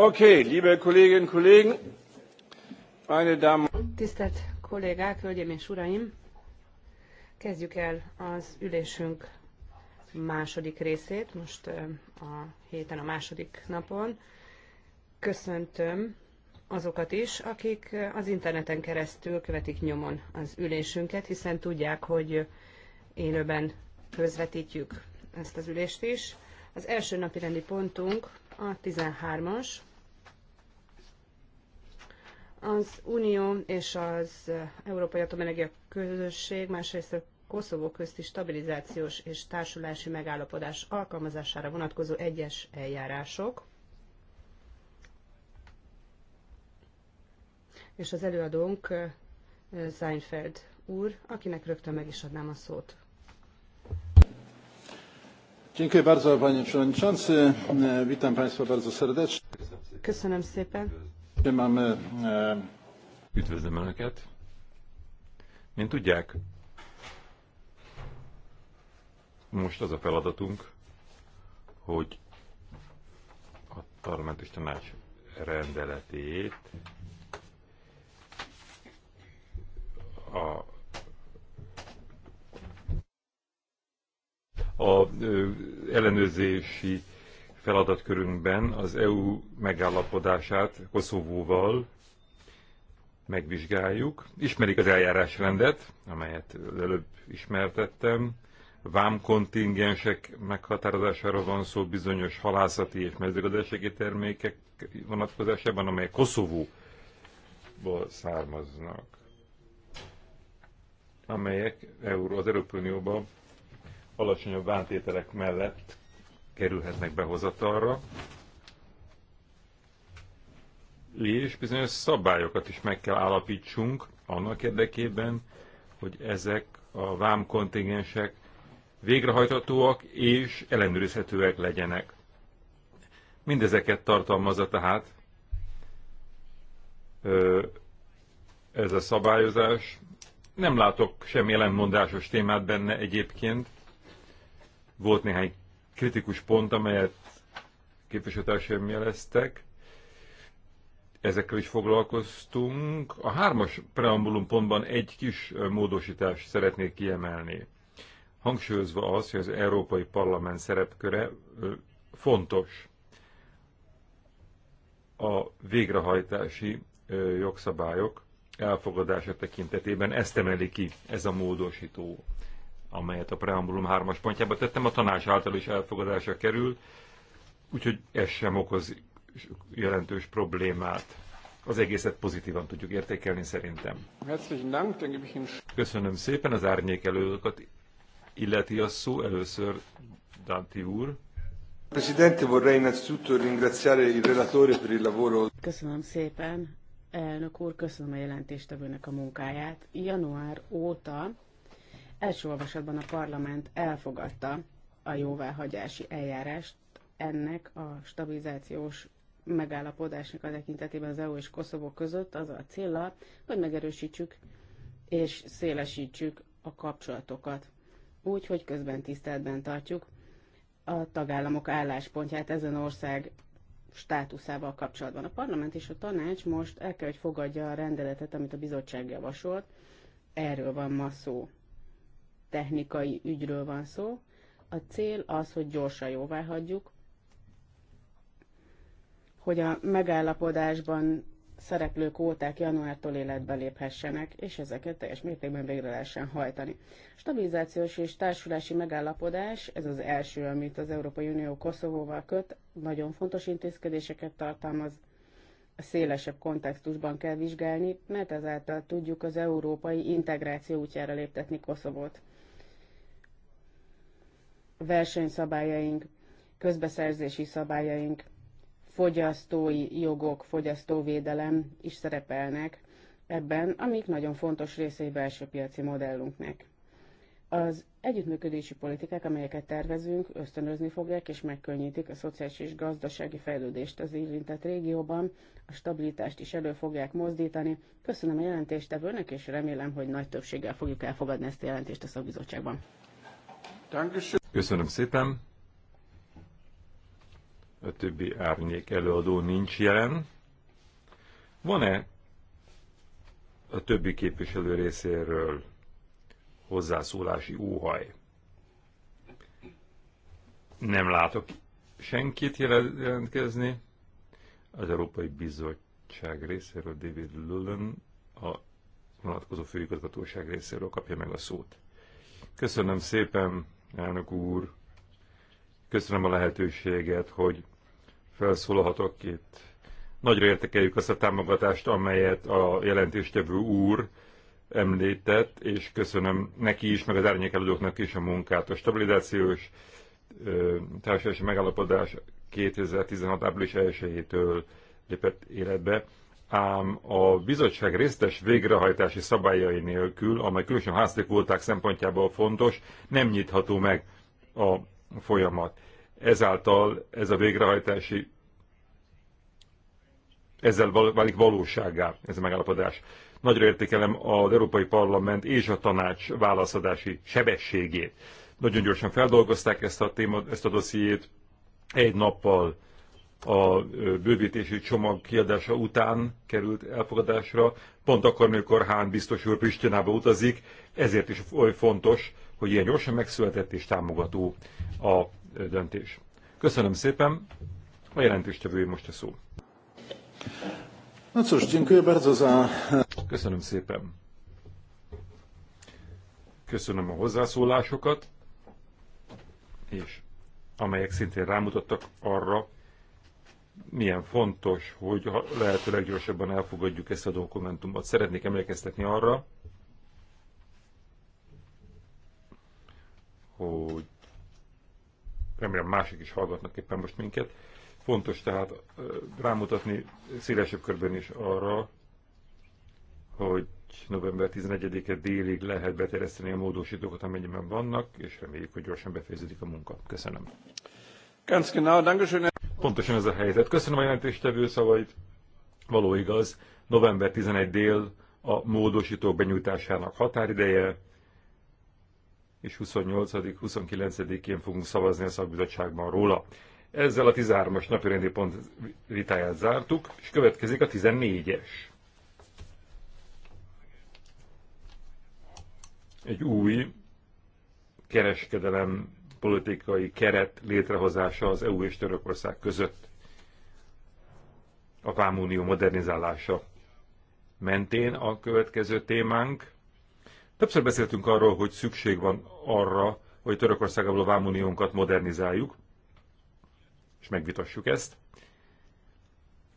Okay, liebe Kolleginnen und Kollegen, meine Damen. Tisztelt kollégák, hölgyeim és uraim! Kezdjük el az ülésünk második részét, most a héten a második napon. Köszöntöm azokat is, akik az interneten keresztül követik nyomon az ülésünket, hiszen tudják, hogy élőben közvetítjük ezt az ülést is. Az első napi rendi pontunk a 13-as, az Unió és az Európai Atomenergia Közösség másrészt a Koszovó közti stabilizációs és társulási megállapodás alkalmazására vonatkozó egyes eljárások. És az előadónk Seinfeld úr, akinek rögtön meg is adnám a szót. Dziękuję bardzo, panie przewodniczący. Witam państwa bardzo serdecznie. Köszönöm szépen. Eh, Üdvözlöm Önöket! Mint tudják, most az a feladatunk, hogy a Parlament és Tanács rendeletét a a ellenőrzési feladatkörünkben az EU megállapodását Koszovóval megvizsgáljuk. Ismerik az eljárásrendet, amelyet előbb ismertettem. Vámkontingensek meghatározására van szó bizonyos halászati és mezőgazdasági termékek vonatkozásában, amelyek Koszovóból származnak, amelyek az Európai Unióban alacsonyabb vántételek mellett kerülhetnek behozatalra, és bizonyos szabályokat is meg kell állapítsunk annak érdekében, hogy ezek a vámkontingensek végrehajthatóak és ellenőrizhetőek legyenek. Mindezeket tartalmazza tehát ez a szabályozás. Nem látok semmi ellentmondásos témát benne egyébként. Volt néhány kritikus pont, amelyet képviselőtársaim jeleztek, ezekkel is foglalkoztunk. A hármas preambulum pontban egy kis módosítást szeretnék kiemelni. Hangsúlyozva az, hogy az Európai Parlament szerepköre fontos a végrehajtási jogszabályok elfogadása tekintetében. Ezt emeli ki ez a módosító amelyet a preambulum hármas pontjába tettem, a tanács által is elfogadásra kerül, úgyhogy ez sem okoz jelentős problémát. Az egészet pozitívan tudjuk értékelni szerintem. Köszönöm szépen az árnyék illeti a szó először Danti úr. Presidente, vorrei innanzitutto ringraziare il relatore per il lavoro. Köszönöm szépen, elnök úr, köszönöm a jelentéstevőnek a munkáját. Január óta Első olvasatban a parlament elfogadta a jóváhagyási eljárást ennek a stabilizációs megállapodásnak a tekintetében az EU és Koszovó között az a célra, hogy megerősítsük és szélesítsük a kapcsolatokat, úgy, hogy közben tiszteletben tartjuk a tagállamok álláspontját ezen ország státuszával kapcsolatban. A parlament és a tanács most el kell, hogy fogadja a rendeletet, amit a bizottság javasolt. Erről van ma szó technikai ügyről van szó. A cél az, hogy gyorsan jóvá hagyjuk, hogy a megállapodásban szereplő kóták januártól életbe léphessenek, és ezeket teljes mértékben végre lehessen hajtani. Stabilizációs és társulási megállapodás, ez az első, amit az Európai Unió Koszovóval köt, nagyon fontos intézkedéseket tartalmaz, a szélesebb kontextusban kell vizsgálni, mert ezáltal tudjuk az európai integráció útjára léptetni Koszovót versenyszabályaink, közbeszerzési szabályaink, fogyasztói jogok, fogyasztóvédelem is szerepelnek ebben, amik nagyon fontos részei belső piaci modellünknek. Az együttműködési politikák, amelyeket tervezünk, ösztönözni fogják és megkönnyítik a szociális és gazdasági fejlődést az érintett régióban, a stabilitást is elő fogják mozdítani. Köszönöm a jelentéstevőnek, és remélem, hogy nagy többséggel fogjuk elfogadni ezt a jelentést a szakbizottságban. Köszönöm szépen. A többi árnyék előadó nincs jelen. Van-e a többi képviselő részéről hozzászólási óhaj? Nem látok senkit jelentkezni. Az Európai Bizottság részéről David Lullen a vonatkozó főigazgatóság részéről kapja meg a szót. Köszönöm szépen, elnök úr. Köszönöm a lehetőséget, hogy felszólalhatok itt. Nagyra értekeljük azt a támogatást, amelyet a jelentéstevő úr említett, és köszönöm neki is, meg az árnyékelődőknek is a munkát. A stabilizációs társadalmi megállapodás 2016. április 1 lépett életbe ám a bizottság résztes végrehajtási szabályai nélkül, amely különösen házték volták szempontjából fontos, nem nyitható meg a folyamat. Ezáltal ez a végrehajtási ezzel válik valóságá ez a megállapodás. Nagyra értékelem az Európai Parlament és a tanács válaszadási sebességét. Nagyon gyorsan feldolgozták ezt a, témat, ezt a dossziét, egy nappal a bővítési csomag kiadása után került elfogadásra, pont akkor, amikor Hán biztos úr Pristinába utazik, ezért is oly fontos, hogy ilyen gyorsan megszületett és támogató a döntés. Köszönöm szépen, a jelentéstevője most a szó. Na Köszönöm szépen. Köszönöm a hozzászólásokat, és amelyek szintén rámutattak arra, milyen fontos, hogy lehető leggyorsabban elfogadjuk ezt a dokumentumot. Szeretnék emlékeztetni arra, hogy remélem mások is hallgatnak éppen most minket. Fontos tehát rámutatni szélesebb körben is arra, hogy november 11-e délig lehet beterjeszteni a módosítókat, amennyiben vannak, és reméljük, hogy gyorsan befejeződik a munka. Köszönöm. Ganz genau, Dankeschön. Pontosan ez a helyzet. Köszönöm a jelentéstevő szavait. Való igaz, november 11 dél a módosítók benyújtásának határideje, és 28-29-én fogunk szavazni a szakbizottságban róla. Ezzel a 13-as napirendi pont vitáját zártuk, és következik a 14-es. Egy új kereskedelem politikai keret létrehozása az EU és Törökország között a Vámunió modernizálása mentén a következő témánk. Többször beszéltünk arról, hogy szükség van arra, hogy Törökországából a Vámuniónkat modernizáljuk, és megvitassuk ezt.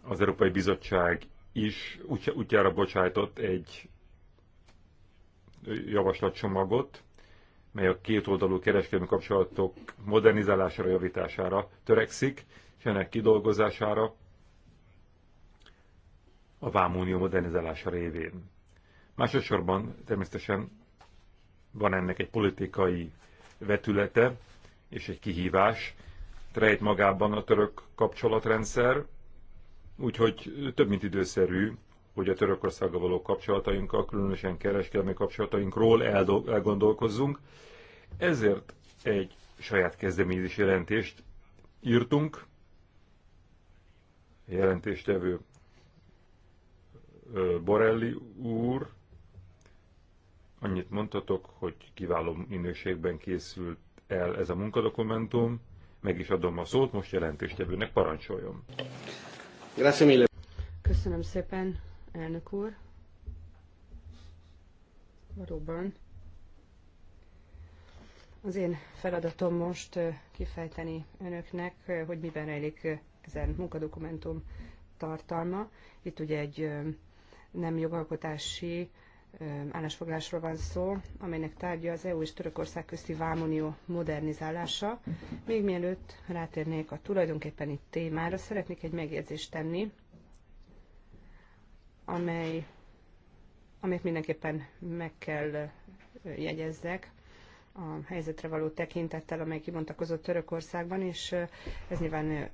Az Európai Bizottság is útjára bocsájtott egy javaslatcsomagot, mely a kétoldalú kereskedelmi kapcsolatok modernizálására, javítására törekszik, és ennek kidolgozására a Vámunió modernizálása révén. Másodszorban természetesen van ennek egy politikai vetülete és egy kihívás, rejt magában a török kapcsolatrendszer, úgyhogy több mint időszerű hogy a Törökországgal való kapcsolatainkkal, különösen kereskedelmi kapcsolatainkról elgondolkozzunk. Ezért egy saját kezdeményezés jelentést írtunk, jelentéstevő Borelli úr, annyit mondhatok, hogy kiváló minőségben készült el ez a munkadokumentum, meg is adom a szót, most jelentéstevőnek parancsoljon. Köszönöm szépen elnök úr. Valóban. Az én feladatom most kifejteni önöknek, hogy miben rejlik ezen munkadokumentum tartalma. Itt ugye egy nem jogalkotási állásfoglásról van szó, amelynek tárgya az EU és Törökország közti vámunió modernizálása. Még mielőtt rátérnék a tulajdonképpen itt témára, szeretnék egy megjegyzést tenni amely, amit mindenképpen meg kell jegyezzek a helyzetre való tekintettel, amely kibontakozott Törökországban, és ez nyilván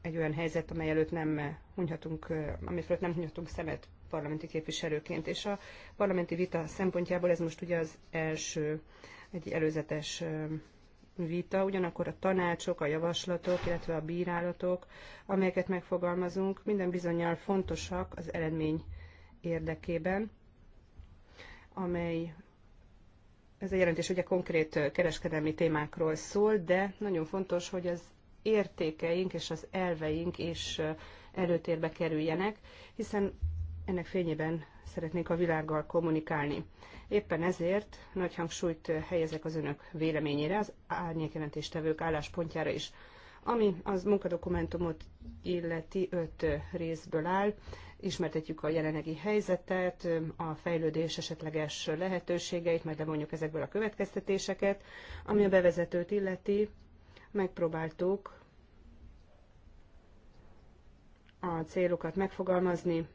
egy olyan helyzet, amely előtt nem hunyhatunk, amit előtt nem hunyhatunk szemet parlamenti képviselőként, és a parlamenti vita szempontjából ez most ugye az első, egy előzetes vita, ugyanakkor a tanácsok, a javaslatok, illetve a bírálatok, amelyeket megfogalmazunk, minden bizonyal fontosak az eredmény érdekében, amely ez a jelentés ugye konkrét kereskedelmi témákról szól, de nagyon fontos, hogy az értékeink és az elveink is előtérbe kerüljenek, hiszen ennek fényében szeretnék a világgal kommunikálni. Éppen ezért nagy hangsúlyt helyezek az önök véleményére, az árnyékjelentéstevők álláspontjára is. Ami az munkadokumentumot illeti öt részből áll, ismertetjük a jelenlegi helyzetet, a fejlődés esetleges lehetőségeit, majd levonjuk ezekből a következtetéseket. Ami a bevezetőt illeti, megpróbáltuk a célokat megfogalmazni,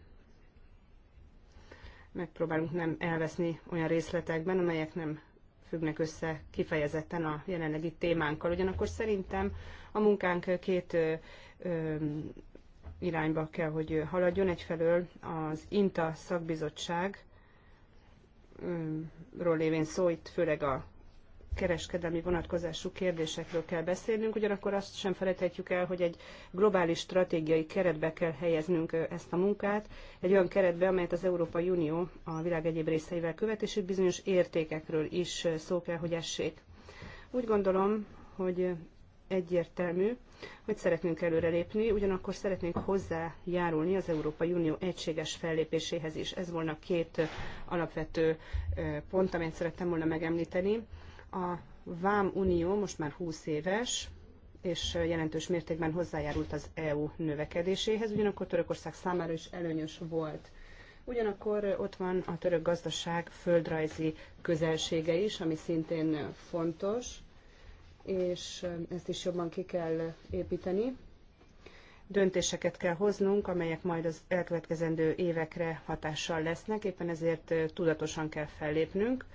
megpróbálunk nem elveszni olyan részletekben, amelyek nem függnek össze kifejezetten a jelenlegi témánkkal. Ugyanakkor szerintem a munkánk két ö, ö, irányba kell, hogy haladjon. Egyfelől az INTA szakbizottság ról lévén szó, itt főleg a kereskedelmi vonatkozású kérdésekről kell beszélnünk, ugyanakkor azt sem felejthetjük el, hogy egy globális stratégiai keretbe kell helyeznünk ezt a munkát, egy olyan keretbe, amelyet az Európai Unió a világ egyéb részeivel követ, és itt bizonyos értékekről is szó kell, hogy essék. Úgy gondolom, hogy egyértelmű, hogy szeretnénk előrelépni, ugyanakkor szeretnénk hozzájárulni az Európai Unió egységes fellépéséhez is. Ez volna két alapvető pont, amelyet szerettem volna megemlíteni. A Vám Unió most már 20 éves, és jelentős mértékben hozzájárult az EU növekedéséhez, ugyanakkor Törökország számára is előnyös volt. Ugyanakkor ott van a török gazdaság földrajzi közelsége is, ami szintén fontos, és ezt is jobban ki kell építeni. Döntéseket kell hoznunk, amelyek majd az elkövetkezendő évekre hatással lesznek, éppen ezért tudatosan kell fellépnünk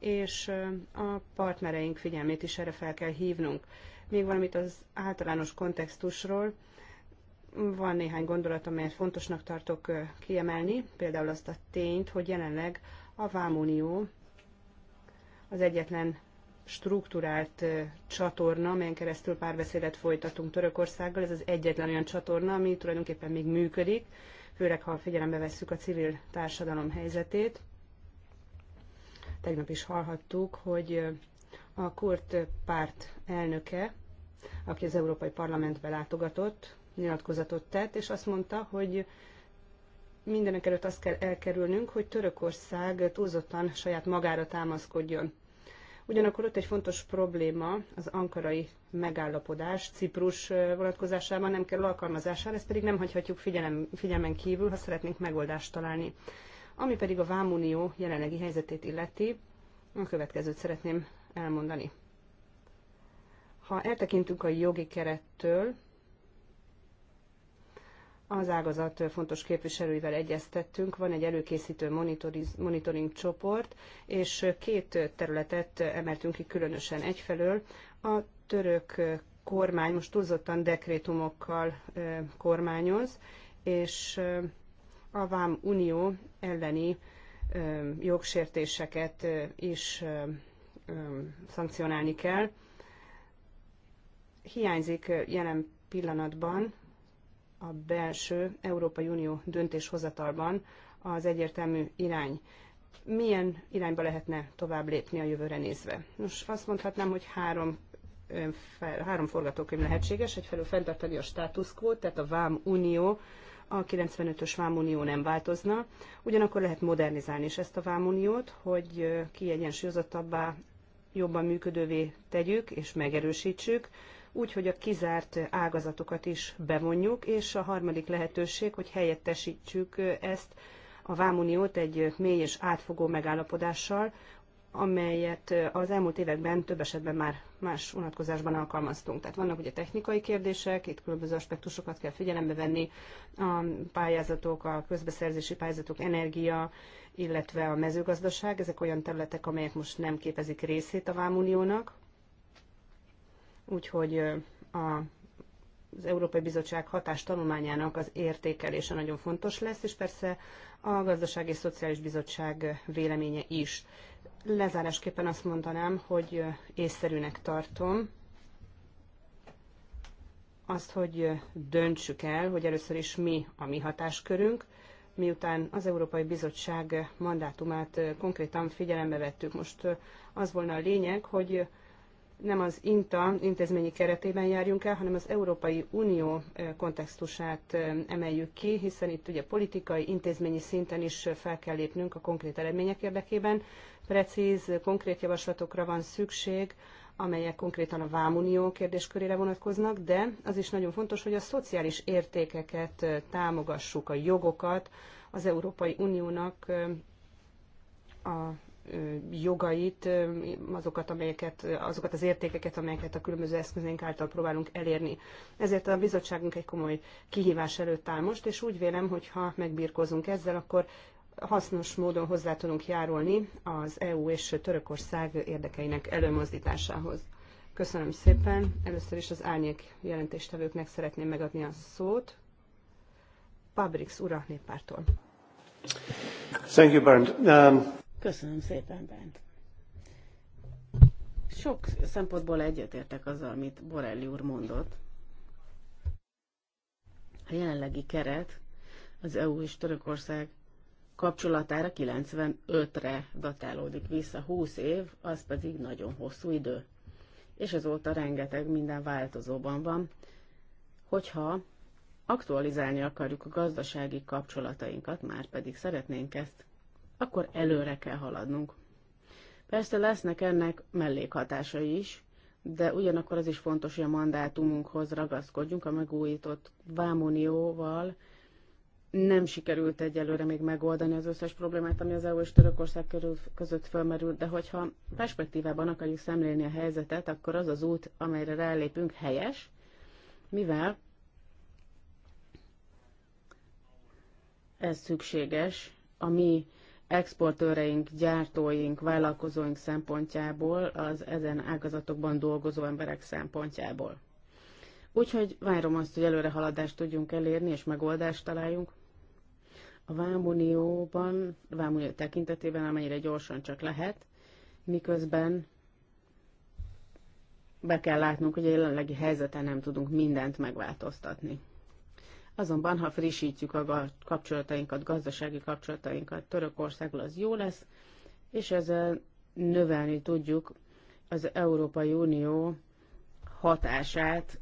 és a partnereink figyelmét is erre fel kell hívnunk. Még valamit az általános kontextusról. Van néhány gondolat, amelyet fontosnak tartok kiemelni, például azt a tényt, hogy jelenleg a Vámunió az egyetlen struktúrált csatorna, amelyen keresztül párbeszédet folytatunk Törökországgal. Ez az egyetlen olyan csatorna, ami tulajdonképpen még működik, főleg ha figyelembe vesszük a civil társadalom helyzetét. Tegnap is hallhattuk, hogy a kurt párt elnöke, aki az Európai Parlamentbe látogatott, nyilatkozatot tett, és azt mondta, hogy mindenek előtt azt kell elkerülnünk, hogy Törökország túlzottan saját magára támaszkodjon. Ugyanakkor ott egy fontos probléma az ankarai megállapodás Ciprus vonatkozásában nem kerül alkalmazására, ezt pedig nem hagyhatjuk figyelem, figyelmen kívül, ha szeretnénk megoldást találni. Ami pedig a Vámunió jelenlegi helyzetét illeti, a következőt szeretném elmondani. Ha eltekintünk a jogi kerettől, az ágazat fontos képviselőivel egyeztettünk, van egy előkészítő monitoring csoport, és két területet emeltünk ki különösen. Egyfelől a török kormány most túlzottan dekrétumokkal kormányoz, és a Vám Unió elleni jogsértéseket is szankcionálni kell. Hiányzik jelen pillanatban a belső Európai Unió döntéshozatalban az egyértelmű irány. Milyen irányba lehetne tovább lépni a jövőre nézve? Nos, azt mondhatnám, hogy három, három forgatókönyv lehetséges. Egyfelől fenntartani a státuszkót, tehát a Vám Unió a 95-ös vámunió nem változna, ugyanakkor lehet modernizálni is ezt a vámuniót, hogy kiegyensúlyozottabbá, jobban működővé tegyük és megerősítsük, úgy, hogy a kizárt ágazatokat is bevonjuk, és a harmadik lehetőség, hogy helyettesítsük ezt a vámuniót egy mély és átfogó megállapodással, amelyet az elmúlt években több esetben már más vonatkozásban alkalmaztunk. Tehát vannak ugye technikai kérdések, itt különböző aspektusokat kell figyelembe venni, a pályázatok, a közbeszerzési pályázatok, energia, illetve a mezőgazdaság, ezek olyan területek, amelyek most nem képezik részét a Vámuniónak, úgyhogy a az Európai Bizottság tanulmányának az értékelése nagyon fontos lesz, és persze a Gazdasági és Szociális Bizottság véleménye is lezárásképpen azt mondanám, hogy észszerűnek tartom azt, hogy döntsük el, hogy először is mi a mi hatáskörünk, miután az Európai Bizottság mandátumát konkrétan figyelembe vettük. Most az volna a lényeg, hogy nem az INTA intézményi keretében járjunk el, hanem az Európai Unió kontextusát emeljük ki, hiszen itt ugye politikai, intézményi szinten is fel kell lépnünk a konkrét eredmények érdekében. Precíz, konkrét javaslatokra van szükség, amelyek konkrétan a vámunió kérdéskörére vonatkoznak, de az is nagyon fontos, hogy a szociális értékeket támogassuk, a jogokat az Európai Uniónak a jogait, azokat, amelyeket, azokat az értékeket, amelyeket a különböző eszközénk által próbálunk elérni. Ezért a bizottságunk egy komoly kihívás előtt áll most, és úgy vélem, hogy ha megbírkozunk ezzel, akkor hasznos módon hozzá tudunk járulni az EU és Törökország érdekeinek előmozdításához. Köszönöm szépen. Először is az árnyék jelentéstevőknek szeretném megadni a szót. Pabrix ura néppártól. Thank you, Bernd. Um... Köszönöm szépen, Bent. Sok szempontból egyetértek azzal, amit Borelli úr mondott. A jelenlegi keret az EU és Törökország kapcsolatára 95-re datálódik vissza, 20 év, az pedig nagyon hosszú idő. És azóta rengeteg minden változóban van. Hogyha aktualizálni akarjuk a gazdasági kapcsolatainkat, már pedig szeretnénk ezt akkor előre kell haladnunk. Persze lesznek ennek mellékhatásai is, de ugyanakkor az is fontos, hogy a mandátumunkhoz ragaszkodjunk a megújított vámunióval. Nem sikerült egyelőre még megoldani az összes problémát, ami az EU és Törökország körül, között felmerült, de hogyha perspektívában akarjuk szemlélni a helyzetet, akkor az az út, amelyre rálépünk, helyes, mivel ez szükséges a mi exportőreink, gyártóink, vállalkozóink szempontjából, az ezen ágazatokban dolgozó emberek szempontjából. Úgyhogy várom azt, hogy előre haladást tudjunk elérni, és megoldást találjunk. A Vámunióban, Vámunió tekintetében, amennyire gyorsan csak lehet, miközben be kell látnunk, hogy a jelenlegi helyzeten nem tudunk mindent megváltoztatni. Azonban, ha frissítjük a kapcsolatainkat, gazdasági kapcsolatainkat Törökországgal, az jó lesz, és ezzel növelni tudjuk az Európai Unió hatását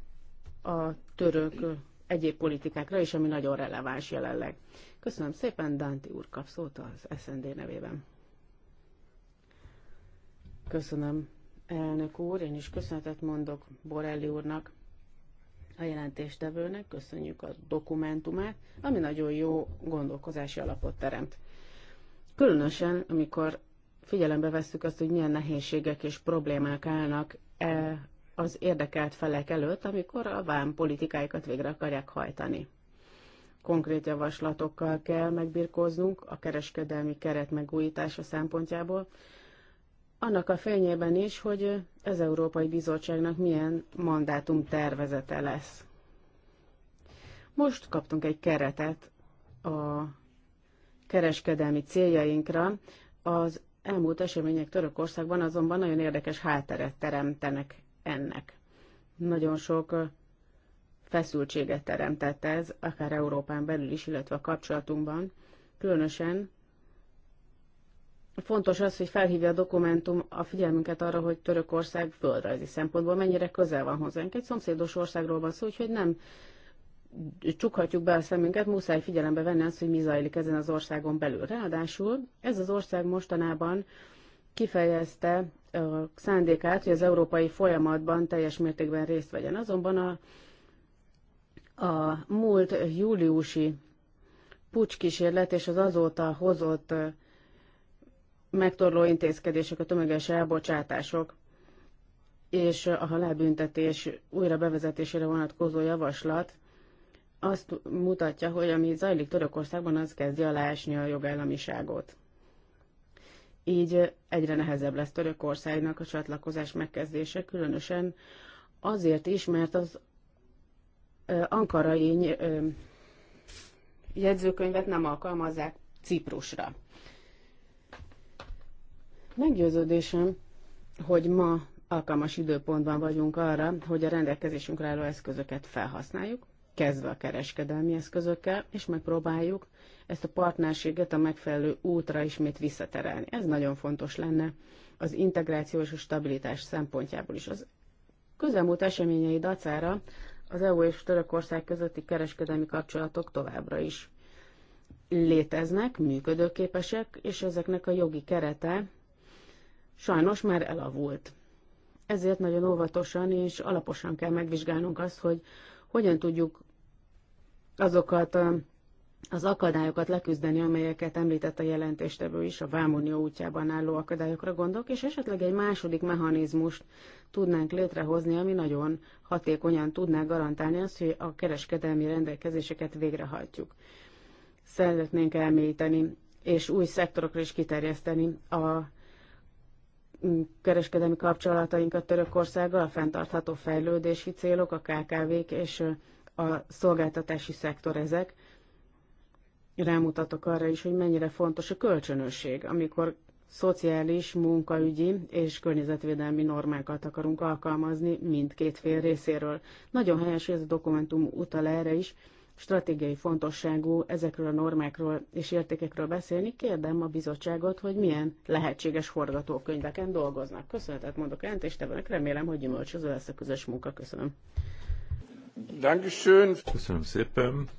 a török egyéb politikákra is, ami nagyon releváns jelenleg. Köszönöm szépen, Dánti úr kap szót az SND nevében. Köszönöm, elnök úr, én is köszönetet mondok Borelli úrnak a jelentéstevőnek, köszönjük a dokumentumát, ami nagyon jó gondolkozási alapot teremt. Különösen, amikor figyelembe vesszük azt, hogy milyen nehézségek és problémák állnak -e az érdekelt felek előtt, amikor a vám politikáikat végre akarják hajtani. Konkrét javaslatokkal kell megbirkóznunk a kereskedelmi keret megújítása szempontjából, annak a fényében is, hogy az Európai Bizottságnak milyen mandátum tervezete lesz. Most kaptunk egy keretet a kereskedelmi céljainkra. Az elmúlt események Törökországban azonban nagyon érdekes hátteret teremtenek ennek. Nagyon sok feszültséget teremtett ez, akár Európán belül is, illetve a kapcsolatunkban, különösen Fontos az, hogy felhívja a dokumentum a figyelmünket arra, hogy Törökország földrajzi szempontból mennyire közel van hozzánk. Egy szomszédos országról van szó, úgyhogy nem csukhatjuk be a szemünket, muszáj figyelembe venni azt, hogy mi zajlik ezen az országon belül. Ráadásul ez az ország mostanában kifejezte a szándékát, hogy az európai folyamatban teljes mértékben részt vegyen. Azonban a, a múlt júliusi pucskísérlet és az azóta hozott megtorló intézkedések, a tömeges elbocsátások és a halálbüntetés újra bevezetésére vonatkozó javaslat azt mutatja, hogy ami zajlik Törökországban, az kezdi aláásni a jogállamiságot. Így egyre nehezebb lesz Törökországnak a csatlakozás megkezdése, különösen azért is, mert az ankarai jegyzőkönyvet nem alkalmazzák Ciprusra. Meggyőződésem, hogy ma alkalmas időpontban vagyunk arra, hogy a rendelkezésünkre álló eszközöket felhasználjuk, kezdve a kereskedelmi eszközökkel, és megpróbáljuk ezt a partnerséget a megfelelő útra ismét visszaterelni. Ez nagyon fontos lenne az integráció és a stabilitás szempontjából is. Az közelmúlt eseményei dacára az EU és Törökország közötti kereskedelmi kapcsolatok továbbra is léteznek, működőképesek, és ezeknek a jogi kerete sajnos már elavult. Ezért nagyon óvatosan és alaposan kell megvizsgálnunk azt, hogy hogyan tudjuk azokat az akadályokat leküzdeni, amelyeket említett a jelentéstevő is, a Vámunió útjában álló akadályokra gondolok, és esetleg egy második mechanizmust tudnánk létrehozni, ami nagyon hatékonyan tudná garantálni azt, hogy a kereskedelmi rendelkezéseket végrehajtjuk. Szeretnénk elmélyíteni és új szektorokra is kiterjeszteni a kereskedelmi kapcsolatainkat Törökországgal, a fenntartható fejlődési célok, a KKV-k és a szolgáltatási szektor ezek. Rámutatok arra is, hogy mennyire fontos a kölcsönösség, amikor szociális, munkaügyi és környezetvédelmi normákat akarunk alkalmazni mindkét fél részéről. Nagyon helyes, hogy ez a dokumentum utal erre is, stratégiai fontosságú ezekről a normákról és értékekről beszélni, kérdem a bizottságot, hogy milyen lehetséges forgatókönyveken dolgoznak. Köszönetet mondok tevenek, remélem, hogy gyümölcsöző lesz a közös munka. Köszönöm. Dankeschön. Köszönöm szépen.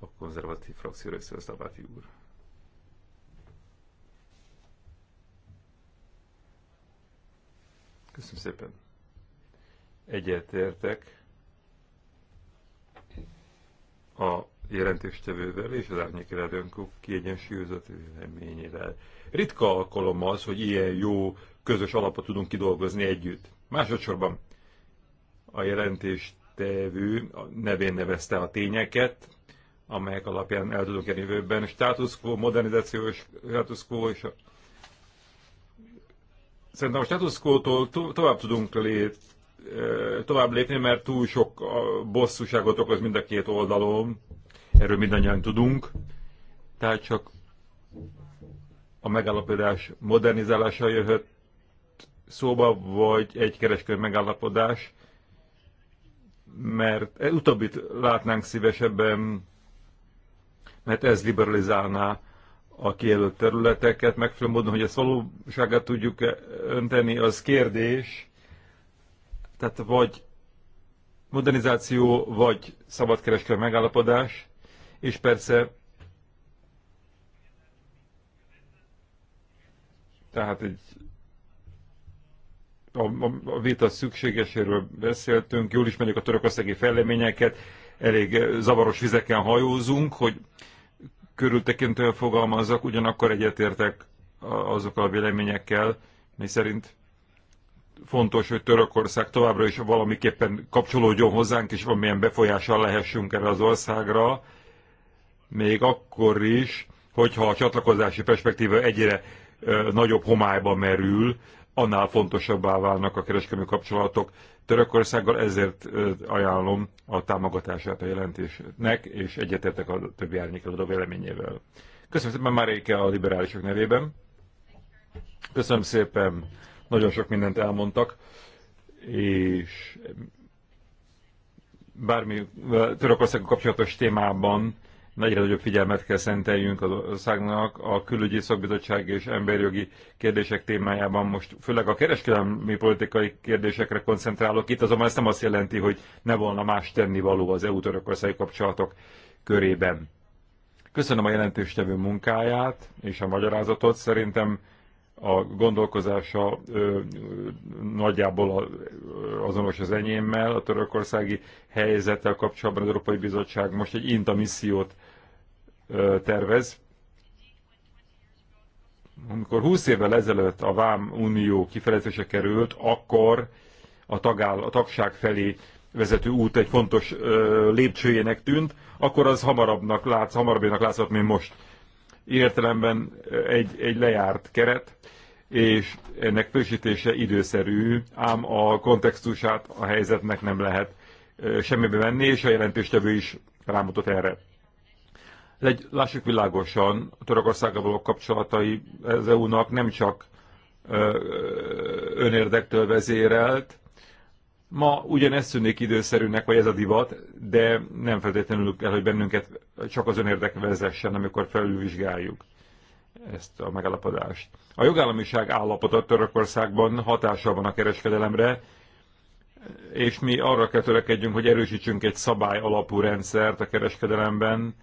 A konzervatív frakció részéről Szabáti úr. Köszönöm szépen. Egyetértek a jelentéstevővel és az árnyék előadónkok kiegyensúlyozott véleményével. Ritka alkalom az, hogy ilyen jó közös alapot tudunk kidolgozni együtt. Másodszorban a jelentéstevő nevén nevezte a tényeket, amelyek alapján el tudunk érni jövőben. Status quo, modernizáció és status quo és a... Szerintem a status quo-tól to- tovább tudunk lépni tovább lépni, mert túl sok bosszúságot okoz mind a két oldalon. Erről mindannyian tudunk. Tehát csak a megállapodás modernizálása jöhet szóba, vagy egy kereskedő megállapodás, mert e, utóbbit látnánk szívesebben, mert ez liberalizálná a kijelölt területeket, megfelelő módon, hogy ezt valóságát tudjuk önteni, az kérdés, tehát vagy modernizáció, vagy szabadkereskedelmi megállapodás, és persze tehát egy a, a, a vita szükségeséről beszéltünk, jól ismerjük a törökösszegi fejleményeket, elég eh, zavaros vizeken hajózunk, hogy körültekintően fogalmazzak, ugyanakkor egyetértek azokkal a véleményekkel, mi szerint fontos, hogy Törökország továbbra is valamiképpen kapcsolódjon hozzánk, és valamilyen befolyással lehessünk erre az országra, még akkor is, hogyha a csatlakozási perspektíva egyre ö, nagyobb homályba merül, annál fontosabbá válnak a kereskedelmi kapcsolatok Törökországgal, ezért ö, ajánlom a támogatását a jelentésnek, és egyetértek a többi a véleményével. Köszönöm szépen Maréke a liberálisok nevében. Köszönöm szépen. Nagyon sok mindent elmondtak, és bármi Törökország kapcsolatos témában nagyra nagyobb figyelmet kell szenteljünk az országnak. A külügyi szakbizottság és emberjogi kérdések témájában most főleg a kereskedelmi politikai kérdésekre koncentrálok. Itt azonban ez nem azt jelenti, hogy ne volna más való az EU-törökországi kapcsolatok körében. Köszönöm a jelentéstevő munkáját és a magyarázatot. Szerintem a gondolkozása ö, nagyjából azonos az enyémmel, a törökországi helyzettel kapcsolatban az Európai Bizottság most egy INTA missziót ö, tervez. Amikor 20 évvel ezelőtt a Vám Unió kifejezése került, akkor a, tagáll, a tagság felé vezető út egy fontos ö, lépcsőjének tűnt, akkor az hamarabbnak látsz, hamarabbnak látszott, mint most értelemben egy, egy lejárt keret, és ennek frissítése időszerű, ám a kontextusát a helyzetnek nem lehet semmibe venni, és a jelentéstevő is rámutat erre. Legy, lássuk világosan, a Törökországgal való kapcsolatai az EU-nak nem csak önérdektől vezérelt, Ma ugyanezt tűnik időszerűnek, vagy ez a divat, de nem feltétlenül kell, hogy bennünket csak az önérdek vezessen, amikor felülvizsgáljuk ezt a megállapodást. A jogállamiság állapota Törökországban hatással van a kereskedelemre, és mi arra kell törekedjünk, hogy erősítsünk egy szabály alapú rendszert a kereskedelemben,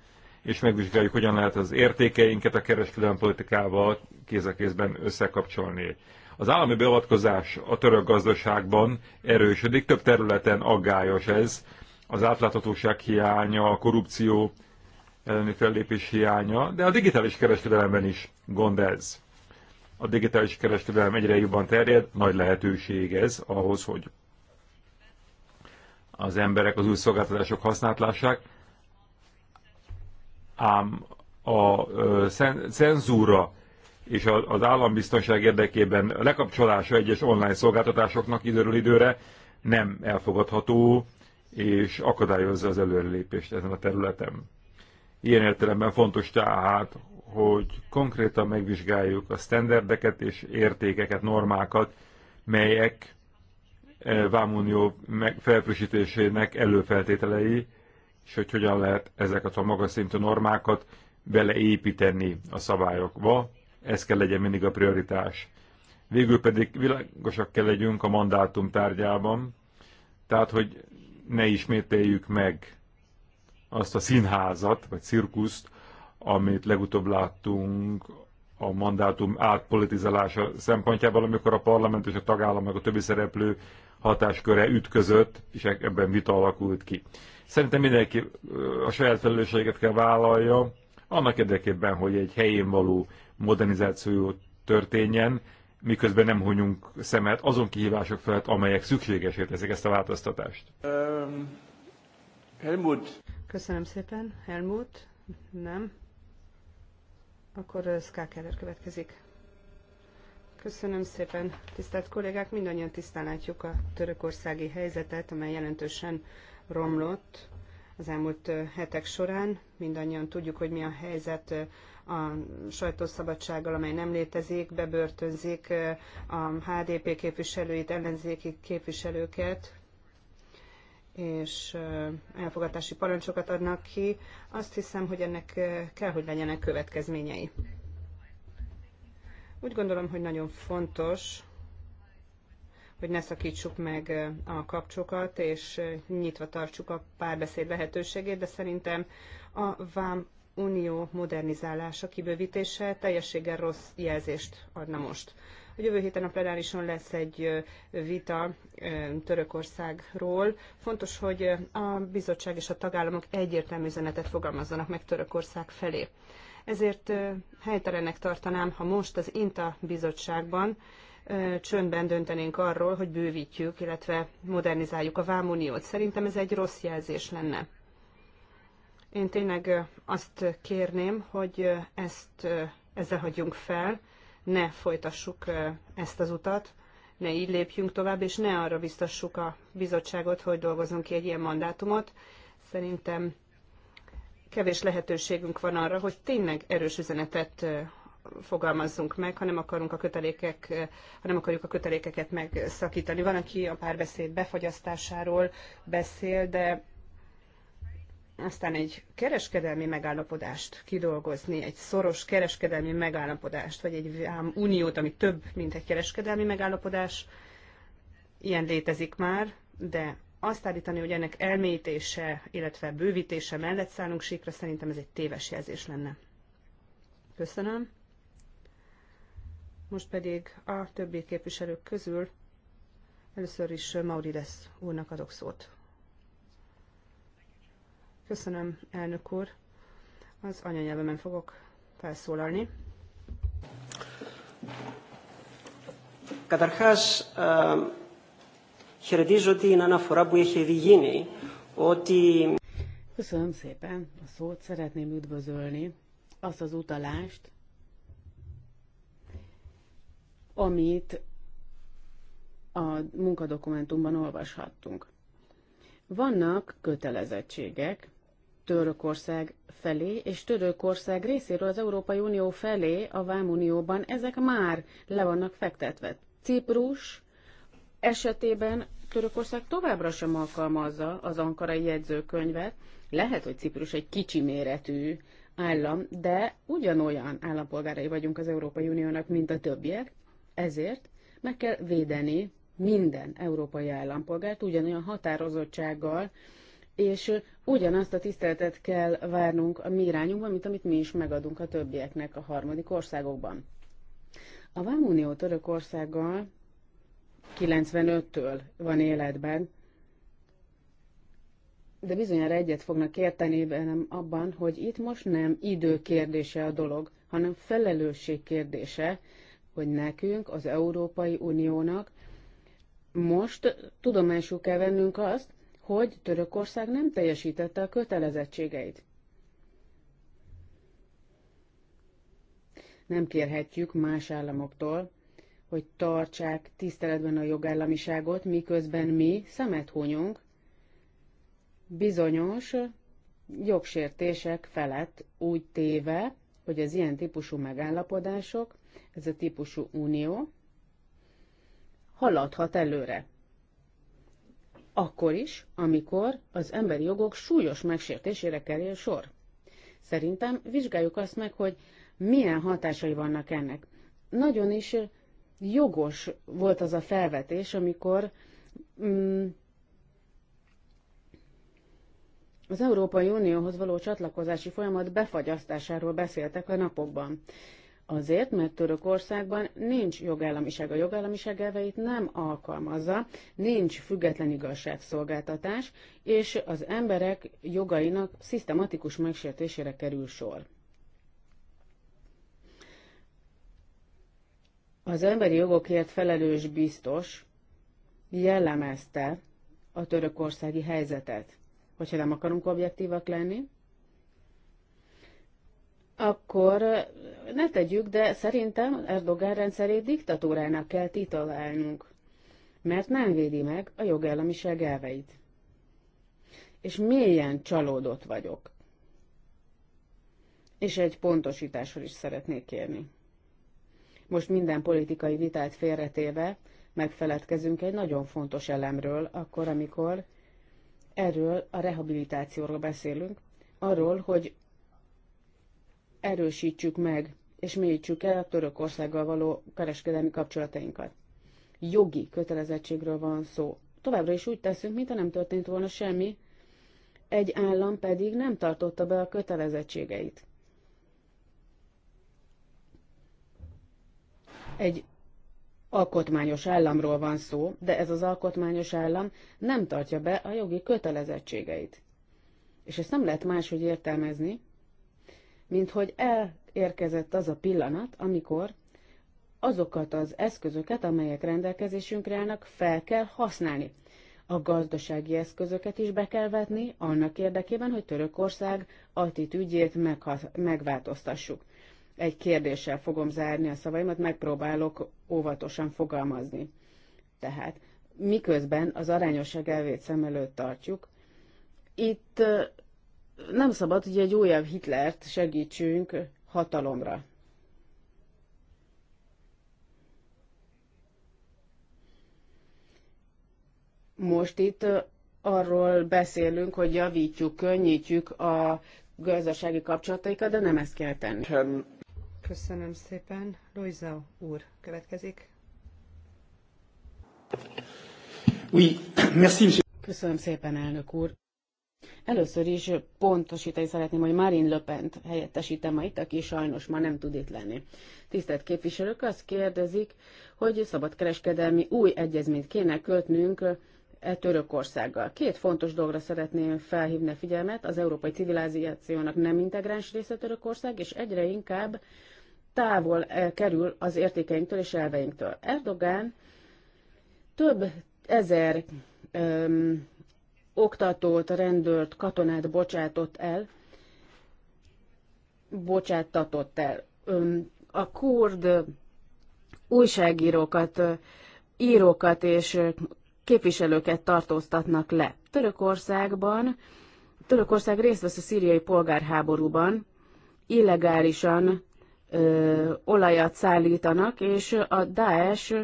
és megvizsgáljuk, hogyan lehet az értékeinket a kereskedelmi politikával kéz a kézben összekapcsolni. Az állami beavatkozás a török gazdaságban erősödik, több területen aggályos ez. Az átláthatóság hiánya, a korrupció elleni fellépés hiánya, de a digitális kereskedelemben is gond ez. A digitális kereskedelem egyre jobban terjed, nagy lehetőség ez ahhoz, hogy az emberek az új szolgáltatások használt lássák, ám a cenzúra és az állambiztonság érdekében lekapcsolása egyes online szolgáltatásoknak időről időre nem elfogadható, és akadályozza az előrelépést ezen a területen. Ilyen értelemben fontos tehát, hogy konkrétan megvizsgáljuk a standardeket és értékeket, normákat, melyek eh, Vámunió felfrissítésének előfeltételei, és hogy hogyan lehet ezeket a magas szintű normákat beleépíteni a szabályokba, ez kell legyen mindig a prioritás. Végül pedig világosak kell legyünk a mandátum tárgyában, tehát hogy ne ismételjük meg azt a színházat, vagy cirkuszt, amit legutóbb láttunk a mandátum átpolitizálása szempontjából, amikor a parlament és a tagállam meg a többi szereplő hatásköre ütközött, és e- ebben vita alakult ki. Szerintem mindenki a saját felelősséget kell vállalja, annak érdekében, hogy egy helyén való modernizáció történjen, miközben nem hunyunk szemet azon kihívások felett, amelyek szükségesé teszik ezt a változtatást. Um, Helmut. Köszönöm szépen. Helmut? Nem. Akkor Skákerer következik. Köszönöm szépen, tisztelt kollégák! Mindannyian tisztán látjuk a törökországi helyzetet, amely jelentősen romlott az elmúlt hetek során. Mindannyian tudjuk, hogy mi a helyzet a sajtószabadsággal, amely nem létezik, bebörtönzik a HDP képviselőit, ellenzéki képviselőket, és elfogadási parancsokat adnak ki. Azt hiszem, hogy ennek kell, hogy legyenek következményei. Úgy gondolom, hogy nagyon fontos, hogy ne szakítsuk meg a kapcsokat, és nyitva tartsuk a párbeszéd lehetőségét, de szerintem a Vám Unió modernizálása, kibővítése teljességgel rossz jelzést adna most. A jövő héten a plenárison lesz egy vita Törökországról. Fontos, hogy a bizottság és a tagállamok egyértelmű üzenetet fogalmazzanak meg Törökország felé. Ezért helytelennek tartanám, ha most az INTA bizottságban csöndben döntenénk arról, hogy bővítjük, illetve modernizáljuk a vámuniót. Szerintem ez egy rossz jelzés lenne. Én tényleg azt kérném, hogy ezt ezzel hagyjunk fel, ne folytassuk ezt az utat, ne így lépjünk tovább, és ne arra biztassuk a bizottságot, hogy dolgozzon ki egy ilyen mandátumot. Szerintem kevés lehetőségünk van arra, hogy tényleg erős üzenetet fogalmazzunk meg, hanem akarunk a kötelékek, hanem akarjuk a kötelékeket megszakítani. Van, aki a párbeszéd befogyasztásáról beszél, de aztán egy kereskedelmi megállapodást kidolgozni, egy szoros kereskedelmi megállapodást, vagy egy uniót, ami több, mint egy kereskedelmi megállapodás, ilyen létezik már, de azt állítani, hogy ennek elmélyítése, illetve bővítése mellett szállunk síkra, szerintem ez egy téves jelzés lenne. Köszönöm. Most pedig a többi képviselők közül először is lesz úrnak adok szót. Köszönöm, elnök úr. Az anyanyelvemen fogok felszólalni. Καταρχάς, χαιρετίζω την αναφορά που έχει γίνει ότι... Köszönöm szépen a szót, szeretném üdvözölni azt az utalást, amit a munkadokumentumban olvashattunk. Vannak kötelezettségek Törökország felé, és Törökország részéről az Európai Unió felé a Vámunióban ezek már le vannak fektetve. Ciprus esetében Törökország továbbra sem alkalmazza az ankarai jegyzőkönyvet. Lehet, hogy Ciprus egy kicsi méretű állam, de ugyanolyan állampolgárai vagyunk az Európai Uniónak, mint a többiek, ezért meg kell védeni minden európai állampolgárt ugyanolyan határozottsággal, és ugyanazt a tiszteletet kell várnunk a mi irányunkban, mint amit mi is megadunk a többieknek a harmadik országokban. A Vámunió Törökországgal 95-től van életben, de bizonyára egyet fognak érteni velem abban, hogy itt most nem idő kérdése a dolog, hanem felelősség kérdése, hogy nekünk, az Európai Uniónak most tudomásul kell vennünk azt, hogy Törökország nem teljesítette a kötelezettségeit. Nem kérhetjük más államoktól, hogy tartsák tiszteletben a jogállamiságot, miközben mi szemet hunyunk bizonyos jogsértések felett úgy téve, hogy az ilyen típusú megállapodások ez a típusú unió haladhat előre. Akkor is, amikor az emberi jogok súlyos megsértésére kerül sor. Szerintem vizsgáljuk azt meg, hogy milyen hatásai vannak ennek. Nagyon is jogos volt az a felvetés, amikor mm, az Európai Unióhoz való csatlakozási folyamat befagyasztásáról beszéltek a napokban. Azért, mert Törökországban nincs jogállamiság. A jogállamiság elveit nem alkalmazza, nincs független igazságszolgáltatás, és az emberek jogainak szisztematikus megsértésére kerül sor. Az emberi jogokért felelős biztos jellemezte a törökországi helyzetet. Hogyha nem akarunk objektívak lenni, akkor ne tegyük, de szerintem Erdogan rendszerét diktatúrának kell titolálnunk, mert nem védi meg a jogállamiság elveit. És mélyen csalódott vagyok. És egy pontosításról is szeretnék kérni. Most minden politikai vitát félretéve megfeledkezünk egy nagyon fontos elemről, akkor, amikor erről a rehabilitációról beszélünk, arról, hogy erősítsük meg és mélyítsük el a Törökországgal való kereskedelmi kapcsolatainkat. Jogi kötelezettségről van szó. Továbbra is úgy teszünk, mintha nem történt volna semmi, egy állam pedig nem tartotta be a kötelezettségeit. Egy alkotmányos államról van szó, de ez az alkotmányos állam nem tartja be a jogi kötelezettségeit. És ezt nem lehet máshogy értelmezni, mint hogy elérkezett az a pillanat, amikor azokat az eszközöket, amelyek rendelkezésünkre állnak, fel kell használni. A gazdasági eszközöket is be kell vetni, annak érdekében, hogy Törökország attitűdjét megváltoztassuk. Egy kérdéssel fogom zárni a szavaimat, megpróbálok óvatosan fogalmazni. Tehát miközben az arányosság elvét szem előtt tartjuk, itt nem szabad, hogy egy újabb Hitlert segítsünk hatalomra. Most itt arról beszélünk, hogy javítjuk, könnyítjük a gazdasági kapcsolataikat, de nem ezt kell tenni. Köszönöm szépen. Lojza úr következik. Oui, merci, monsieur. Köszönöm szépen, elnök úr. Először is pontosítani szeretném, hogy Marine Le pen helyettesítem ma itt, aki sajnos ma nem tud itt lenni. Tisztelt képviselők, azt kérdezik, hogy szabadkereskedelmi új egyezményt kéne kötnünk e Törökországgal. Két fontos dologra szeretném felhívni a figyelmet. Az európai civilizációnak nem integráns része Törökország, és egyre inkább távol e, kerül az értékeinktől és elveinktől. Erdogán több ezer oktatót, rendőrt, katonát bocsátott el, bocsáttatott el. A kurd újságírókat, írókat és képviselőket tartóztatnak le. Törökországban, Törökország részt vesz a szíriai polgárháborúban, illegálisan ö, olajat szállítanak, és a Daesh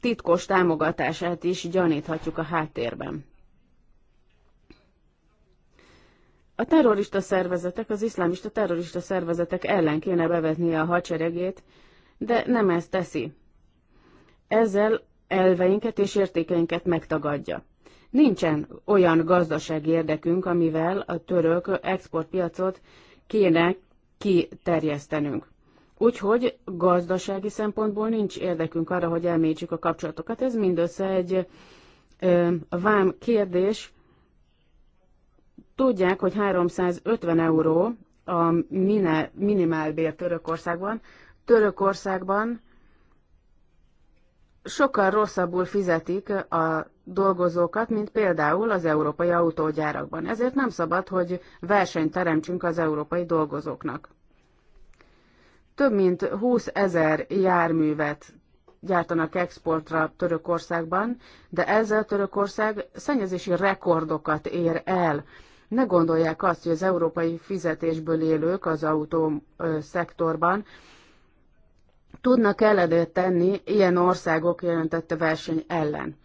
titkos támogatását is gyaníthatjuk a háttérben. A terrorista szervezetek, az iszlámista terrorista szervezetek ellen kéne bevetnie a hadseregét, de nem ezt teszi. Ezzel elveinket és értékeinket megtagadja. Nincsen olyan gazdasági érdekünk, amivel a török exportpiacot kéne kiterjesztenünk. Úgyhogy gazdasági szempontból nincs érdekünk arra, hogy elmélyítsük a kapcsolatokat. Ez mindössze egy ö, vám kérdés, Tudják, hogy 350 euró a minimálbér Törökországban. Törökországban sokkal rosszabbul fizetik a dolgozókat, mint például az európai autógyárakban. Ezért nem szabad, hogy versenyt teremtsünk az európai dolgozóknak. Több mint 20 ezer járművet gyártanak exportra Törökországban, de ezzel Törökország szennyezési rekordokat ér el ne gondolják azt, hogy az európai fizetésből élők az autó szektorban tudnak eledőt tenni ilyen országok jelentette verseny ellen.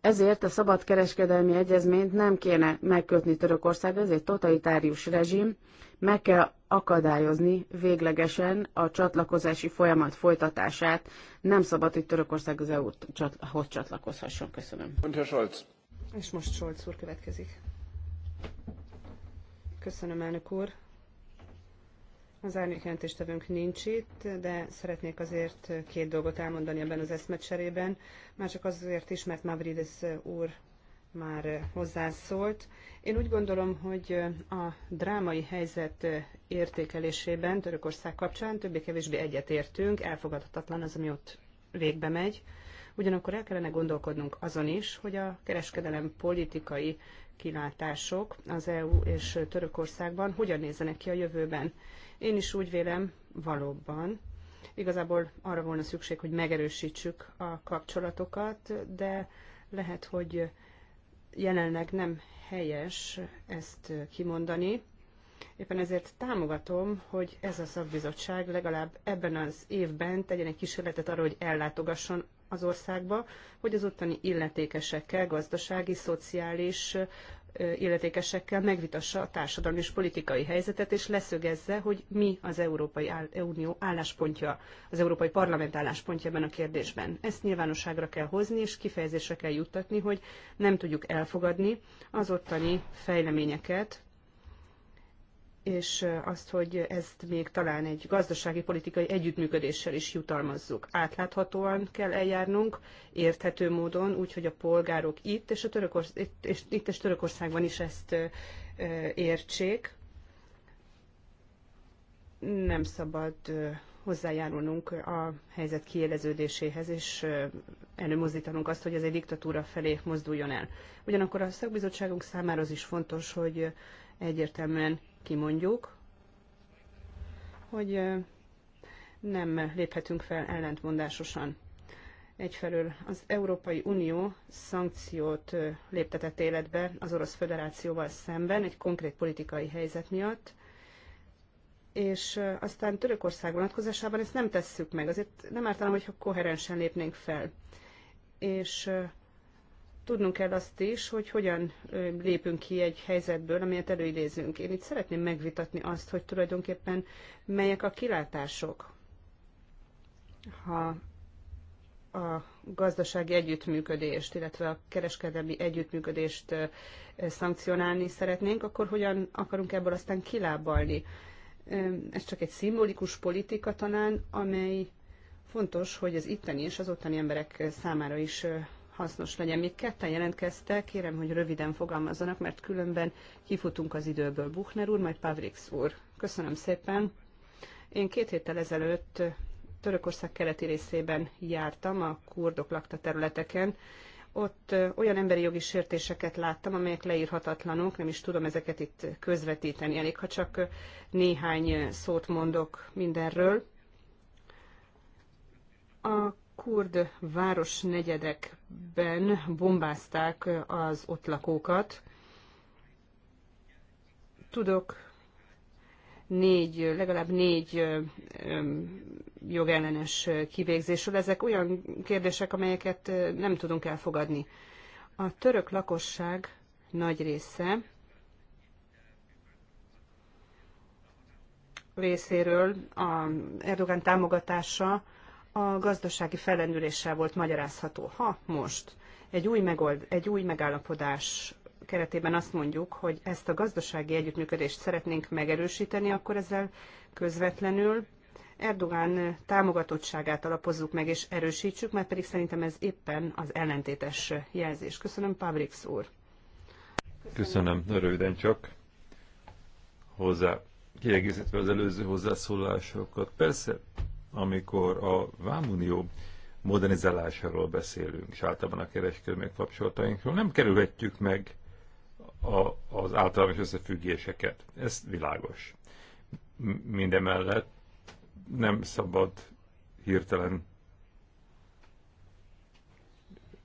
Ezért a szabadkereskedelmi egyezményt nem kéne megkötni Törökország, ez egy totalitárius rezsim, meg kell akadályozni véglegesen a csatlakozási folyamat folytatását. Nem szabad, hogy Törökország az EU-hoz csatla csatlakozhasson. Köszönöm. Scholz. És most Scholz úr következik. Köszönöm, elnök úr. Az árnyékjelentéstevőnk nincs itt, de szeretnék azért két dolgot elmondani ebben az eszmecserében. Már csak azért is, mert Mavridis úr már hozzászólt. Én úgy gondolom, hogy a drámai helyzet értékelésében Törökország kapcsán többé-kevésbé egyetértünk, elfogadhatatlan az, ami ott végbe megy. Ugyanakkor el kellene gondolkodnunk azon is, hogy a kereskedelem politikai kilátások az EU és Törökországban hogyan nézzenek ki a jövőben. Én is úgy vélem valóban, igazából arra volna szükség, hogy megerősítsük a kapcsolatokat, de lehet, hogy jelenleg nem helyes ezt kimondani. Éppen ezért támogatom, hogy ez a szakbizottság legalább ebben az évben tegyen egy kísérletet arra, hogy ellátogasson az országba, hogy az ottani illetékesekkel, gazdasági, szociális illetékesekkel megvitassa a társadalmi és politikai helyzetet, és leszögezze, hogy mi az Európai Unió álláspontja, az Európai Parlament álláspontja ebben a kérdésben. Ezt nyilvánosságra kell hozni, és kifejezésre kell juttatni, hogy nem tudjuk elfogadni az ottani fejleményeket, és azt, hogy ezt még talán egy gazdasági politikai együttműködéssel is jutalmazzuk. Átláthatóan kell eljárnunk, érthető módon, úgy, hogy a polgárok itt és, a Törökorsz- itt, és, itt és Törökországban is ezt értsék. Nem szabad hozzájárulnunk a helyzet kiéleződéséhez, és előmozdítanunk azt, hogy ez egy diktatúra felé mozduljon el. Ugyanakkor a szakbizottságunk számára az is fontos, hogy egyértelműen kimondjuk, hogy nem léphetünk fel ellentmondásosan. Egyfelől az Európai Unió szankciót léptetett életbe az Orosz Föderációval szemben egy konkrét politikai helyzet miatt, és aztán Törökország vonatkozásában ezt nem tesszük meg. Azért nem ártanám, hogyha koherensen lépnénk fel. És tudnunk kell azt is, hogy hogyan lépünk ki egy helyzetből, amelyet előidézünk. Én itt szeretném megvitatni azt, hogy tulajdonképpen melyek a kilátások, ha a gazdasági együttműködést, illetve a kereskedelmi együttműködést szankcionálni szeretnénk, akkor hogyan akarunk ebből aztán kilábalni? Ez csak egy szimbolikus politika talán, amely fontos, hogy ez itteni és az ottani emberek számára is hasznos legyen. Még ketten jelentkeztek, kérem, hogy röviden fogalmazzanak, mert különben kifutunk az időből. Buchner úr, majd Pavrix úr. Köszönöm szépen. Én két héttel ezelőtt Törökország keleti részében jártam, a kurdok lakta területeken. Ott olyan emberi jogi sértéseket láttam, amelyek leírhatatlanok, nem is tudom ezeket itt közvetíteni. Elég, ha csak néhány szót mondok mindenről. A kurd városnegyedekben bombázták az ott lakókat. Tudok négy, legalább négy jogellenes kivégzésről. Ezek olyan kérdések, amelyeket nem tudunk elfogadni. A török lakosság nagy része részéről a Erdogan támogatása a gazdasági fellendüléssel volt magyarázható. Ha most egy új, megold, egy új megállapodás keretében azt mondjuk, hogy ezt a gazdasági együttműködést szeretnénk megerősíteni, akkor ezzel közvetlenül Erdogán támogatottságát alapozzuk meg és erősítsük, mert pedig szerintem ez éppen az ellentétes jelzés. Köszönöm, Pavrix úr. Köszönöm, Köszönöm. röviden csak hozzá kiegészítve az előző hozzászólásokat. Persze, amikor a Vámunió modernizálásáról beszélünk, és általában a kereskedelmi kapcsolatainkról, nem kerülhetjük meg a, az általános összefüggéseket. Ez világos. Mindemellett nem szabad hirtelen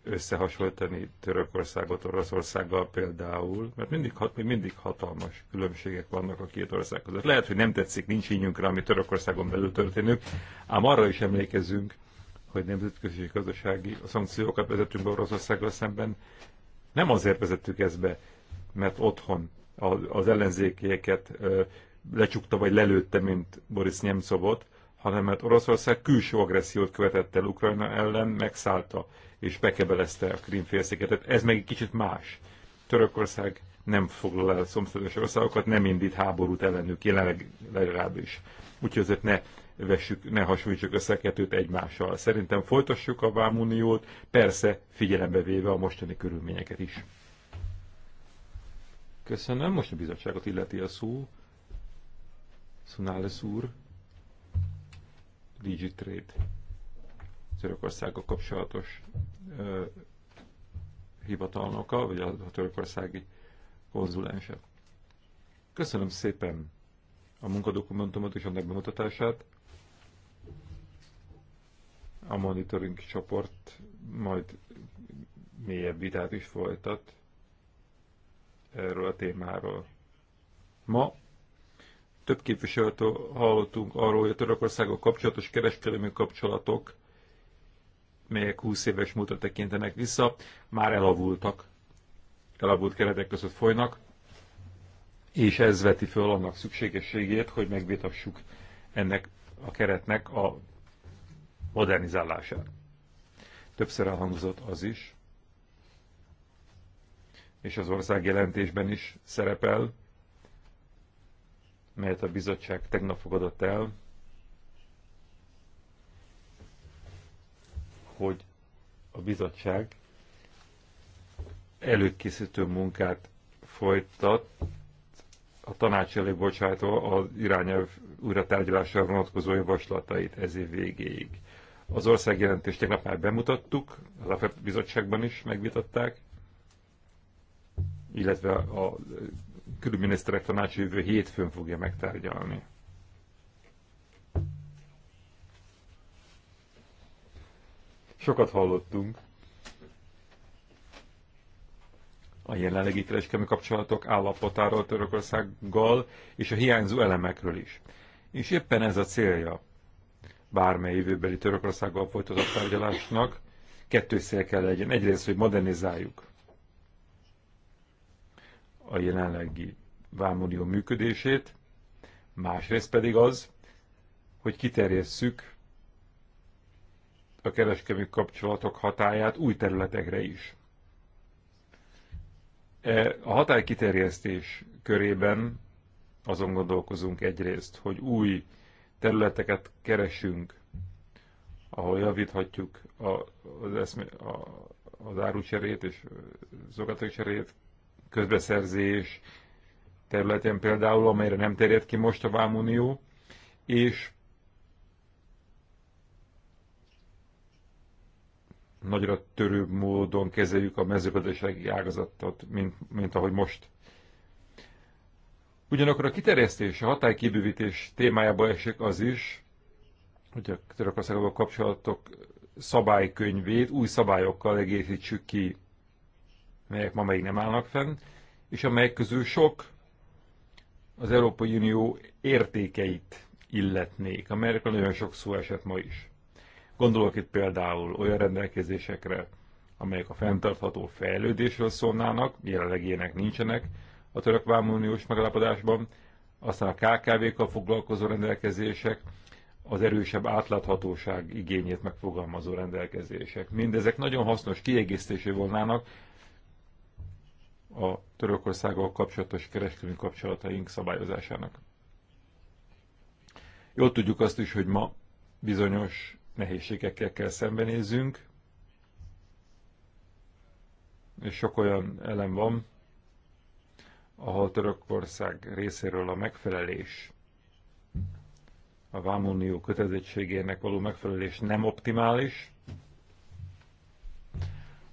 összehasonlítani Törökországot Oroszországgal például, mert mindig, még mindig hatalmas különbségek vannak a két ország között. Lehet, hogy nem tetszik, nincs ínyünkre, ami Törökországon belül történik, ám arra is emlékezünk, hogy nemzetközi gazdasági szankciókat vezetünk be Oroszországgal szemben. Nem azért vezettük ezt be, mert otthon az ellenzékieket lecsukta vagy lelőtte, mint Boris Nemcovot, hanem mert Oroszország külső agressziót követett el Ukrajna ellen, megszállta és bekebelezte a Krímfélszigetet. Ez meg egy kicsit más. Törökország nem foglal el szomszédos országokat, nem indít háborút ellenük, jelenleg legalábbis. Úgyhogy ezért ne vessük, ne hasonlítsuk össze a kettőt egymással. Szerintem folytassuk a Vámuniót, persze figyelembe véve a mostani körülményeket is. Köszönöm, most a bizottságot illeti a szó. Szunáles úr. DigiTrade Törökországgal kapcsolatos ö, hivatalnoka, vagy a törökországi konzulense. Köszönöm szépen a munkadokumentumot és annak bemutatását. A monitoring csoport majd mélyebb vitát is folytat erről a témáról. Ma több képviselőtől hallottunk arról, hogy a Törökországok kapcsolatos kereskedelmi kapcsolatok, melyek 20 éves múltra tekintenek vissza, már elavultak, elavult keretek között folynak, és ez veti föl annak szükségességét, hogy megvitassuk ennek a keretnek a modernizálását. Többször elhangzott az is, és az ország jelentésben is szerepel, melyet a bizottság tegnap fogadott el, hogy a bizottság előkészítő munkát folytat a tanács elé bocsátva az irányelv újra tárgyalásra vonatkozó javaslatait ez év végéig. Az országjelentést tegnap már bemutattuk, az AFEP bizottságban is megvitatták, illetve a külügyminiszterek tanács jövő hétfőn fogja megtárgyalni. Sokat hallottunk a jelenlegi kereskedelmi kapcsolatok állapotáról Törökországgal és a hiányzó elemekről is. És éppen ez a célja bármely jövőbeli Törökországgal folytatott tárgyalásnak, kettő szél kell legyen. Egyrészt, hogy modernizáljuk a jelenlegi vámunió működését, másrészt pedig az, hogy kiterjesszük a kereskedelmi kapcsolatok hatáját új területekre is. E, a hatály kiterjesztés körében azon gondolkozunk egyrészt, hogy új területeket keresünk, ahol javíthatjuk a, az, eszme, az árucserét és az cserét, közbeszerzés Területen például, amelyre nem terjed ki most a Vámunió, és nagyra törőbb módon kezeljük a mezőgazdasági ágazatot, mint, mint ahogy most. Ugyanakkor a kiterjesztés, a hatálykibővítés témájába esik az is, hogy a törökországok kapcsolatok szabálykönyvét új szabályokkal egészítsük ki melyek ma még nem állnak fenn, és amelyek közül sok az Európai Unió értékeit illetnék, amelyekről nagyon sok szó esett ma is. Gondolok itt például olyan rendelkezésekre, amelyek a fenntartható fejlődésről szólnának, jelenleg ilyenek nincsenek a török uniós megalapodásban, aztán a KKV-kkal foglalkozó rendelkezések, az erősebb átláthatóság igényét megfogalmazó rendelkezések. Mindezek nagyon hasznos kiegészítésé volnának a Törökországgal kapcsolatos kereskedelmi kapcsolataink szabályozásának. Jól tudjuk azt is, hogy ma bizonyos nehézségekkel kell szembenézzünk, és sok olyan elem van, ahol Törökország részéről a megfelelés, a Vámunió kötelezettségének való megfelelés nem optimális.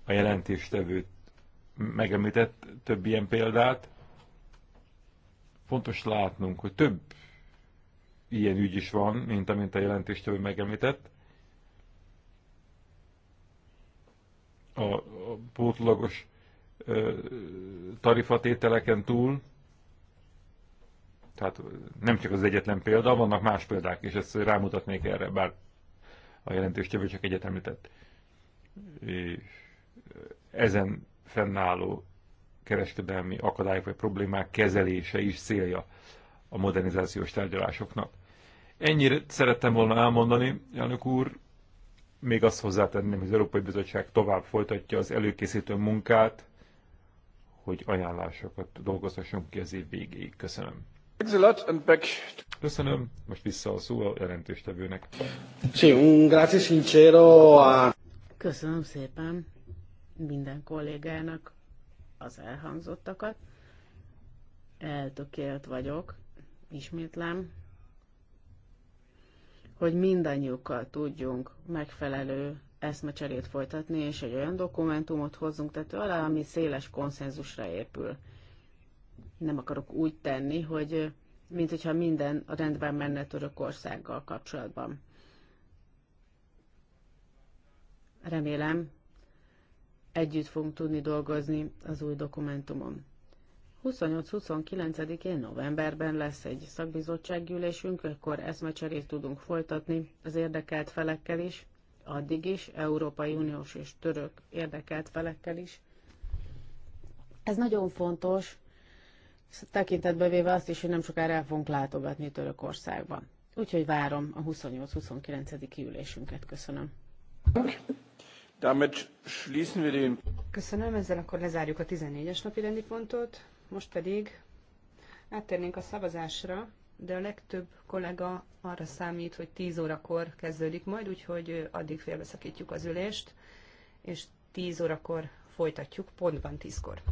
A jelentéstevőt megemlített több ilyen példát. Fontos látnunk, hogy több ilyen ügy is van, mint amint a jelentéstevő megemlített. A, a pótlagos tarifatételeken túl, tehát nem csak az egyetlen példa, vannak más példák is, ezt rámutatnék erre, bár a jelentős csak egyet említett. És ezen fennálló kereskedelmi akadályok vagy problémák kezelése is célja a modernizációs tárgyalásoknak. Ennyire szerettem volna elmondani, elnök úr, még azt hozzátenném, hogy az Európai Bizottság tovább folytatja az előkészítő munkát, hogy ajánlásokat dolgozhassunk ki az év végéig. Köszönöm. Köszönöm, most vissza a szó a jelentéstevőnek. Köszönöm szépen minden kollégának az elhangzottakat. Eltökélt vagyok, ismétlem, hogy mindannyiukkal tudjunk megfelelő eszmecserét folytatni, és egy olyan dokumentumot hozzunk tető alá, ami széles konszenzusra épül. Nem akarok úgy tenni, hogy mint hogyha minden a rendben menne Törökországgal kapcsolatban. Remélem, együtt fogunk tudni dolgozni az új dokumentumon. 28-29-én novemberben lesz egy szakbizottsággyűlésünk, akkor eszmecserét tudunk folytatni az érdekelt felekkel is, addig is, Európai Uniós és török érdekelt felekkel is. Ez nagyon fontos, tekintetbe véve azt is, hogy nem sokára el fogunk látogatni Törökországban. Úgyhogy várom a 28-29. ülésünket. Köszönöm. Köszönöm, ezzel akkor lezárjuk a 14-es napi rendi pontot. Most pedig áttérnénk a szavazásra, de a legtöbb kollega arra számít, hogy 10 órakor kezdődik majd, úgyhogy addig félbeszakítjuk az ülést, és 10 órakor folytatjuk, pontban 10-kor.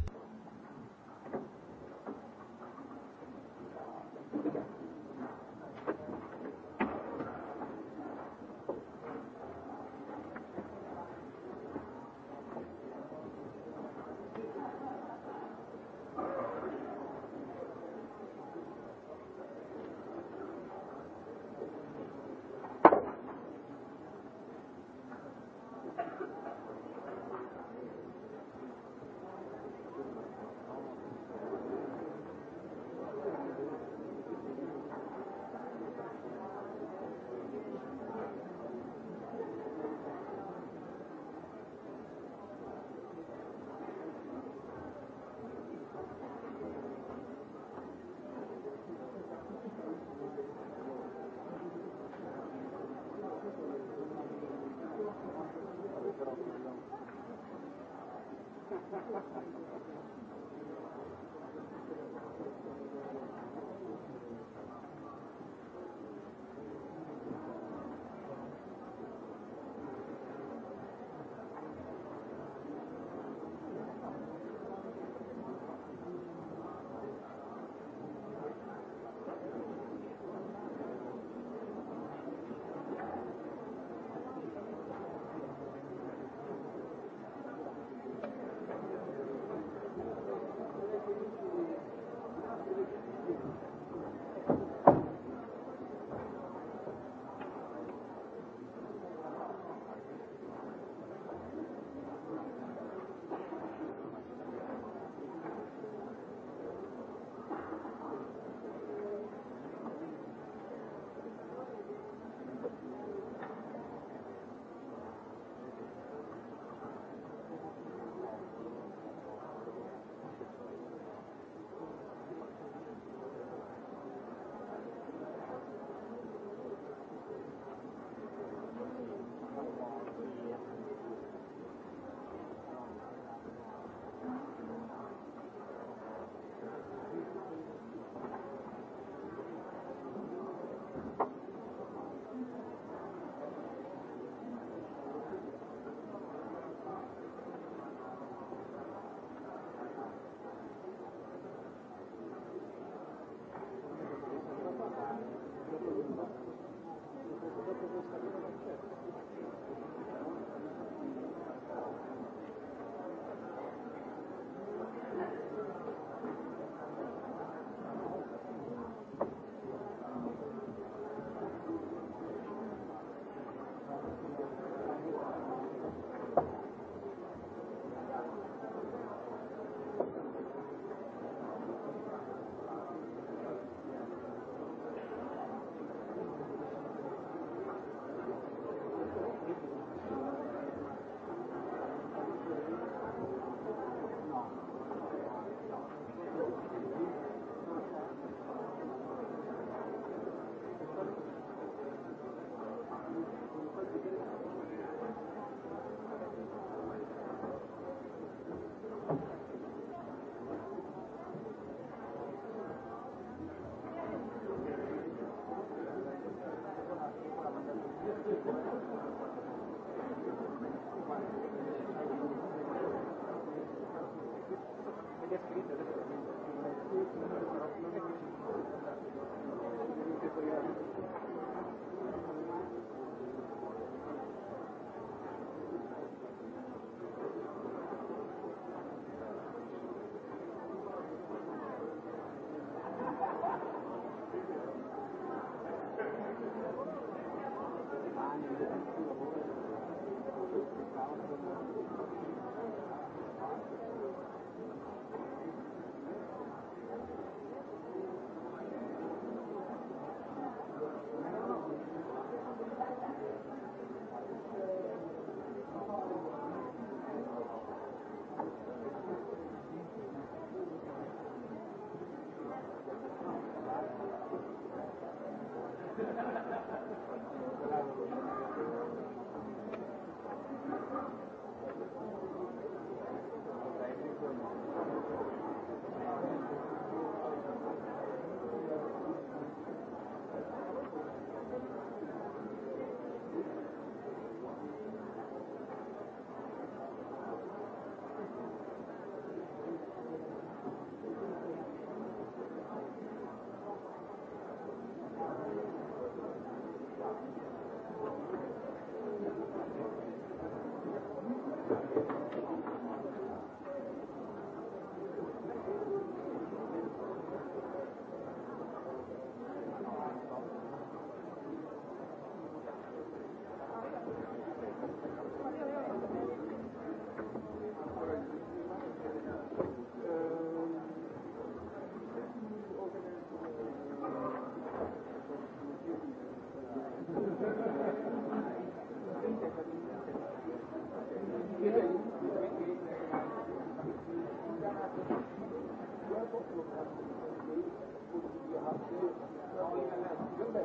Thank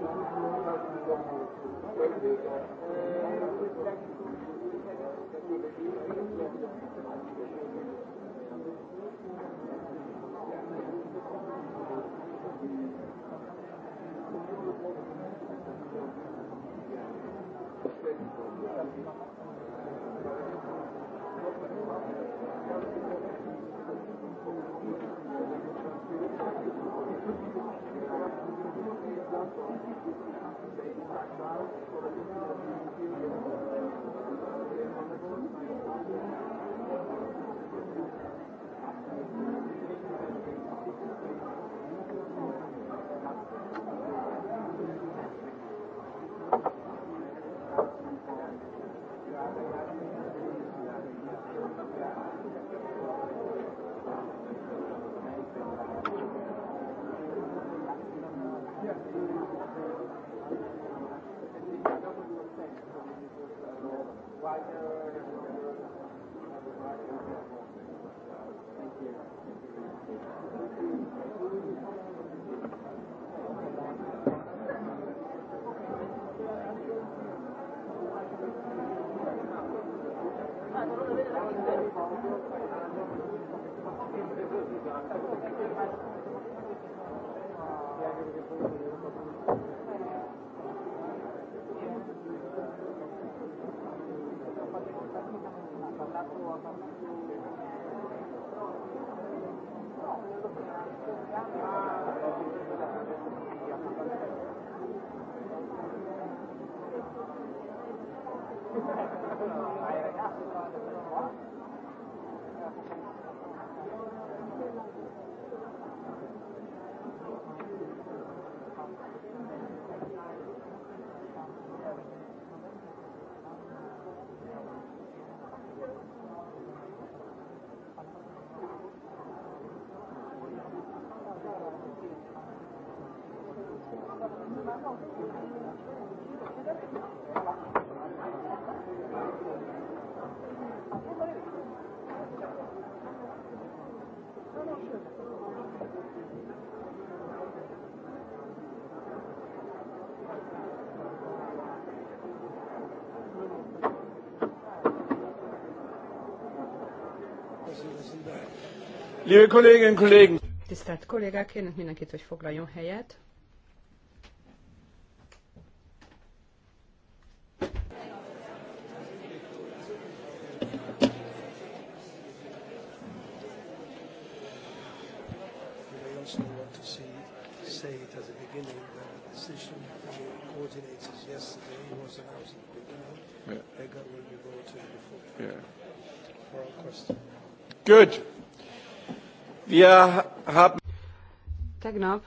you. Liebe Kolleginnen Kollegen! Tisztelt kollégák, kérnek mindenkit, hogy foglaljon helyet. Yeah. Good. Tegnap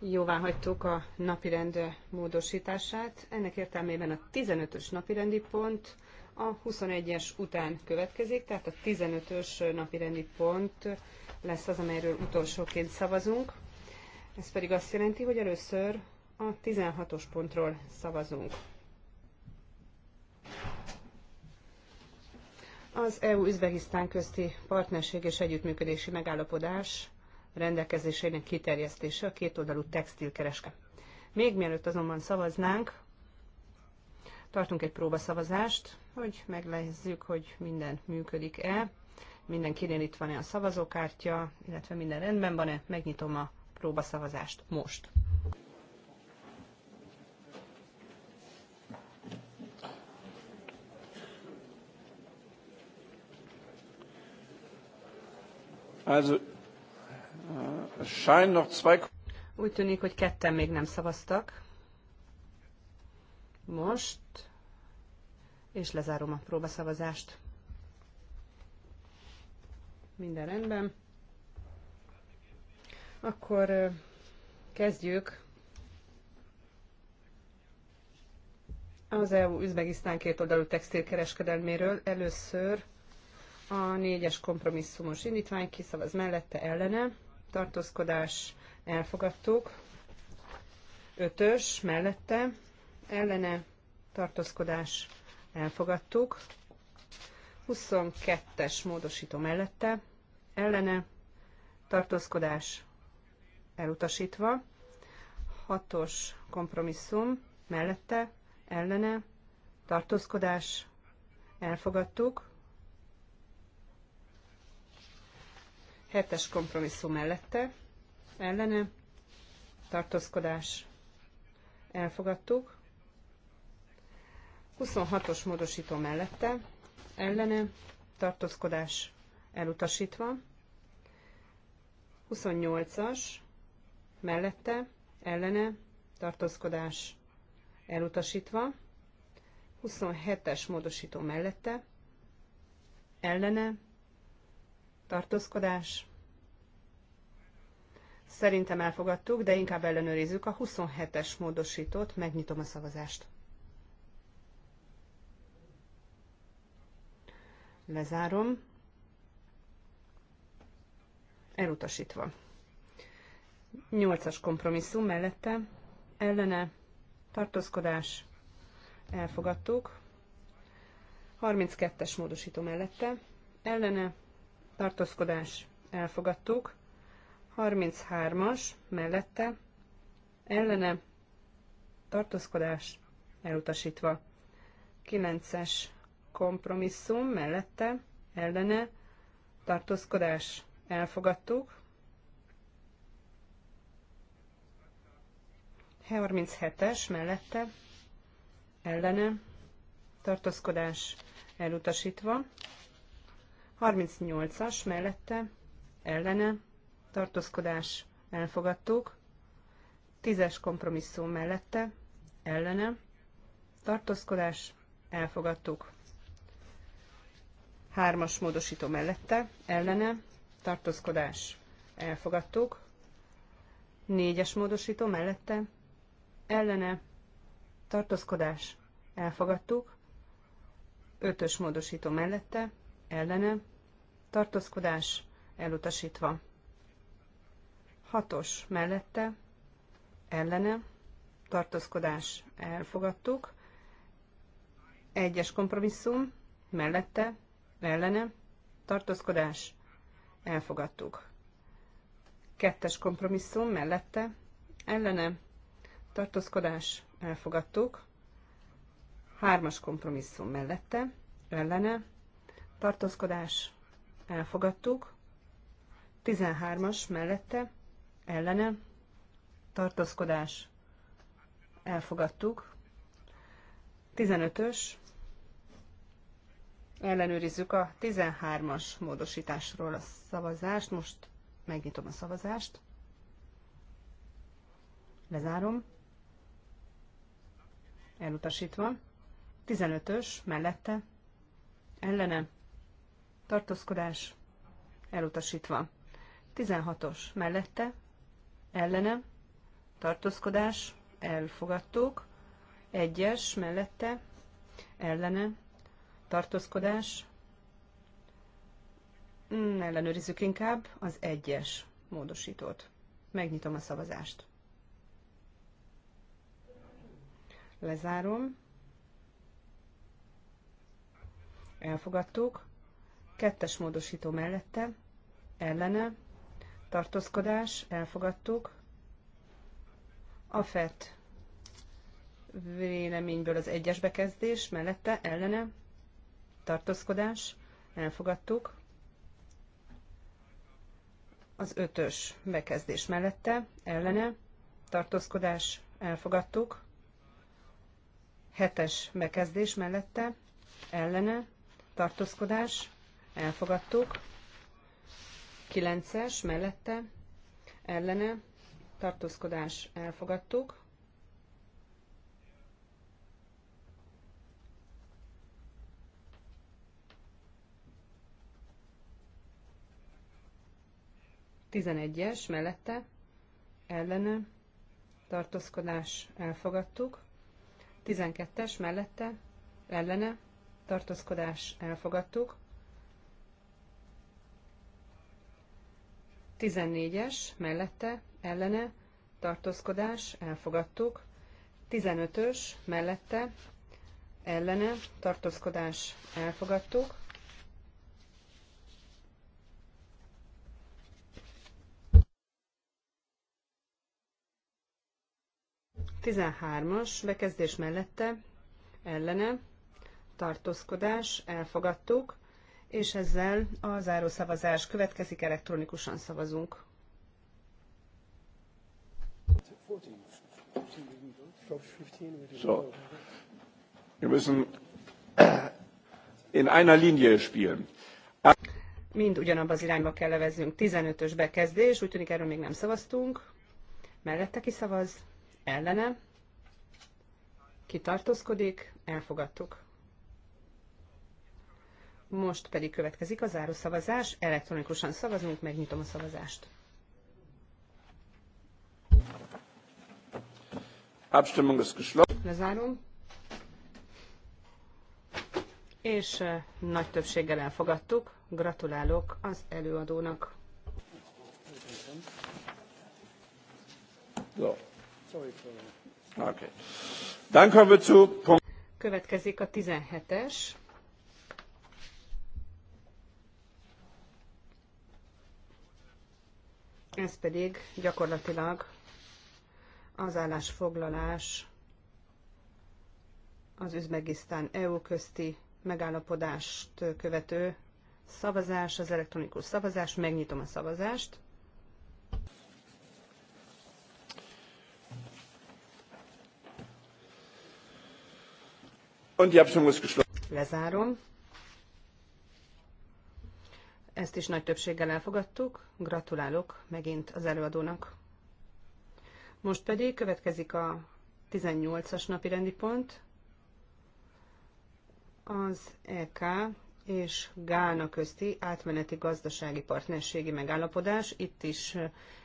jóvá hagytuk a napirend módosítását. Ennek értelmében a 15-ös napirendi pont a 21-es után következik, tehát a 15-ös napirendi pont lesz az, amelyről utolsóként szavazunk. Ez pedig azt jelenti, hogy először a 16-os pontról szavazunk. Az EU-Üzbegisztán közti partnerség és együttműködési megállapodás rendelkezéseinek kiterjesztése a kétoldalú textilkereske. Még mielőtt azonban szavaznánk, tartunk egy próbaszavazást, hogy megnézzük, hogy minden működik-e, mindenkinél itt van-e a szavazókártya, illetve minden rendben van-e, megnyitom a próbaszavazást most. Also, äh, es scheinen noch zwei... Úgy tűnik, hogy ketten még nem szavaztak. Most, és lezárom a próbaszavazást. Minden rendben. Akkor kezdjük az EU-Üzbegisztán kétoldalú textilkereskedelméről. Először a négyes kompromisszumos indítvány kiszavaz mellette ellene, tartózkodás elfogadtuk. Ötös mellette ellene, tartózkodás elfogadtuk. 22-es módosító mellette ellene, tartózkodás elutasítva. Hatos kompromisszum mellette ellene, tartózkodás elfogadtuk. Hetes kompromisszum mellette, ellene, tartózkodás, elfogadtuk. 26-os módosító mellette, ellene, tartózkodás, elutasítva. 28-as mellette, ellene, tartózkodás, elutasítva. 27-es módosító mellette, ellene, tartózkodás. Szerintem elfogadtuk, de inkább ellenőrizzük a 27-es módosítót, megnyitom a szavazást. Lezárom. Elutasítva. 8-as kompromisszum mellette ellene tartózkodás elfogadtuk. 32-es módosító mellette ellene tartózkodás elfogadtuk, 33-as mellette ellene tartózkodás elutasítva, 9-es kompromisszum mellette ellene tartózkodás elfogadtuk, 37-es mellette ellene tartózkodás elutasítva, 38-as mellette ellene tartózkodás elfogadtuk, 10-es kompromisszum mellette ellene tartózkodás elfogadtuk, 3-as módosító mellette ellene tartózkodás elfogadtuk, 4-es módosító mellette ellene tartózkodás elfogadtuk, 5-ös módosító mellette ellene, tartózkodás elutasítva. Hatos mellette, ellene, tartózkodás elfogadtuk. Egyes kompromisszum, mellette, ellene, tartózkodás elfogadtuk. Kettes kompromisszum, mellette, ellene, tartózkodás elfogadtuk. Hármas kompromisszum mellette, ellene, tartózkodás, elfogadtuk. 13-as mellette, ellene, tartózkodás, elfogadtuk. 15-ös, ellenőrizzük a 13-as módosításról a szavazást. Most megnyitom a szavazást. Lezárom. Elutasítva. 15-ös mellette. Ellene tartózkodás elutasítva. 16-os mellette, ellene, tartózkodás, elfogadtuk. 1-es mellette, ellene, tartózkodás, hmm, ellenőrizzük inkább az 1-es módosítót. Megnyitom a szavazást. Lezárom. Elfogadtuk. Kettes módosító mellette, ellene, tartózkodás, elfogadtuk. A FET véleményből az egyes bekezdés mellette, ellene, tartózkodás, elfogadtuk. Az ötös bekezdés mellette, ellene, tartózkodás, elfogadtuk. Hetes bekezdés mellette, ellene, tartózkodás, elfogadtuk. 9-es mellette ellene tartózkodás elfogadtuk. Tizenegyes mellette ellene tartózkodás elfogadtuk. 12-es mellette ellene tartózkodás elfogadtuk. 14-es mellette ellene tartózkodás elfogadtuk. 15-ös mellette ellene tartózkodás elfogadtuk. as bekezdés mellette ellene tartózkodás elfogadtuk és ezzel a zárószavazás következik, elektronikusan szavazunk. So. Wir müssen in einer Linie spielen. Mind ugyanabba az irányba kell leveznünk. 15-ös bekezdés, úgy tűnik erről még nem szavaztunk. Mellette ki szavaz? Ellene? Kitartózkodik? Elfogadtuk. Most pedig következik a záró szavazás. Elektronikusan szavazunk, megnyitom a szavazást. Abstimmung ist geschlossen. Lezárom. És eh, nagy többséggel elfogadtuk. Gratulálok az előadónak. So. Okay. Dann kommen wir zu Punkt. Következik a 17-es. Ez pedig gyakorlatilag az állásfoglalás az üzmegisztán EU közti megállapodást követő szavazás, az elektronikus szavazás. Megnyitom a szavazást. Lezárom. Ezt is nagy többséggel elfogadtuk. Gratulálok megint az előadónak. Most pedig következik a 18-as napi rendi pont. Az EK és Gána közti átmeneti gazdasági partnerségi megállapodás. Itt is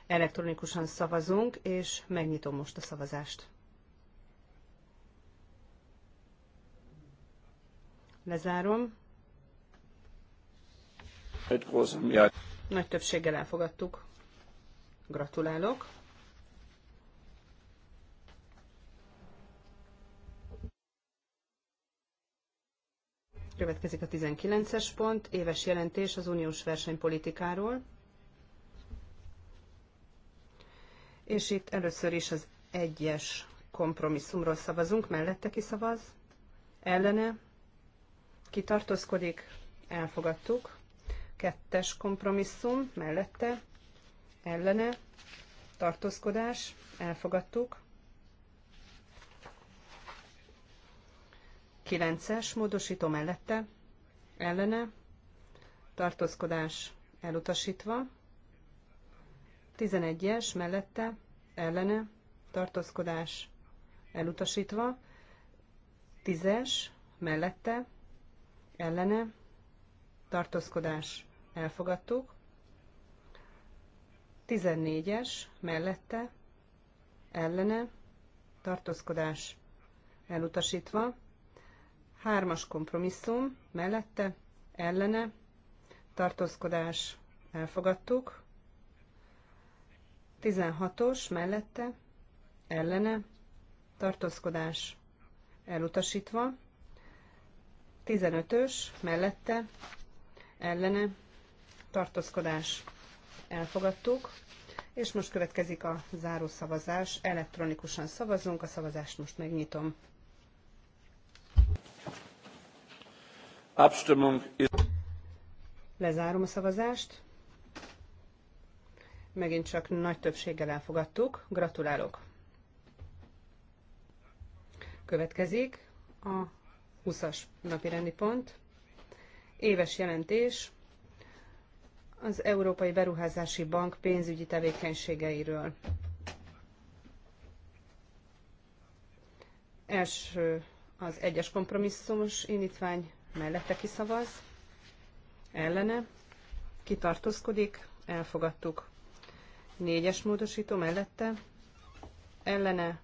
elektronikusan szavazunk, és megnyitom most a szavazást. Lezárom. Nagy többséggel elfogadtuk. Gratulálok. Következik a 19-es pont, éves jelentés az uniós versenypolitikáról. És itt először is az egyes kompromisszumról szavazunk, mellette ki szavaz, ellene, kitartózkodik, elfogadtuk kettes kompromisszum mellette, ellene, tartózkodás, elfogadtuk. kilences módosító mellette, ellene, tartózkodás elutasítva. tizenegyes mellette, ellene, tartózkodás elutasítva. Tízes mellette, ellene, tartózkodás elfogadtuk. 14-es mellette ellene tartózkodás elutasítva. 3-as kompromisszum mellette ellene tartózkodás elfogadtuk. 16-os mellette ellene tartózkodás elutasítva. 15-ös mellette ellene tartózkodás elfogadtuk, és most következik a záró szavazás. Elektronikusan szavazunk, a szavazást most megnyitom. Lezárom a szavazást. Megint csak nagy többséggel elfogadtuk. Gratulálok! Következik a 20-as napi rendi pont. Éves jelentés az Európai Beruházási Bank pénzügyi tevékenységeiről. Első az egyes kompromisszumos indítvány mellette kiszavaz, ellene, kitartózkodik, elfogadtuk. Négyes módosító mellette, ellene,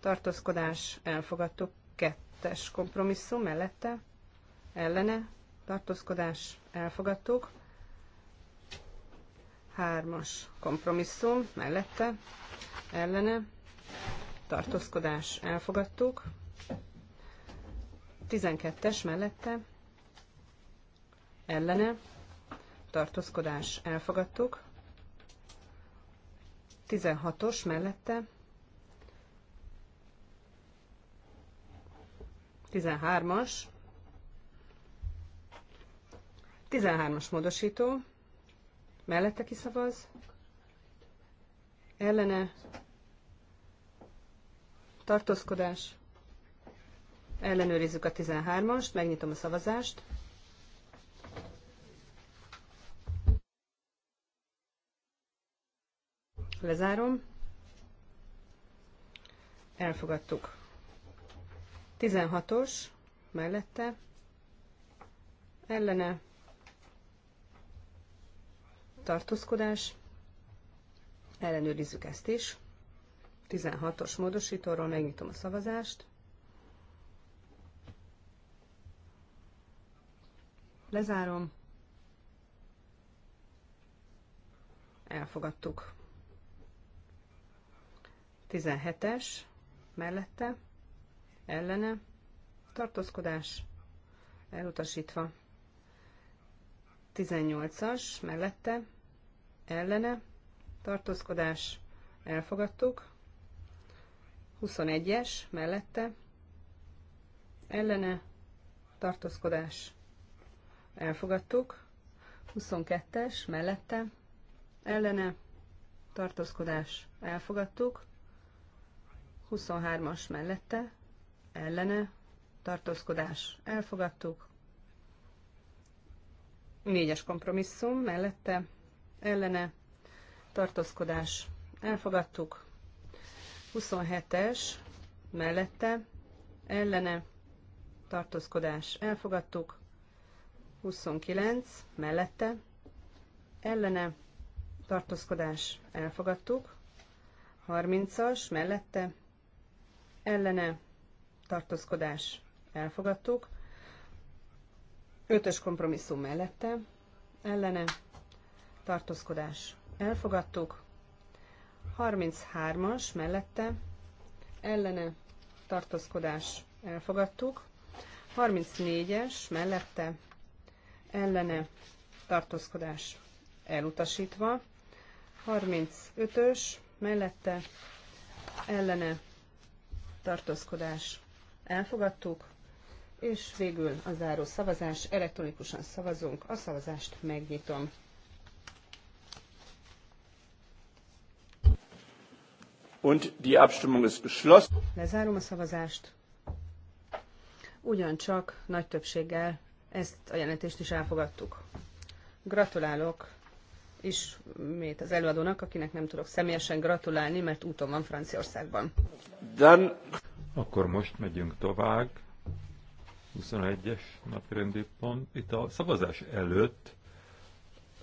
tartózkodás, elfogadtuk. Kettes kompromisszum mellette, ellene, tartózkodás, elfogadtuk. Hármas kompromisszum mellette, ellene, tartózkodás elfogadtuk. 12-es mellette, ellene, tartózkodás elfogadtuk. 16-os mellette, 13-as, 13-as módosító, mellette szavaz? ellene tartózkodás, ellenőrizzük a 13-ast, megnyitom a szavazást. Lezárom. Elfogadtuk. 16-os mellette, ellene tartózkodás, ellenőrizzük ezt is. 16-os módosítóról megnyitom a szavazást. Lezárom. Elfogadtuk. 17-es mellette, ellene, tartózkodás, elutasítva. 18-as mellette, ellene, tartózkodás, elfogadtuk. 21-es mellette, ellene, tartózkodás, elfogadtuk. 22-es mellette, ellene, tartózkodás, elfogadtuk. 23-as mellette, ellene, tartózkodás, elfogadtuk. Négyes kompromisszum mellette ellene tartózkodás elfogadtuk. 27-es mellette ellene tartózkodás elfogadtuk. 29 mellette ellene tartózkodás elfogadtuk. 30-as mellette ellene tartózkodás elfogadtuk. Ötös kompromisszum mellette, ellene, tartózkodás. Elfogadtuk. 33-as mellette, ellene, tartózkodás. Elfogadtuk. 34-es mellette, ellene, tartózkodás. Elutasítva. 35-ös mellette, ellene, tartózkodás. Elfogadtuk és végül a záró szavazás. Elektronikusan szavazunk, a szavazást megnyitom. Und die Abstimmung ist geschlossen. Lezárom a szavazást. Ugyancsak nagy többséggel ezt a jelentést is elfogadtuk. Gratulálok ismét az előadónak, akinek nem tudok személyesen gratulálni, mert úton van Franciaországban. Dann... Akkor most megyünk tovább. 21-es napirendi pont. Itt a szavazás előtt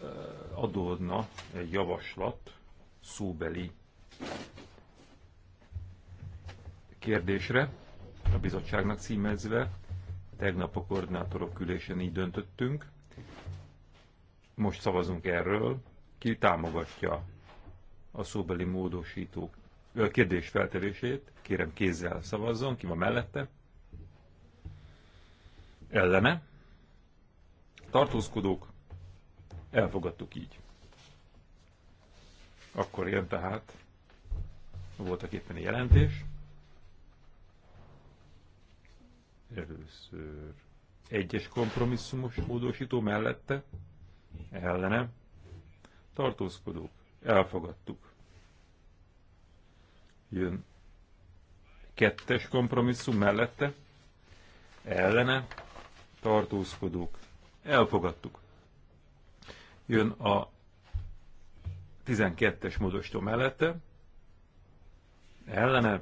eh, adódna egy javaslat szóbeli kérdésre, a bizottságnak címezve. Tegnap a koordinátorok ülésen így döntöttünk. Most szavazunk erről. Ki támogatja a szóbeli módosító eh, kérdés feltevését? Kérem kézzel szavazzon, ki van mellette? elleme. tartózkodók, elfogadtuk így. Akkor jön tehát, voltak éppen jelentés. Először egyes kompromisszumos módosító mellette, ellene, tartózkodók, elfogadtuk. Jön kettes kompromisszum mellette, ellene, tartózkodók, elfogadtuk. Jön a 12-es módosító mellette, ellene,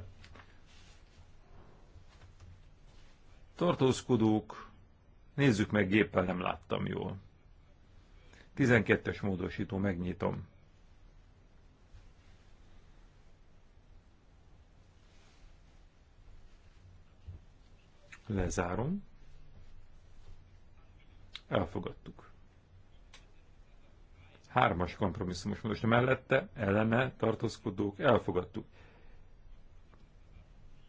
tartózkodók, nézzük meg, géppel nem láttam jól. 12-es módosító, megnyitom. Lezárom elfogadtuk. Hármas kompromisszumos módosító mellette, ellene tartózkodók, elfogadtuk.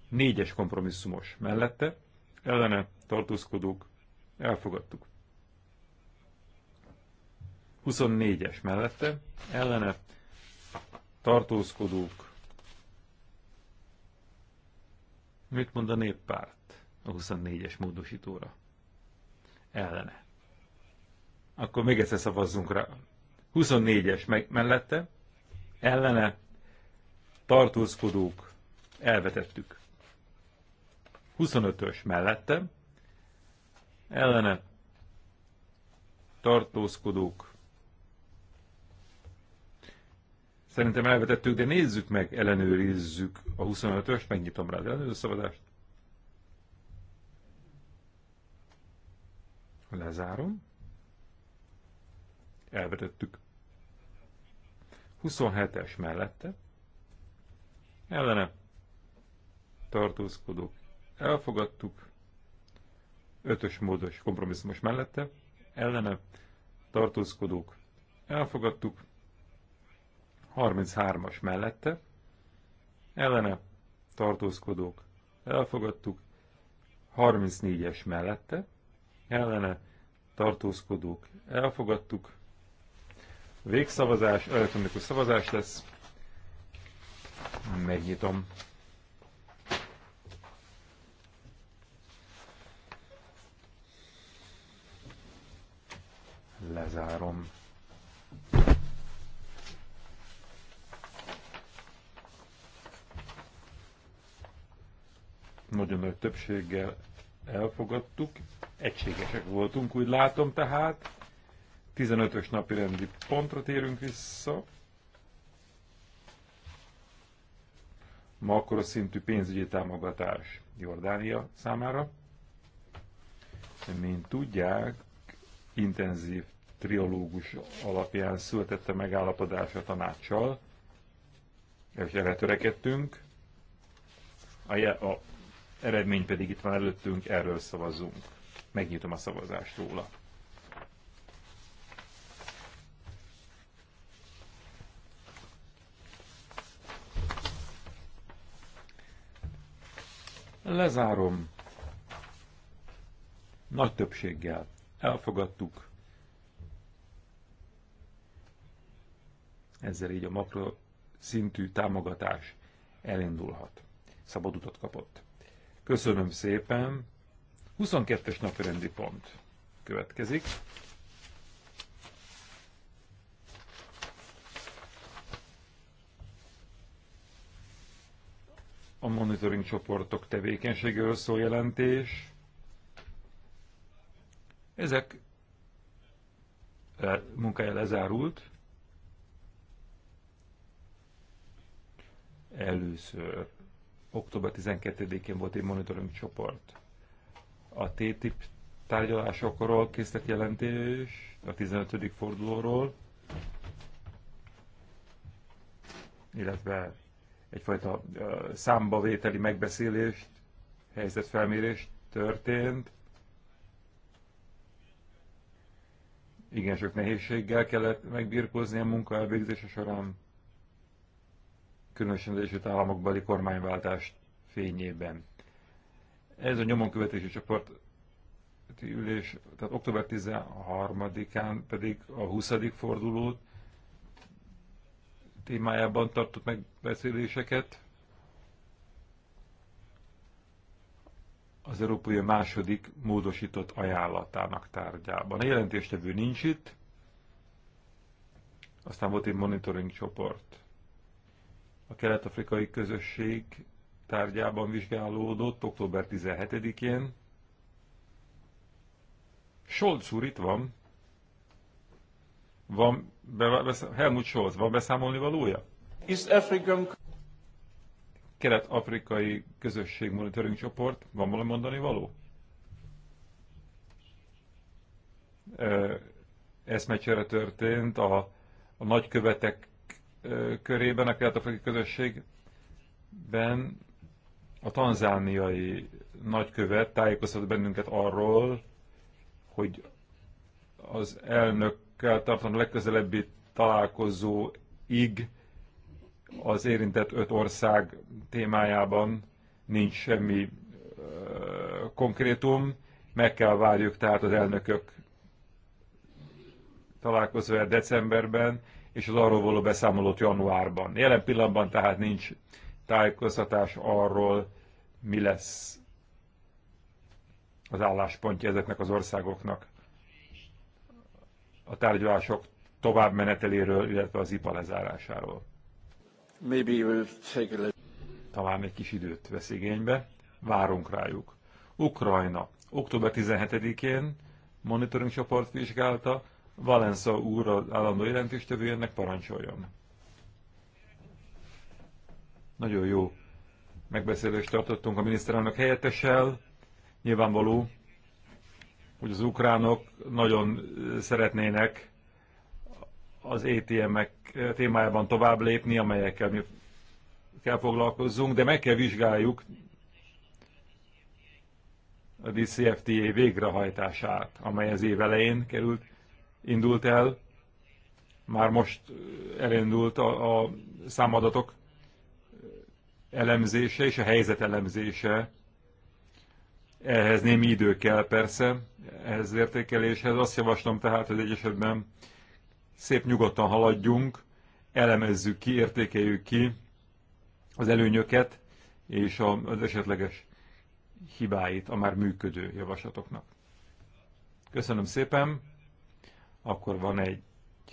Négyes kompromisszumos mellette, ellene tartózkodók, elfogadtuk. 24-es mellette, ellene tartózkodók. Mit mond a néppárt a 24-es módosítóra? Ellene. Akkor még egyszer szavazzunk rá. 24-es meg, mellette, ellene tartózkodók elvetettük. 25-ös mellette, ellene tartózkodók Szerintem elvetettük, de nézzük meg, ellenőrizzük a 25-ös, megnyitom rá az ellenőrző szavazást. Lezárom elvetettük. 27-es mellette, ellene tartózkodók elfogadtuk, 5-ös módos kompromisszumos mellette, ellene tartózkodók elfogadtuk, 33-as mellette, ellene tartózkodók elfogadtuk, 34-es mellette, ellene tartózkodók elfogadtuk, Végszavazás, elektronikus szavazás lesz. Megnyitom. Lezárom. Nagyon nagy többséggel elfogadtuk. Egységesek voltunk, úgy látom tehát. 15-ös napi rendi pontra térünk vissza. szintű pénzügyi támogatás Jordánia számára. Mint tudják, intenzív triológus alapján született a megállapodás a tanácssal, és erre törekedtünk. A, a eredmény pedig itt van előttünk, erről szavazunk. Megnyitom a szavazást róla. Lezárom. Nagy többséggel elfogadtuk. Ezzel így a makro szintű támogatás elindulhat. Szabad utat kapott. Köszönöm szépen. 22-es rendi pont következik. a monitoring csoportok tevékenységéről szól jelentés. Ezek e, munkája lezárult. Először október 12-én volt egy monitoring csoport. A TTIP tárgyalásokról készített jelentés, a 15. fordulóról, illetve egyfajta számbavételi megbeszélést, helyzetfelmérést történt. Igen sok nehézséggel kellett megbírkozni a munka elvégzése során, különösen az Egyesült Államokbeli kormányváltást fényében. Ez a nyomonkövetési csoport ülés, tehát október 13-án pedig a 20. fordulót témájában tartott megbeszéléseket. Az Európai második módosított ajánlatának tárgyában. A jelentéstevő nincs itt, aztán volt egy monitoring csoport. A kelet-afrikai közösség tárgyában vizsgálódott október 17-én. Scholz úr itt van, van, be, Helmut Scholz, van beszámolni valója? African... Kelet-afrikai közösség monitoring csoport, van valami mondani való? Eszmecsere történt a, a nagykövetek körében, a kelet-afrikai közösségben a tanzániai nagykövet tájékoztat bennünket arról, hogy az elnök kell tartani a legközelebbi találkozóig az érintett öt ország témájában nincs semmi ö, konkrétum, meg kell várjuk tehát az elnökök találkozója decemberben, és az arról való beszámolót januárban. Jelen pillanatban tehát nincs tájékoztatás arról, mi lesz az álláspontja ezeknek az országoknak a tárgyalások meneteléről, illetve az IPA lezárásáról. Maybe we'll take a... Talán egy kis időt vesz igénybe, várunk rájuk. Ukrajna. Október 17-én monitoring csoport vizsgálta, Valensza úr az állandó jelentéstevőjének parancsoljon. Nagyon jó megbeszélést tartottunk a miniszterelnök helyettessel. Nyilvánvaló, hogy az ukránok nagyon szeretnének az ATM-ek témájában tovább lépni, amelyekkel mi kell foglalkozzunk, de meg kell vizsgáljuk a DCFTA végrehajtását, amely az év elején került, indult el, már most elindult a, a számadatok elemzése és a helyzet elemzése ehhez némi idő kell persze, ehhez értékeléshez. Azt javaslom tehát, hogy egy esetben szép nyugodtan haladjunk, elemezzük ki, értékeljük ki az előnyöket és az esetleges hibáit a már működő javaslatoknak. Köszönöm szépen. Akkor van egy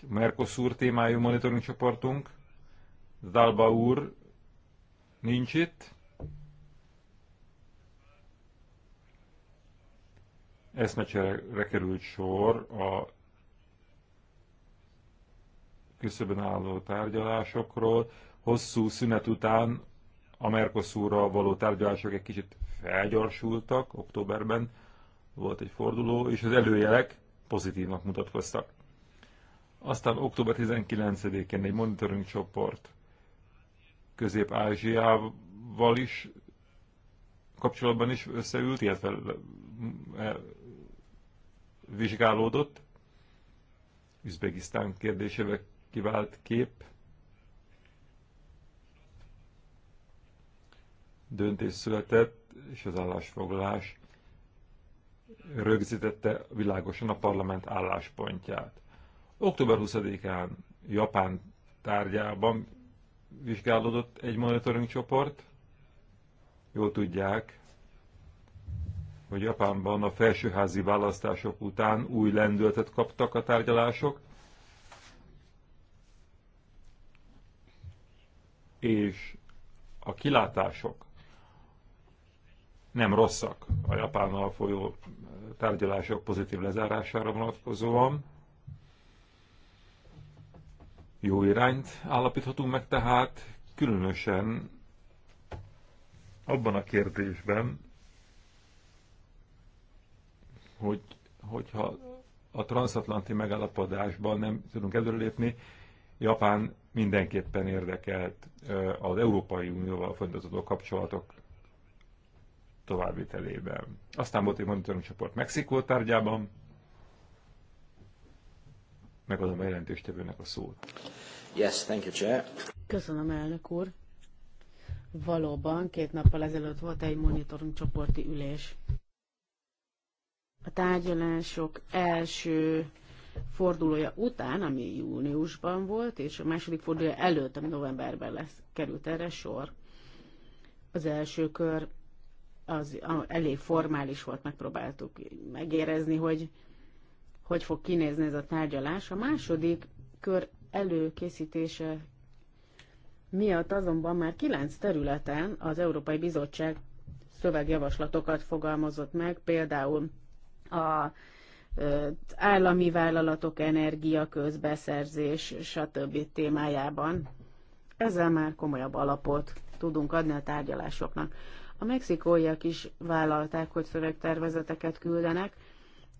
Mercosur témájú monitoring csoportunk. Zalba úr nincs itt. eszmecsere került sor a küszöbön álló tárgyalásokról. Hosszú szünet után a Mercosurra való tárgyalások egy kicsit felgyorsultak, októberben volt egy forduló, és az előjelek pozitívnak mutatkoztak. Aztán október 19-én egy monitoring csoport Közép-Ázsiával is kapcsolatban is összeült, illetve vizsgálódott. Üzbegisztán kérdésével kivált kép. Döntés született, és az állásfoglalás rögzítette világosan a parlament álláspontját. Október 20-án Japán tárgyában vizsgálódott egy monitoring csoport. Jól tudják, hogy Japánban a felsőházi választások után új lendületet kaptak a tárgyalások, és a kilátások nem rosszak a Japánnal folyó tárgyalások pozitív lezárására vonatkozóan. Jó irányt állapíthatunk meg tehát, különösen abban a kérdésben, hogy, hogyha a transatlanti megállapodásban nem tudunk előrelépni, Japán mindenképpen érdekelt az Európai Unióval folytatódó kapcsolatok továbbvitelében. Aztán volt egy monitoring csoport Mexikó tárgyában. Megadom a jelentéstevőnek a szót. Yes, thank you, Chair. Köszönöm, elnök úr. Valóban két nappal ezelőtt volt egy monitoring csoporti ülés a tárgyalások első fordulója után, ami júniusban volt, és a második fordulója előtt, ami novemberben lesz, került erre sor. Az első kör az elég formális volt, megpróbáltuk megérezni, hogy hogy fog kinézni ez a tárgyalás. A második kör előkészítése miatt azonban már kilenc területen az Európai Bizottság szövegjavaslatokat fogalmazott meg, például a állami vállalatok, energia, közbeszerzés, stb. témájában. Ezzel már komolyabb alapot tudunk adni a tárgyalásoknak. A mexikóiak is vállalták, hogy szövegtervezeteket küldenek.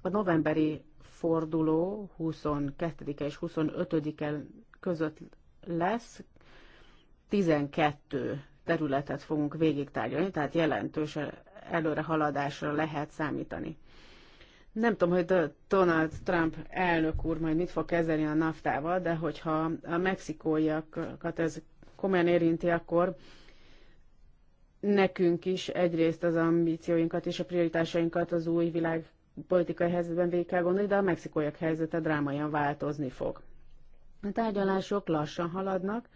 A novemberi forduló 22 és 25-e között lesz. 12 területet fogunk végigtárgyalni, tehát jelentős előrehaladásra lehet számítani. Nem tudom, hogy Donald Trump elnök úr majd mit fog kezelni a naftával, de hogyha a mexikóiakat ez komolyan érinti, akkor nekünk is egyrészt az ambícióinkat és a prioritásainkat az új világ politikai helyzetben végig kell gondolni, de a mexikóiak helyzete drámaian változni fog. A tárgyalások lassan haladnak,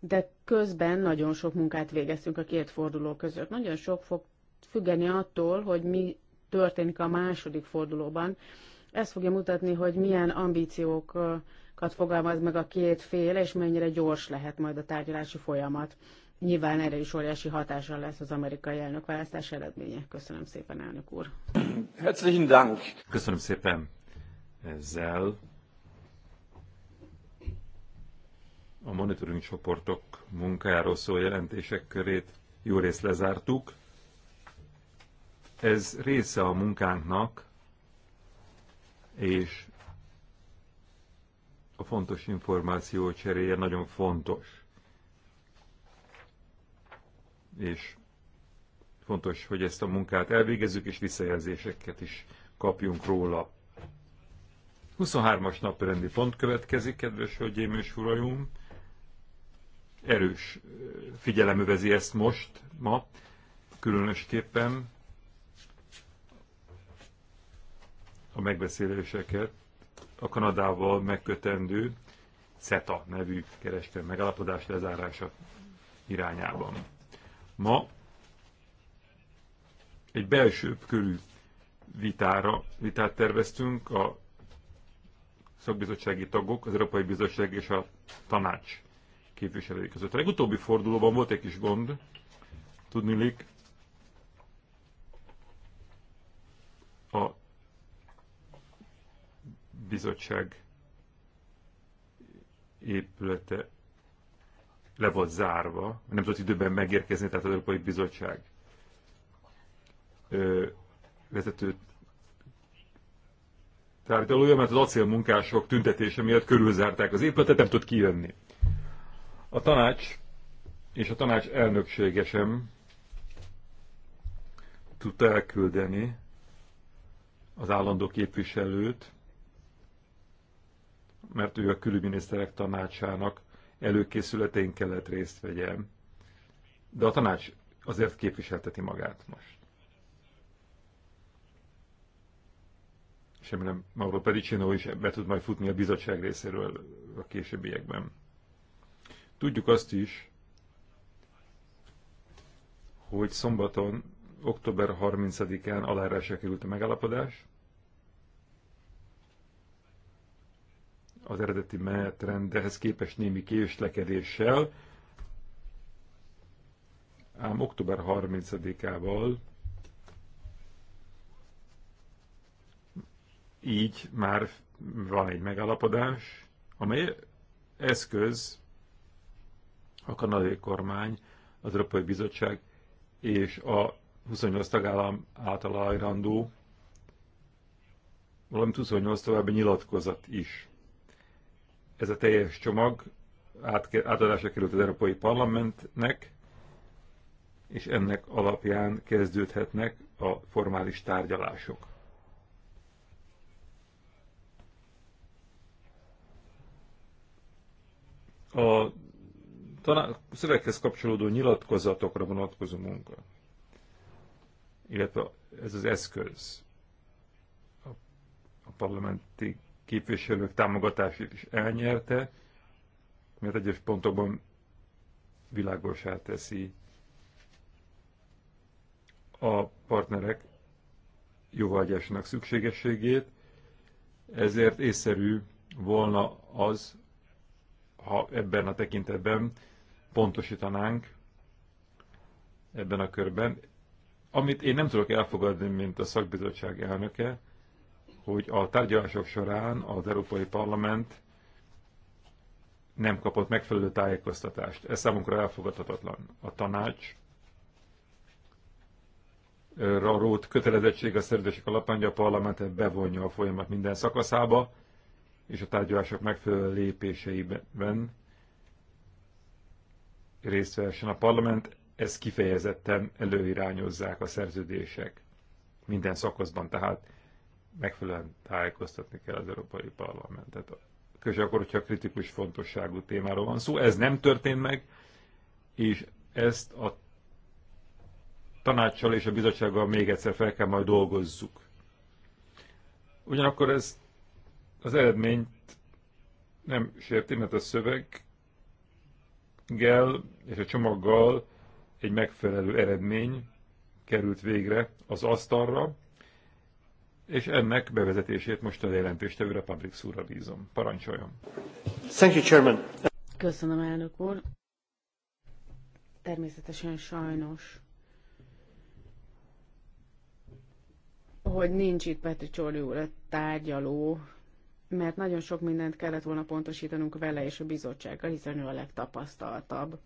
de közben nagyon sok munkát végeztünk a két forduló között. Nagyon sok fog függeni attól, hogy mi történik a második fordulóban. Ez fogja mutatni, hogy milyen ambíciókat fogalmaz meg a két fél, és mennyire gyors lehet majd a tárgyalási folyamat. Nyilván erre is óriási hatással lesz az amerikai elnökválasztás eredménye. Köszönöm szépen, elnök úr. Herzlichen Dank. Köszönöm szépen. Ezzel a monitoring csoportok munkájáról szóló jelentések körét jó részt lezártuk. Ez része a munkánknak, és a fontos információ cseréje nagyon fontos. És fontos, hogy ezt a munkát elvégezzük, és visszajelzéseket is kapjunk róla. 23-as naprendi pont következik, kedves hölgyeim és uraim. Erős figyelem övezi ezt most, ma, különösképpen a megbeszéléseket a Kanadával megkötendő CETA nevű kereskedelmi megállapodás lezárása irányában. Ma egy belső körű vitára, vitát terveztünk a szakbizottsági tagok, az Európai Bizottság és a tanács képviselői között. A legutóbbi fordulóban volt egy kis gond, tudnilik, a bizottság épülete le volt zárva, nem tudott időben megérkezni, tehát az Európai Bizottság ö, vezető tárgyalója, mert az acélmunkások tüntetése miatt körülzárták az épületet, nem tudott kijönni. A tanács és a tanács elnöksége sem tudta elküldeni az állandó képviselőt, mert ő a külügyminiszterek tanácsának előkészületén kellett részt vegyem. De a tanács azért képviselteti magát most. És nem Mauro Pedicino is be tud majd futni a bizottság részéről a későbbiekben. Tudjuk azt is, hogy szombaton, október 30-án alárásra került a megállapodás, az eredeti menetrendhez képest némi késlekedéssel, ám október 30-ával így már van egy megállapodás, amely eszköz a kanadai kormány, az Európai Bizottság és a 28 tagállam által ajrandó, valamint 28 további nyilatkozat is ez a teljes csomag átadásra került az Európai Parlamentnek, és ennek alapján kezdődhetnek a formális tárgyalások. A szöveghez kapcsolódó nyilatkozatokra vonatkozó munka, illetve ez az eszköz a parlamenti képviselők támogatását is elnyerte, mert egyes pontokban világosá teszi a partnerek jóvágyásának szükségességét, ezért észszerű volna az, ha ebben a tekintetben pontosítanánk ebben a körben. Amit én nem tudok elfogadni, mint a szakbizottság elnöke, hogy a tárgyalások során az Európai Parlament nem kapott megfelelő tájékoztatást. Ez számunkra elfogadhatatlan. A tanács rót kötelezettség a szerződések alapján, hogy a parlamentet bevonja a folyamat minden szakaszába, és a tárgyalások megfelelő lépéseiben részt vehessen a parlament, ezt kifejezetten előirányozzák a szerződések minden szakaszban. Tehát megfelelően tájékoztatni kell az Európai Parlamentet. És akkor, hogyha kritikus fontosságú témáról van szó, ez nem történt meg, és ezt a tanácssal és a bizottsággal még egyszer fel kell majd dolgozzuk. Ugyanakkor ez az eredményt nem sérti, mert a szöveggel és a csomaggal egy megfelelő eredmény került végre az asztalra, és ennek bevezetését most a jelentéstevőre Public Szúra bízom. Parancsoljon! Thank you, Chairman. Köszönöm, elnök úr! Természetesen sajnos, hogy nincs itt Peti Csoli úr a tárgyaló, mert nagyon sok mindent kellett volna pontosítanunk vele és a bizottsággal, hiszen ő a legtapasztaltabb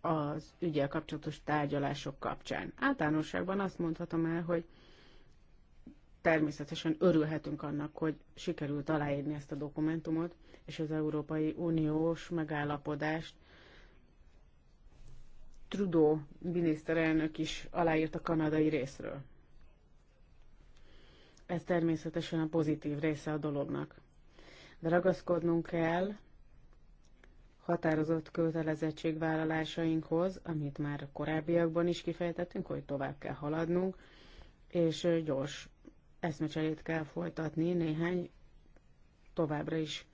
az ügyel kapcsolatos tárgyalások kapcsán. Általánosságban azt mondhatom el, hogy természetesen örülhetünk annak, hogy sikerült aláírni ezt a dokumentumot, és az Európai Uniós megállapodást Trudeau miniszterelnök is aláírt a kanadai részről. Ez természetesen a pozitív része a dolognak. De ragaszkodnunk kell határozott kötelezettségvállalásainkhoz, amit már korábbiakban is kifejtettünk, hogy tovább kell haladnunk, és gyors eszmecserét kell folytatni néhány továbbra is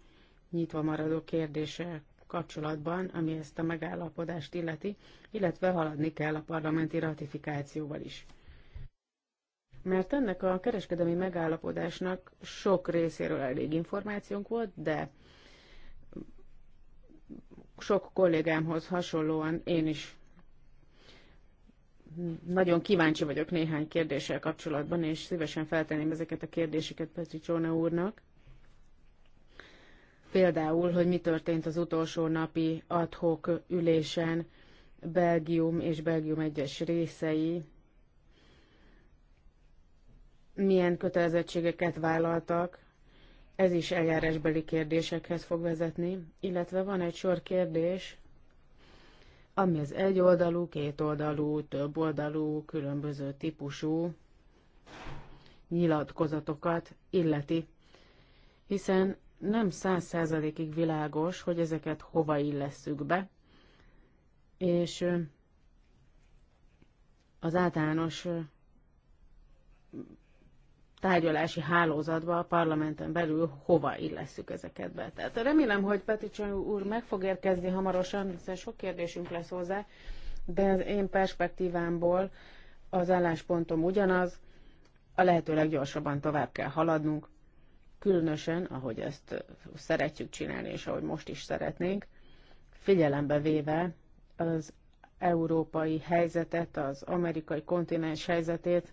nyitva maradó kérdése kapcsolatban, ami ezt a megállapodást illeti, illetve haladni kell a parlamenti ratifikációval is. Mert ennek a kereskedelmi megállapodásnak sok részéről elég információnk volt, de sok kollégámhoz hasonlóan én is nagyon kíváncsi vagyok néhány kérdéssel kapcsolatban, és szívesen feltenném ezeket a kérdéseket Petri Csóna úrnak. Például, hogy mi történt az utolsó napi adhok ülésen Belgium és Belgium egyes részei, milyen kötelezettségeket vállaltak, ez is eljárásbeli kérdésekhez fog vezetni, illetve van egy sor kérdés, ami az egyoldalú, kétoldalú, többoldalú, különböző típusú nyilatkozatokat illeti, hiszen nem száz százalékig világos, hogy ezeket hova illesszük be, és az általános tárgyalási hálózatba a parlamenten belül hova illesszük ezeket be. Tehát remélem, hogy Peticsony úr meg fog érkezni hamarosan, hiszen sok kérdésünk lesz hozzá, de az én perspektívámból az álláspontom ugyanaz, a lehető leggyorsabban tovább kell haladnunk, különösen, ahogy ezt szeretjük csinálni, és ahogy most is szeretnénk, figyelembe véve az európai helyzetet, az amerikai kontinens helyzetét,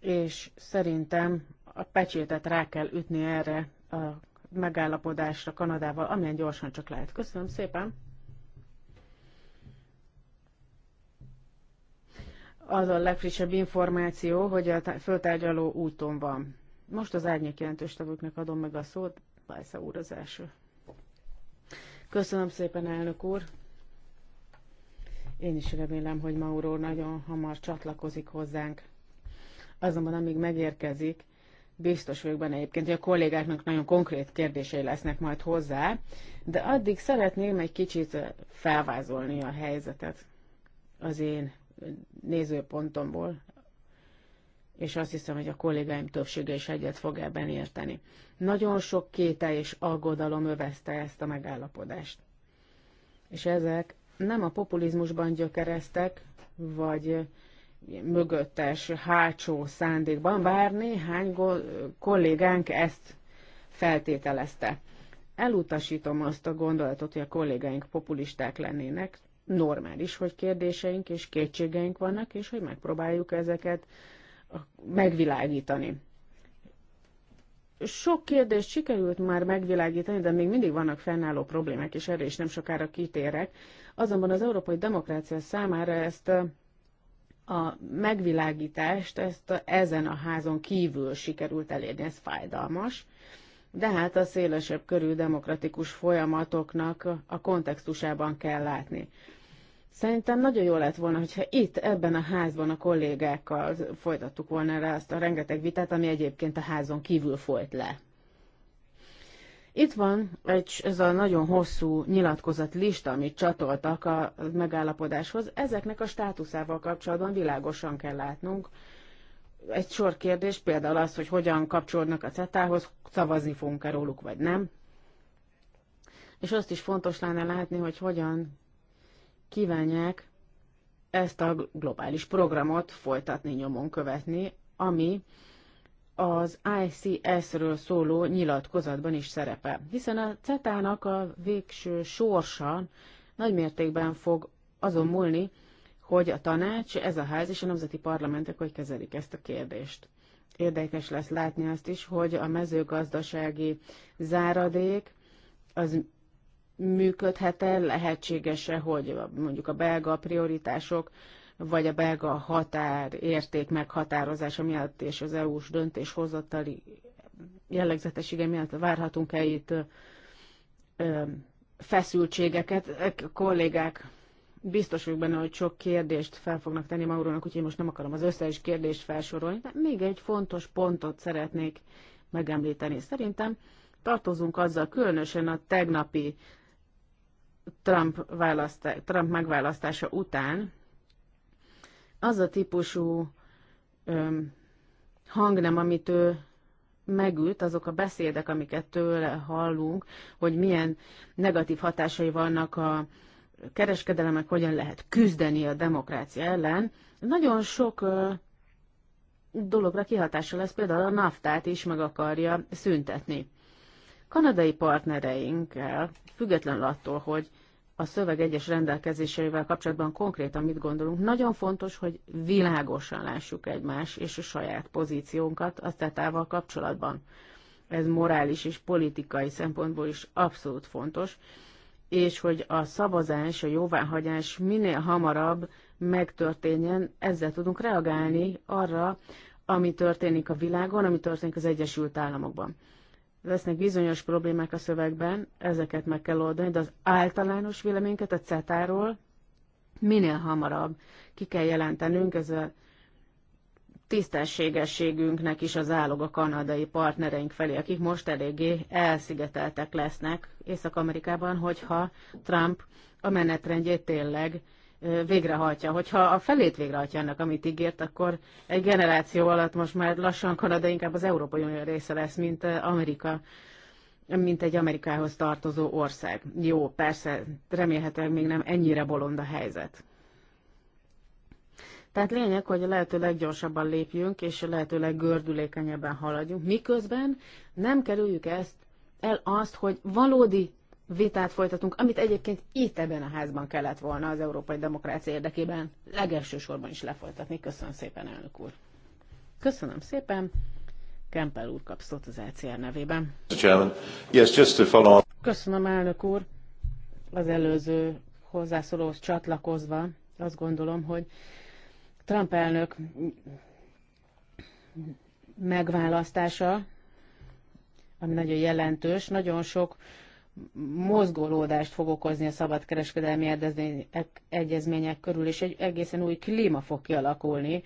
és szerintem a pecsétet rá kell ütni erre a megállapodásra Kanadával, amilyen gyorsan csak lehet. Köszönöm szépen! Az a legfrissebb információ, hogy a föltárgyaló úton van. Most az árnyék jelentős tagoknak adom meg a szót, Bajsza úr az első. Köszönöm szépen, elnök úr! Én is remélem, hogy Mauro nagyon hamar csatlakozik hozzánk azonban amíg megérkezik, biztos vagyok benne egyébként, hogy a kollégáknak nagyon konkrét kérdései lesznek majd hozzá, de addig szeretném egy kicsit felvázolni a helyzetet az én nézőpontomból, és azt hiszem, hogy a kollégáim többsége is egyet fog ebben érteni. Nagyon sok kétel és aggodalom övezte ezt a megállapodást. És ezek nem a populizmusban gyökereztek, vagy mögöttes, hátsó szándékban, bár néhány kollégánk ezt feltételezte. Elutasítom azt a gondolatot, hogy a kollégáink populisták lennének. Normális, hogy kérdéseink és kétségeink vannak, és hogy megpróbáljuk ezeket megvilágítani. Sok kérdést sikerült már megvilágítani, de még mindig vannak fennálló problémák, és erre is nem sokára kitérek. Azonban az európai demokrácia számára ezt a megvilágítást ezt a, ezen a házon kívül sikerült elérni, ez fájdalmas, de hát a szélesebb körű demokratikus folyamatoknak a kontextusában kell látni. Szerintem nagyon jó lett volna, hogyha itt, ebben a házban a kollégákkal folytattuk volna rá azt a rengeteg vitát, ami egyébként a házon kívül folyt le. Itt van egy, ez a nagyon hosszú nyilatkozat lista, amit csatoltak a megállapodáshoz. Ezeknek a státuszával kapcsolatban világosan kell látnunk. Egy sor kérdés, például az, hogy hogyan kapcsolódnak a CETA-hoz, szavazni fogunk-e róluk, vagy nem. És azt is fontos lenne látni, hogy hogyan kívánják ezt a globális programot folytatni, nyomon követni, ami az ICS-ről szóló nyilatkozatban is szerepe, hiszen a CETA-nak a végső sorsa nagymértékben fog azon múlni, hogy a tanács, ez a ház és a nemzeti parlamentek hogy kezelik ezt a kérdést. Érdekes lesz látni azt is, hogy a mezőgazdasági záradék az működhet-e, lehetséges-e, hogy mondjuk a belga prioritások vagy a belga határérték meghatározása miatt és az EU-s döntéshozatali jellegzetessége miatt várhatunk-e itt feszültségeket. A kollégák biztos vagyok benne, hogy sok kérdést fel fognak tenni Maurónak, úgyhogy most nem akarom az összes kérdést felsorolni, de még egy fontos pontot szeretnék megemlíteni. Szerintem tartozunk azzal, különösen a tegnapi Trump, választá- Trump megválasztása után, az a típusú öm, hangnem, amit ő megüt, azok a beszédek, amiket tőle hallunk, hogy milyen negatív hatásai vannak a kereskedelemek, hogyan lehet küzdeni a demokrácia ellen, nagyon sok ö, dologra kihatása lesz, például a naftát is meg akarja szüntetni. Kanadai partnereinkkel, függetlenül attól, hogy a szöveg egyes rendelkezéseivel kapcsolatban konkrétan mit gondolunk. Nagyon fontos, hogy világosan lássuk egymás és a saját pozíciónkat a tetával kapcsolatban. Ez morális és politikai szempontból is abszolút fontos, és hogy a szavazás, a jóváhagyás minél hamarabb megtörténjen, ezzel tudunk reagálni arra, ami történik a világon, ami történik az Egyesült Államokban lesznek bizonyos problémák a szövegben, ezeket meg kell oldani, de az általános véleményeket a CETA-ról minél hamarabb ki kell jelentenünk, ez a tisztességességünknek is az állog a kanadai partnereink felé, akik most eléggé elszigeteltek lesznek Észak-Amerikában, hogyha Trump a menetrendjét tényleg végrehajtja. Hogyha a felét végrehajtja ennek, amit ígért, akkor egy generáció alatt most már lassan Kanada inkább az Európai Unió része lesz, mint Amerika mint egy Amerikához tartozó ország. Jó, persze, remélhetőleg még nem ennyire bolond a helyzet. Tehát lényeg, hogy a lehető leggyorsabban lépjünk, és a lehető leggördülékenyebben haladjunk, miközben nem kerüljük ezt el azt, hogy valódi vitát folytatunk, amit egyébként itt ebben a házban kellett volna az európai demokrácia érdekében legelső sorban is lefolytatni. Köszönöm szépen, elnök úr. Köszönöm szépen. Kempel úr kap szót az ECR nevében. Köszönöm, elnök úr. Az előző hozzászólóhoz csatlakozva azt gondolom, hogy Trump elnök megválasztása, ami nagyon jelentős, nagyon sok mozgolódást fog okozni a szabadkereskedelmi egyezmények körül, és egy egészen új klíma fog kialakulni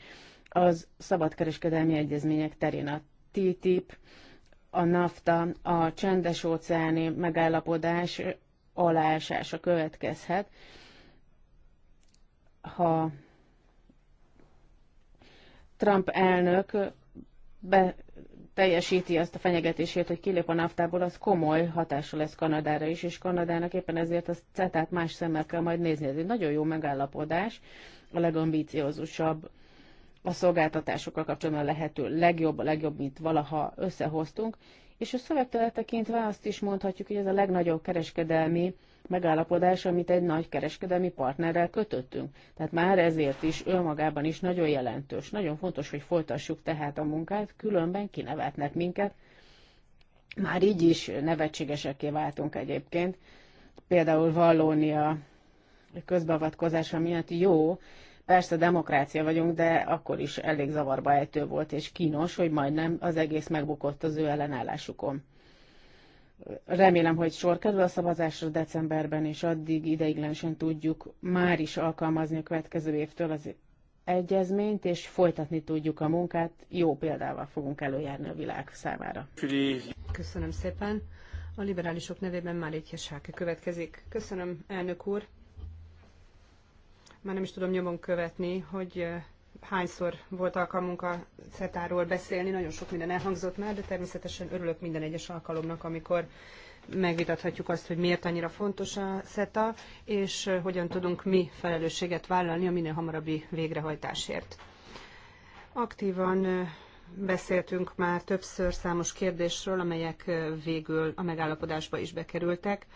az szabadkereskedelmi egyezmények terén. A TTIP, a NAFTA, a csendes óceáni megállapodás aláásása következhet. Ha Trump elnök be teljesíti azt a fenyegetését, hogy kilép a naftából, az komoly hatása lesz Kanadára is, és Kanadának éppen ezért a CETA-t más szemmel kell majd nézni. Ez egy nagyon jó megállapodás, a legambíciózusabb a szolgáltatásokkal kapcsolatban lehető legjobb, a legjobb, mint valaha összehoztunk, és a szövegtől tekintve azt is mondhatjuk, hogy ez a legnagyobb kereskedelmi megállapodás, amit egy nagy kereskedelmi partnerrel kötöttünk. Tehát már ezért is önmagában is nagyon jelentős. Nagyon fontos, hogy folytassuk tehát a munkát, különben kinevetnek minket. Már így is nevetségeseké váltunk egyébként. Például Vallónia közbeavatkozása miatt jó, persze demokrácia vagyunk, de akkor is elég zavarba ejtő volt és kínos, hogy majdnem az egész megbukott az ő ellenállásukon. Remélem, hogy sor kerül a szavazásra decemberben, és addig ideiglenesen tudjuk már is alkalmazni a következő évtől az egyezményt, és folytatni tudjuk a munkát. Jó példával fogunk előjárni a világ számára. Köszönöm szépen. A liberálisok nevében már egy következik. Köszönöm, elnök úr. Már nem is tudom nyomon követni, hogy hányszor volt alkalmunk a szetáról beszélni, nagyon sok minden elhangzott már, de természetesen örülök minden egyes alkalomnak, amikor megvitathatjuk azt, hogy miért annyira fontos a SETA, és hogyan tudunk mi felelősséget vállalni a minél hamarabbi végrehajtásért. Aktívan beszéltünk már többször számos kérdésről, amelyek végül a megállapodásba is bekerültek.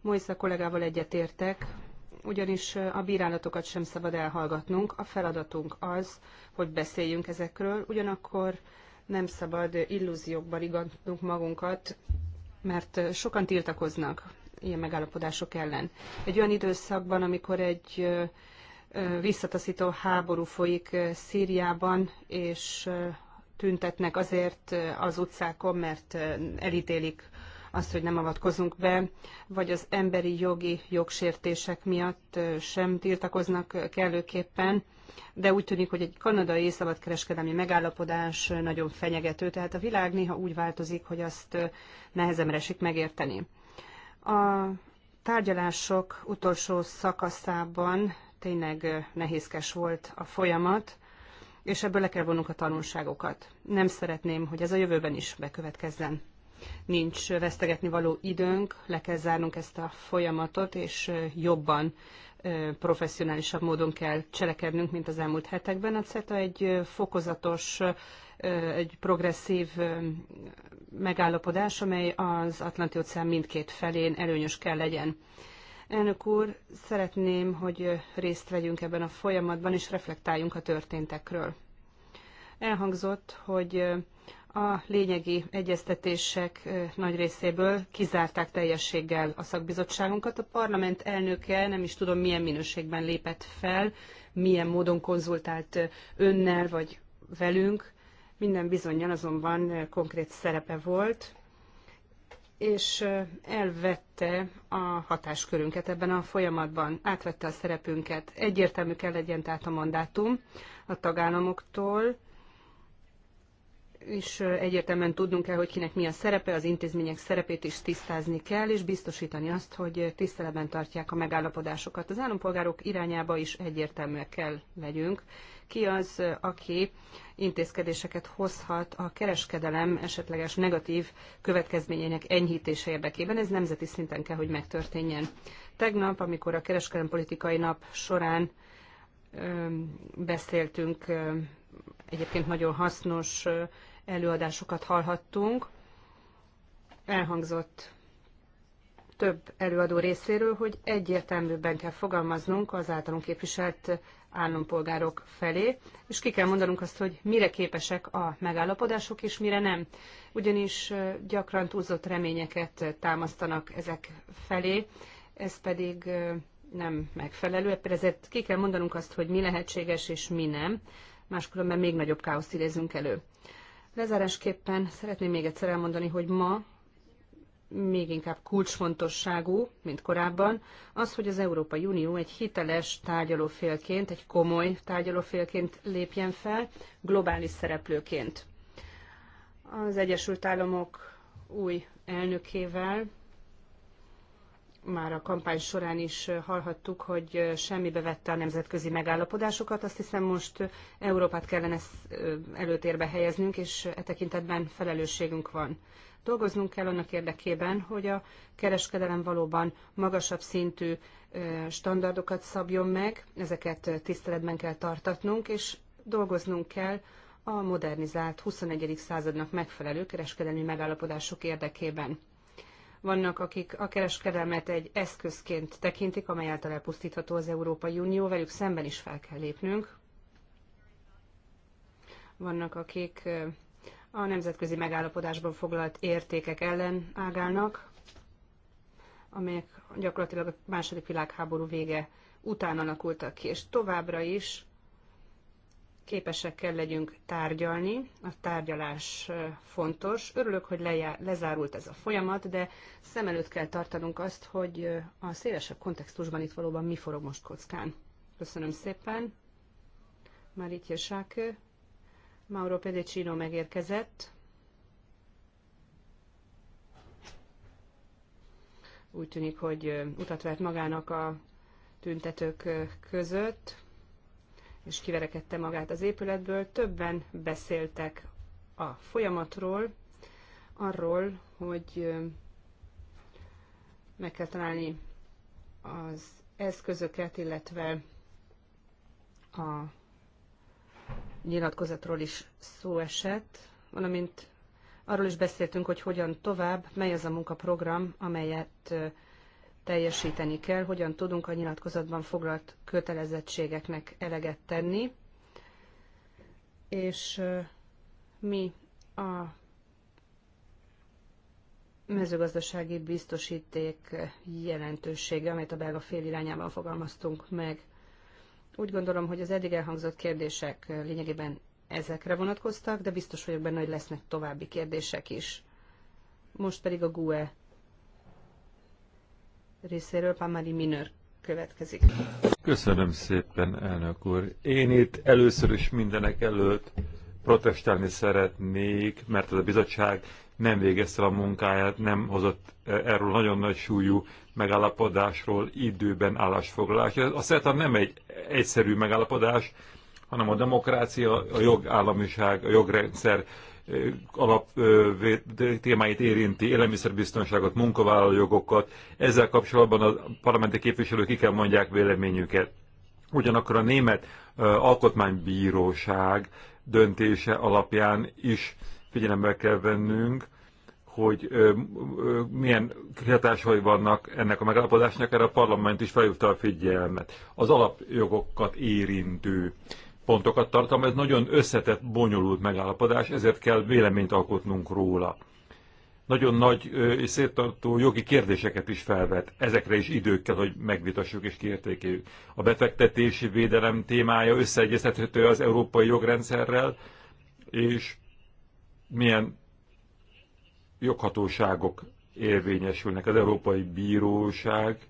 Moisza kollégával egyetértek, ugyanis a bírálatokat sem szabad elhallgatnunk. A feladatunk az, hogy beszéljünk ezekről, ugyanakkor nem szabad illúziókba rigadnunk magunkat, mert sokan tiltakoznak ilyen megállapodások ellen. Egy olyan időszakban, amikor egy visszataszító háború folyik Szíriában, és tüntetnek azért az utcákon, mert elítélik az, hogy nem avatkozunk be, vagy az emberi jogi jogsértések miatt sem tiltakoznak kellőképpen, de úgy tűnik, hogy egy kanadai szabadkereskedelmi megállapodás nagyon fenyegető, tehát a világ néha úgy változik, hogy azt nehezemre esik megérteni. A tárgyalások utolsó szakaszában tényleg nehézkes volt a folyamat, és ebből le kell vonnunk a tanulságokat. Nem szeretném, hogy ez a jövőben is bekövetkezzen nincs vesztegetni való időnk, le kell zárnunk ezt a folyamatot, és jobban professzionálisabb módon kell cselekednünk, mint az elmúlt hetekben. A CETA egy fokozatos, egy progresszív megállapodás, amely az Atlanti-óceán mindkét felén előnyös kell legyen. Elnök úr, szeretném, hogy részt vegyünk ebben a folyamatban, és reflektáljunk a történtekről. Elhangzott, hogy a lényegi egyeztetések nagy részéből kizárták teljességgel a szakbizottságunkat. A parlament elnöke nem is tudom milyen minőségben lépett fel, milyen módon konzultált önnel vagy velünk. Minden bizonyal azonban konkrét szerepe volt, és elvette a hatáskörünket ebben a folyamatban, átvette a szerepünket. Egyértelmű kell legyen tehát a mandátum a tagállamoktól, is egyértelműen tudnunk kell, hogy kinek mi a szerepe, az intézmények szerepét is tisztázni kell, és biztosítani azt, hogy tiszteletben tartják a megállapodásokat. Az állampolgárok irányába is egyértelműek kell legyünk. Ki az, aki intézkedéseket hozhat a kereskedelem esetleges negatív következményeinek enyhítése érdekében. Ez nemzeti szinten kell, hogy megtörténjen. Tegnap, amikor a kereskedelem politikai nap során beszéltünk egyébként nagyon hasznos előadásokat hallhattunk. Elhangzott több előadó részéről, hogy egyértelműbben kell fogalmaznunk az általunk képviselt állampolgárok felé, és ki kell mondanunk azt, hogy mire képesek a megállapodások, és mire nem. Ugyanis gyakran túlzott reményeket támasztanak ezek felé, ez pedig nem megfelelő, ezért ki kell mondanunk azt, hogy mi lehetséges és mi nem, máskülönben még nagyobb káoszt idézünk elő. Lezárásképpen szeretném még egyszer elmondani, hogy ma még inkább kulcsfontosságú, mint korábban, az, hogy az Európai Unió egy hiteles tárgyalófélként, egy komoly tárgyalófélként lépjen fel, globális szereplőként. Az Egyesült Államok új elnökével már a kampány során is hallhattuk, hogy semmibe vette a nemzetközi megállapodásokat. Azt hiszem most Európát kellene előtérbe helyeznünk, és e tekintetben felelősségünk van. Dolgoznunk kell annak érdekében, hogy a kereskedelem valóban magasabb szintű standardokat szabjon meg, ezeket tiszteletben kell tartatnunk, és dolgoznunk kell a modernizált 21. századnak megfelelő kereskedelmi megállapodások érdekében. Vannak, akik a kereskedelmet egy eszközként tekintik, amely által elpusztítható az Európai Unió, velük szemben is fel kell lépnünk. Vannak, akik a nemzetközi megállapodásban foglalt értékek ellen ágálnak, amelyek gyakorlatilag a második világháború vége után alakultak ki, és továbbra is képesek kell legyünk tárgyalni, a tárgyalás fontos. Örülök, hogy lejár, lezárult ez a folyamat, de szem előtt kell tartanunk azt, hogy a szélesebb kontextusban itt valóban mi forog most kockán. Köszönöm szépen. már itt jössák. Mauro Pedicino megérkezett. Úgy tűnik, hogy utat vett magának a tüntetők között és kiverekedte magát az épületből. Többen beszéltek a folyamatról, arról, hogy meg kell találni az eszközöket, illetve a nyilatkozatról is szó esett, valamint arról is beszéltünk, hogy hogyan tovább, mely az a munkaprogram, amelyet teljesíteni kell, hogyan tudunk a nyilatkozatban foglalt kötelezettségeknek eleget tenni, és mi a mezőgazdasági biztosíték jelentősége, amelyet a belga fél irányában fogalmaztunk meg. Úgy gondolom, hogy az eddig elhangzott kérdések lényegében ezekre vonatkoztak, de biztos vagyok benne, hogy lesznek további kérdések is. Most pedig a GUE részéről Pamari minor következik. Köszönöm szépen, elnök úr. Én itt először is mindenek előtt protestálni szeretnék, mert ez a bizottság nem végezte a munkáját, nem hozott erről nagyon nagy súlyú megállapodásról időben állásfoglalás. A SETA nem egy egyszerű megállapodás, hanem a demokrácia, a jogállamiság, a jogrendszer témáit érinti, élelmiszerbiztonságot, munkavállalójogokat. Ezzel kapcsolatban a parlamenti képviselők ki kell mondják véleményüket. Ugyanakkor a német alkotmánybíróság döntése alapján is figyelembe kell vennünk, hogy ö, ö, milyen kihatásai vannak ennek a megállapodásnak, erre a parlament is felhívta a figyelmet. Az alapjogokat érintő pontokat tartalmaz, ez nagyon összetett, bonyolult megállapodás, ezért kell véleményt alkotnunk róla. Nagyon nagy és széttartó jogi kérdéseket is felvet. Ezekre is idő kell, hogy megvitassuk és kiértékeljük. A befektetési védelem témája összeegyeztethető az európai jogrendszerrel, és milyen joghatóságok érvényesülnek. Az Európai Bíróság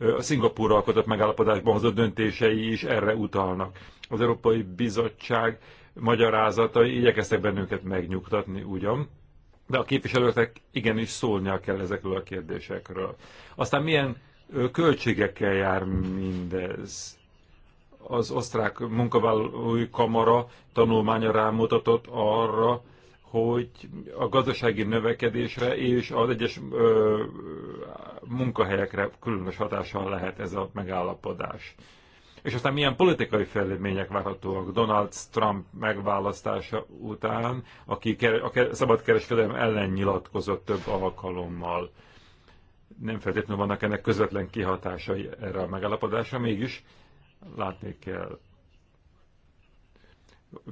a Szingapúr alkotott megállapodásban hozott döntései is erre utalnak. Az Európai Bizottság magyarázatai igyekeztek bennünket megnyugtatni, ugyan, de a képviselőknek igenis szólnia kell ezekről a kérdésekről. Aztán milyen költségekkel jár mindez? Az osztrák munkavállalói kamara tanulmánya rámutatott arra, hogy a gazdasági növekedésre és az egyes ö, munkahelyekre különös hatással lehet ez a megállapodás. És aztán milyen politikai fejlemények várhatóak Donald Trump megválasztása után, aki a szabadkereskedelem ellen nyilatkozott több alkalommal. Nem feltétlenül vannak ennek közvetlen kihatásai erre a megállapodásra, mégis látni kell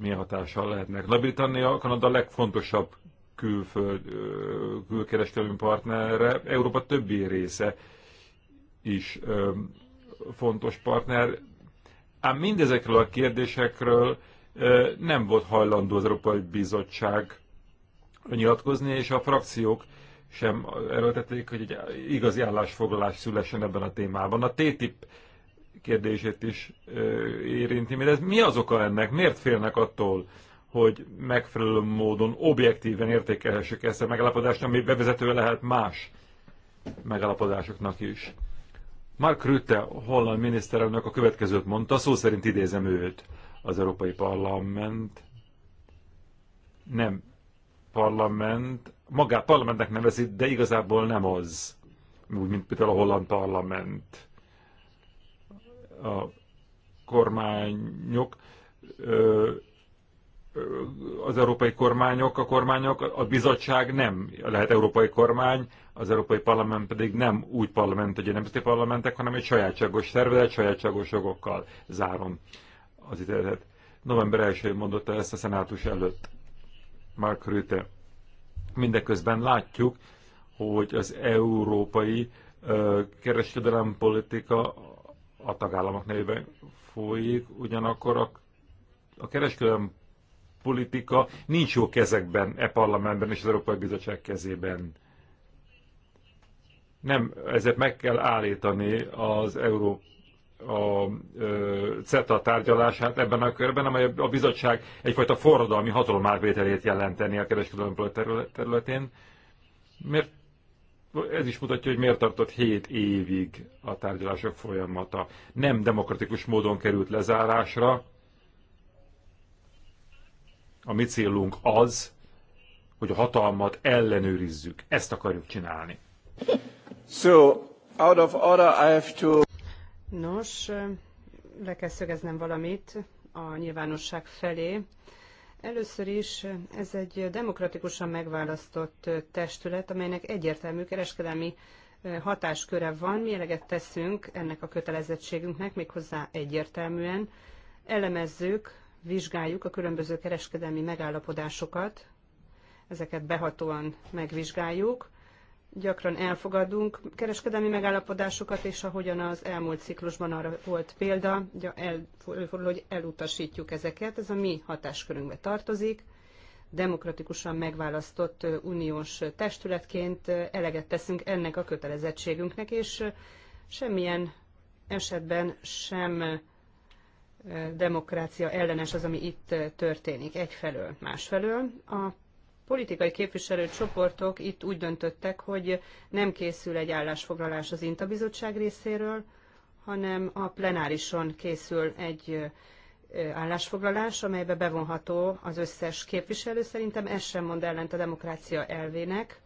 milyen hatással lehetnek. Nagy-Britannia, Kanada a legfontosabb külföld, külkereskedelmi partnere, Európa többi része is fontos partner. Ám mindezekről a kérdésekről nem volt hajlandó az Európai Bizottság nyilatkozni, és a frakciók sem erőltették, hogy egy igazi állásfoglalás szülessen ebben a témában. A TTIP kérdését is érinti. ez mi az oka ennek? Miért félnek attól, hogy megfelelő módon objektíven értékelhessük ezt a megállapodást, ami bevezető lehet más megállapodásoknak is? Mark Rutte, holland miniszterelnök a következőt mondta, szó szerint idézem őt. Az Európai Parlament nem parlament, magát parlamentnek nevezik, de igazából nem az, úgy, mint például a holland parlament a kormányok, az európai kormányok, a kormányok, a bizottság nem lehet európai kormány, az európai parlament pedig nem úgy parlament, hogy a nemzeti parlamentek, hanem egy sajátságos szervezet, sajátságos jogokkal zárom az ítéletet. November 1 mondotta ezt a szenátus előtt. Mark Rüte. Mindeközben látjuk, hogy az európai kereskedelempolitika a tagállamok nevében folyik, ugyanakkor a, a kereskedelmi politika nincs jó kezekben, e parlamentben és az Európai Bizottság kezében. Nem, ezért meg kell állítani az Euró a CETA tárgyalását ebben a körben, amely a bizottság egyfajta forradalmi hatalomátvételét jelenteni a kereskedelmi területén. Mert ez is mutatja, hogy miért tartott 7 évig a tárgyalások folyamata. Nem demokratikus módon került lezárásra. A mi célunk az, hogy a hatalmat ellenőrizzük. Ezt akarjuk csinálni. So, out of order, I have to... Nos, le kell szögeznem valamit a nyilvánosság felé. Először is ez egy demokratikusan megválasztott testület, amelynek egyértelmű kereskedelmi hatásköre van, mi eleget teszünk ennek a kötelezettségünknek, méghozzá egyértelműen. Elemezzük, vizsgáljuk a különböző kereskedelmi megállapodásokat, ezeket behatóan megvizsgáljuk, gyakran elfogadunk kereskedelmi megállapodásokat, és ahogyan az elmúlt ciklusban arra volt példa, előfordul, hogy elutasítjuk ezeket, ez a mi hatáskörünkbe tartozik. Demokratikusan megválasztott uniós testületként eleget teszünk ennek a kötelezettségünknek, és semmilyen esetben sem demokrácia ellenes az, ami itt történik egyfelől, másfelől. A politikai képviselőcsoportok itt úgy döntöttek, hogy nem készül egy állásfoglalás az INTA bizottság részéről, hanem a plenárison készül egy állásfoglalás, amelybe bevonható az összes képviselő. Szerintem ez sem mond ellent a demokrácia elvének,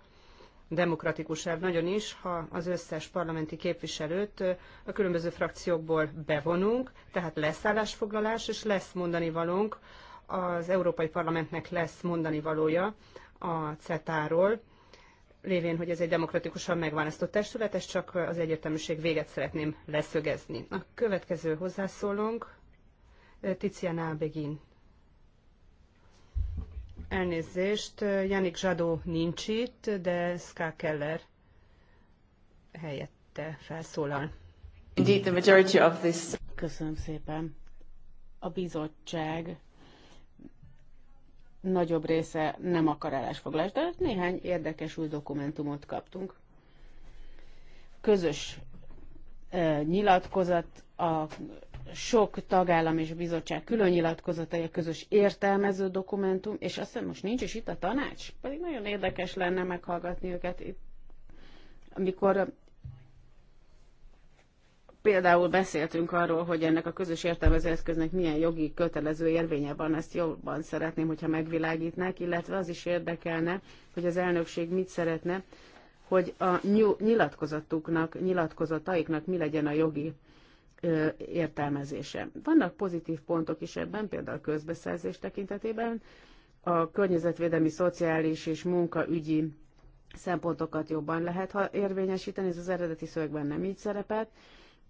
demokratikus elv nagyon is, ha az összes parlamenti képviselőt a különböző frakciókból bevonunk, tehát lesz állásfoglalás, és lesz mondani valónk az Európai Parlamentnek lesz mondani valója a CETA-ról, lévén, hogy ez egy demokratikusan megválasztott testület, ezt csak az egyértelműség véget szeretném leszögezni. A következő hozzászólónk, Tiziana Begin. Elnézést, Janik Zsadó nincs itt, de Ska Keller helyette felszólal. Indeed, the majority of this... Köszönöm szépen. A bizottság nagyobb része nem akar állásfoglalást, de néhány érdekes új dokumentumot kaptunk. Közös e, nyilatkozat, a sok tagállam és bizottság külön nyilatkozatai, a közös értelmező dokumentum, és azt hiszem most nincs is itt a tanács, pedig nagyon érdekes lenne meghallgatni őket itt, amikor Például beszéltünk arról, hogy ennek a közös értelmező eszköznek milyen jogi kötelező érvénye van, ezt jobban szeretném, hogyha megvilágítnák, illetve az is érdekelne, hogy az elnökség mit szeretne, hogy a nyilatkozatuknak, nyilatkozataiknak mi legyen a jogi értelmezése. Vannak pozitív pontok is ebben, például a közbeszerzés tekintetében, a környezetvédelmi, szociális és munkaügyi szempontokat jobban lehet érvényesíteni, ez az eredeti szövegben nem így szerepelt,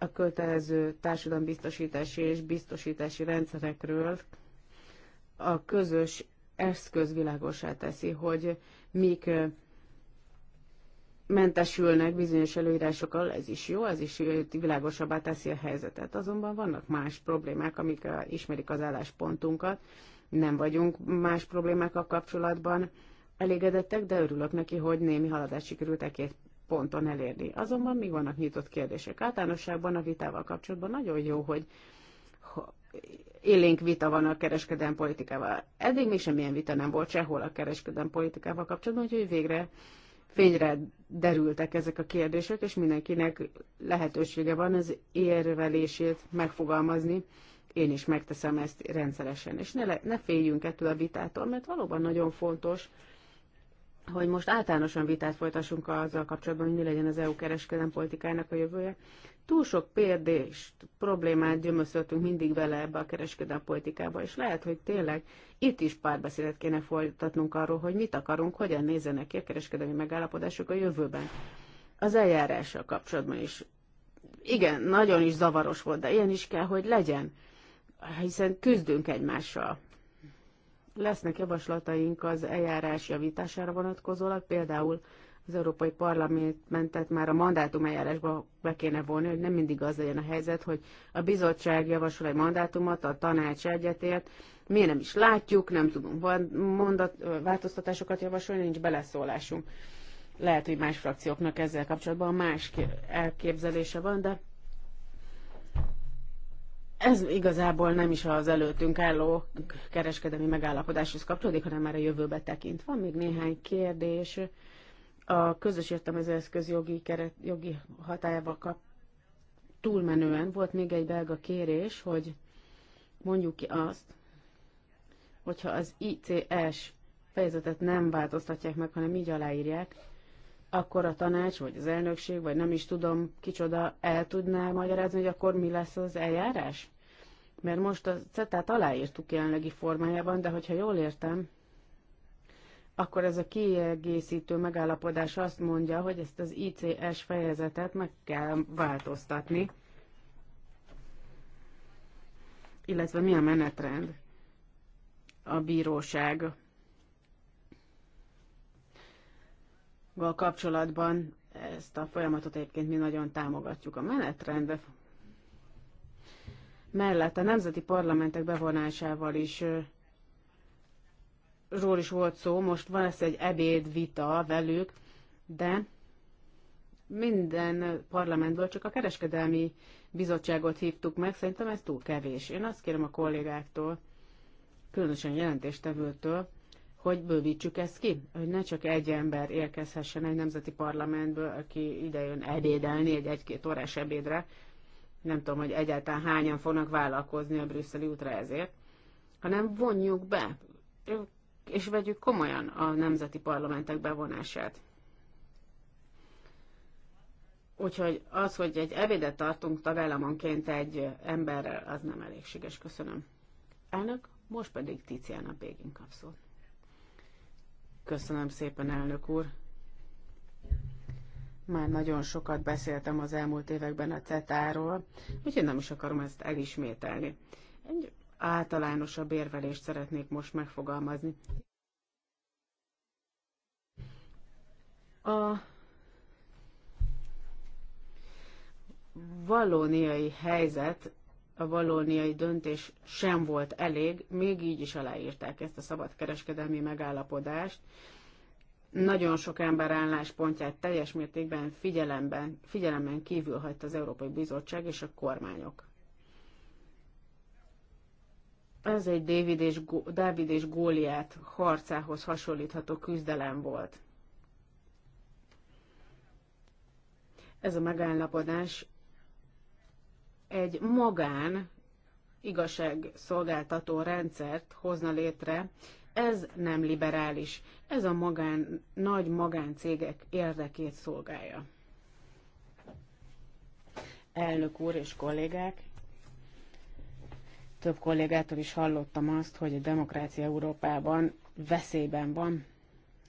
a kötelező társadalombiztosítási és biztosítási rendszerekről a közös eszköz világosá teszi, hogy mik mentesülnek bizonyos előírásokkal, ez is jó, ez is világosabbá teszi a helyzetet. Azonban vannak más problémák, amik ismerik az álláspontunkat, nem vagyunk más problémákkal kapcsolatban elégedettek, de örülök neki, hogy némi haladást sikerült e ponton elérni. Azonban még vannak nyitott kérdések. Általánosságban a vitával kapcsolatban nagyon jó, hogy élénk vita van a kereskedelmi politikával. Eddig még semmilyen vita nem volt sehol a kereskedelmi politikával kapcsolatban, úgyhogy végre fényre derültek ezek a kérdések, és mindenkinek lehetősége van az érvelését megfogalmazni. Én is megteszem ezt rendszeresen, és ne, le, ne féljünk ettől a vitától, mert valóban nagyon fontos, hogy most általánosan vitát folytassunk azzal kapcsolatban, hogy mi legyen az EU kereskedelmi politikának a jövője. Túl sok példést, problémát gyömöszöltünk mindig vele ebbe a kereskedelmi politikába, és lehet, hogy tényleg itt is párbeszédet kéne folytatnunk arról, hogy mit akarunk, hogyan nézzenek ki a kereskedelmi megállapodások a jövőben. Az eljárással kapcsolatban is. Igen, nagyon is zavaros volt, de ilyen is kell, hogy legyen, hiszen küzdünk egymással Lesznek javaslataink az eljárás javítására vonatkozólag, például az Európai Parlamentet már a mandátum eljárásba be kéne vonni, hogy nem mindig az legyen a helyzet, hogy a bizottság javasol egy mandátumot, a tanács egyetért, mi nem is látjuk, nem tudunk mondat, változtatásokat javasolni, nincs beleszólásunk. Lehet, hogy más frakcióknak ezzel kapcsolatban más elképzelése van, de ez igazából nem is az előttünk álló kereskedelmi megállapodáshoz kapcsolódik, hanem már a jövőbe tekint. Van még néhány kérdés a közös értelmező eszköz jogi, keret, jogi hatájával kap, túlmenően volt még egy belga kérés, hogy mondjuk ki azt, hogyha az ICS fejezetet nem változtatják meg, hanem így aláírják, akkor a tanács, vagy az elnökség, vagy nem is tudom kicsoda el tudná magyarázni, hogy akkor mi lesz az eljárás? Mert most a CETA-t aláírtuk jelenlegi formájában, de hogyha jól értem, akkor ez a kiegészítő megállapodás azt mondja, hogy ezt az ICS fejezetet meg kell változtatni, illetve mi a menetrend a bíróság gal kapcsolatban ezt a folyamatot egyébként mi nagyon támogatjuk. A menetrendbe mellett a nemzeti parlamentek bevonásával is ról is volt szó, most van ez egy ebéd vita velük, de minden parlamentből csak a kereskedelmi bizottságot hívtuk meg, szerintem ez túl kevés. Én azt kérem a kollégáktól, különösen jelentéstevőtől, hogy bővítsük ezt ki, hogy ne csak egy ember érkezhessen egy nemzeti parlamentből, aki idejön ebédelni egy egy-két órás ebédre. Nem tudom, hogy egyáltalán hányan fognak vállalkozni a brüsszeli útra ezért, hanem vonjuk be, és vegyük komolyan a nemzeti parlamentek bevonását. Úgyhogy az, hogy egy ebédet tartunk tagállamonként egy emberrel, az nem elégséges. Köszönöm. Elnök, most pedig Tiziana Bégin kap Köszönöm szépen, elnök úr. Már nagyon sokat beszéltem az elmúlt években a CETA-ról, úgyhogy nem is akarom ezt elismételni. Egy általánosabb érvelést szeretnék most megfogalmazni. A valóniai helyzet a valóniai döntés sem volt elég, még így is aláírták ezt a szabadkereskedelmi megállapodást. Nagyon sok ember álláspontját teljes mértékben figyelemben, figyelemben kívül hagyta az Európai Bizottság és a kormányok. Ez egy David és, Dávid és Góliát harcához hasonlítható küzdelem volt. Ez a megállapodás egy magán igazságszolgáltató rendszert hozna létre, ez nem liberális. Ez a magán, nagy magáncégek érdekét szolgálja. Elnök úr és kollégák, több kollégától is hallottam azt, hogy a demokrácia Európában veszélyben van,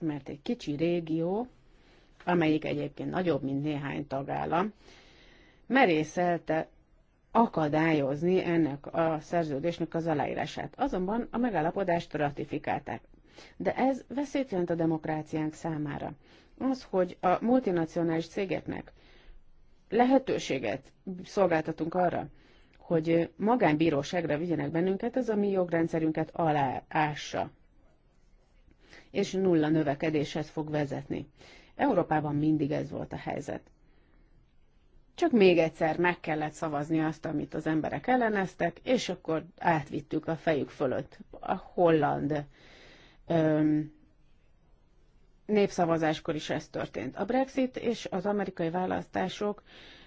mert egy kicsi régió, amelyik egyébként nagyobb, mint néhány tagállam, merészelte akadályozni ennek a szerződésnek az aláírását. Azonban a megállapodást ratifikálták. De ez veszélyt jelent a demokráciánk számára. Az, hogy a multinacionális cégeknek lehetőséget szolgáltatunk arra, hogy magánbíróságra vigyenek bennünket, ez a mi jogrendszerünket aláássa, és nulla növekedéshez fog vezetni. Európában mindig ez volt a helyzet csak még egyszer meg kellett szavazni azt, amit az emberek elleneztek, és akkor átvittük a fejük fölött a holland öm, népszavazáskor is ez történt. A Brexit és az amerikai választások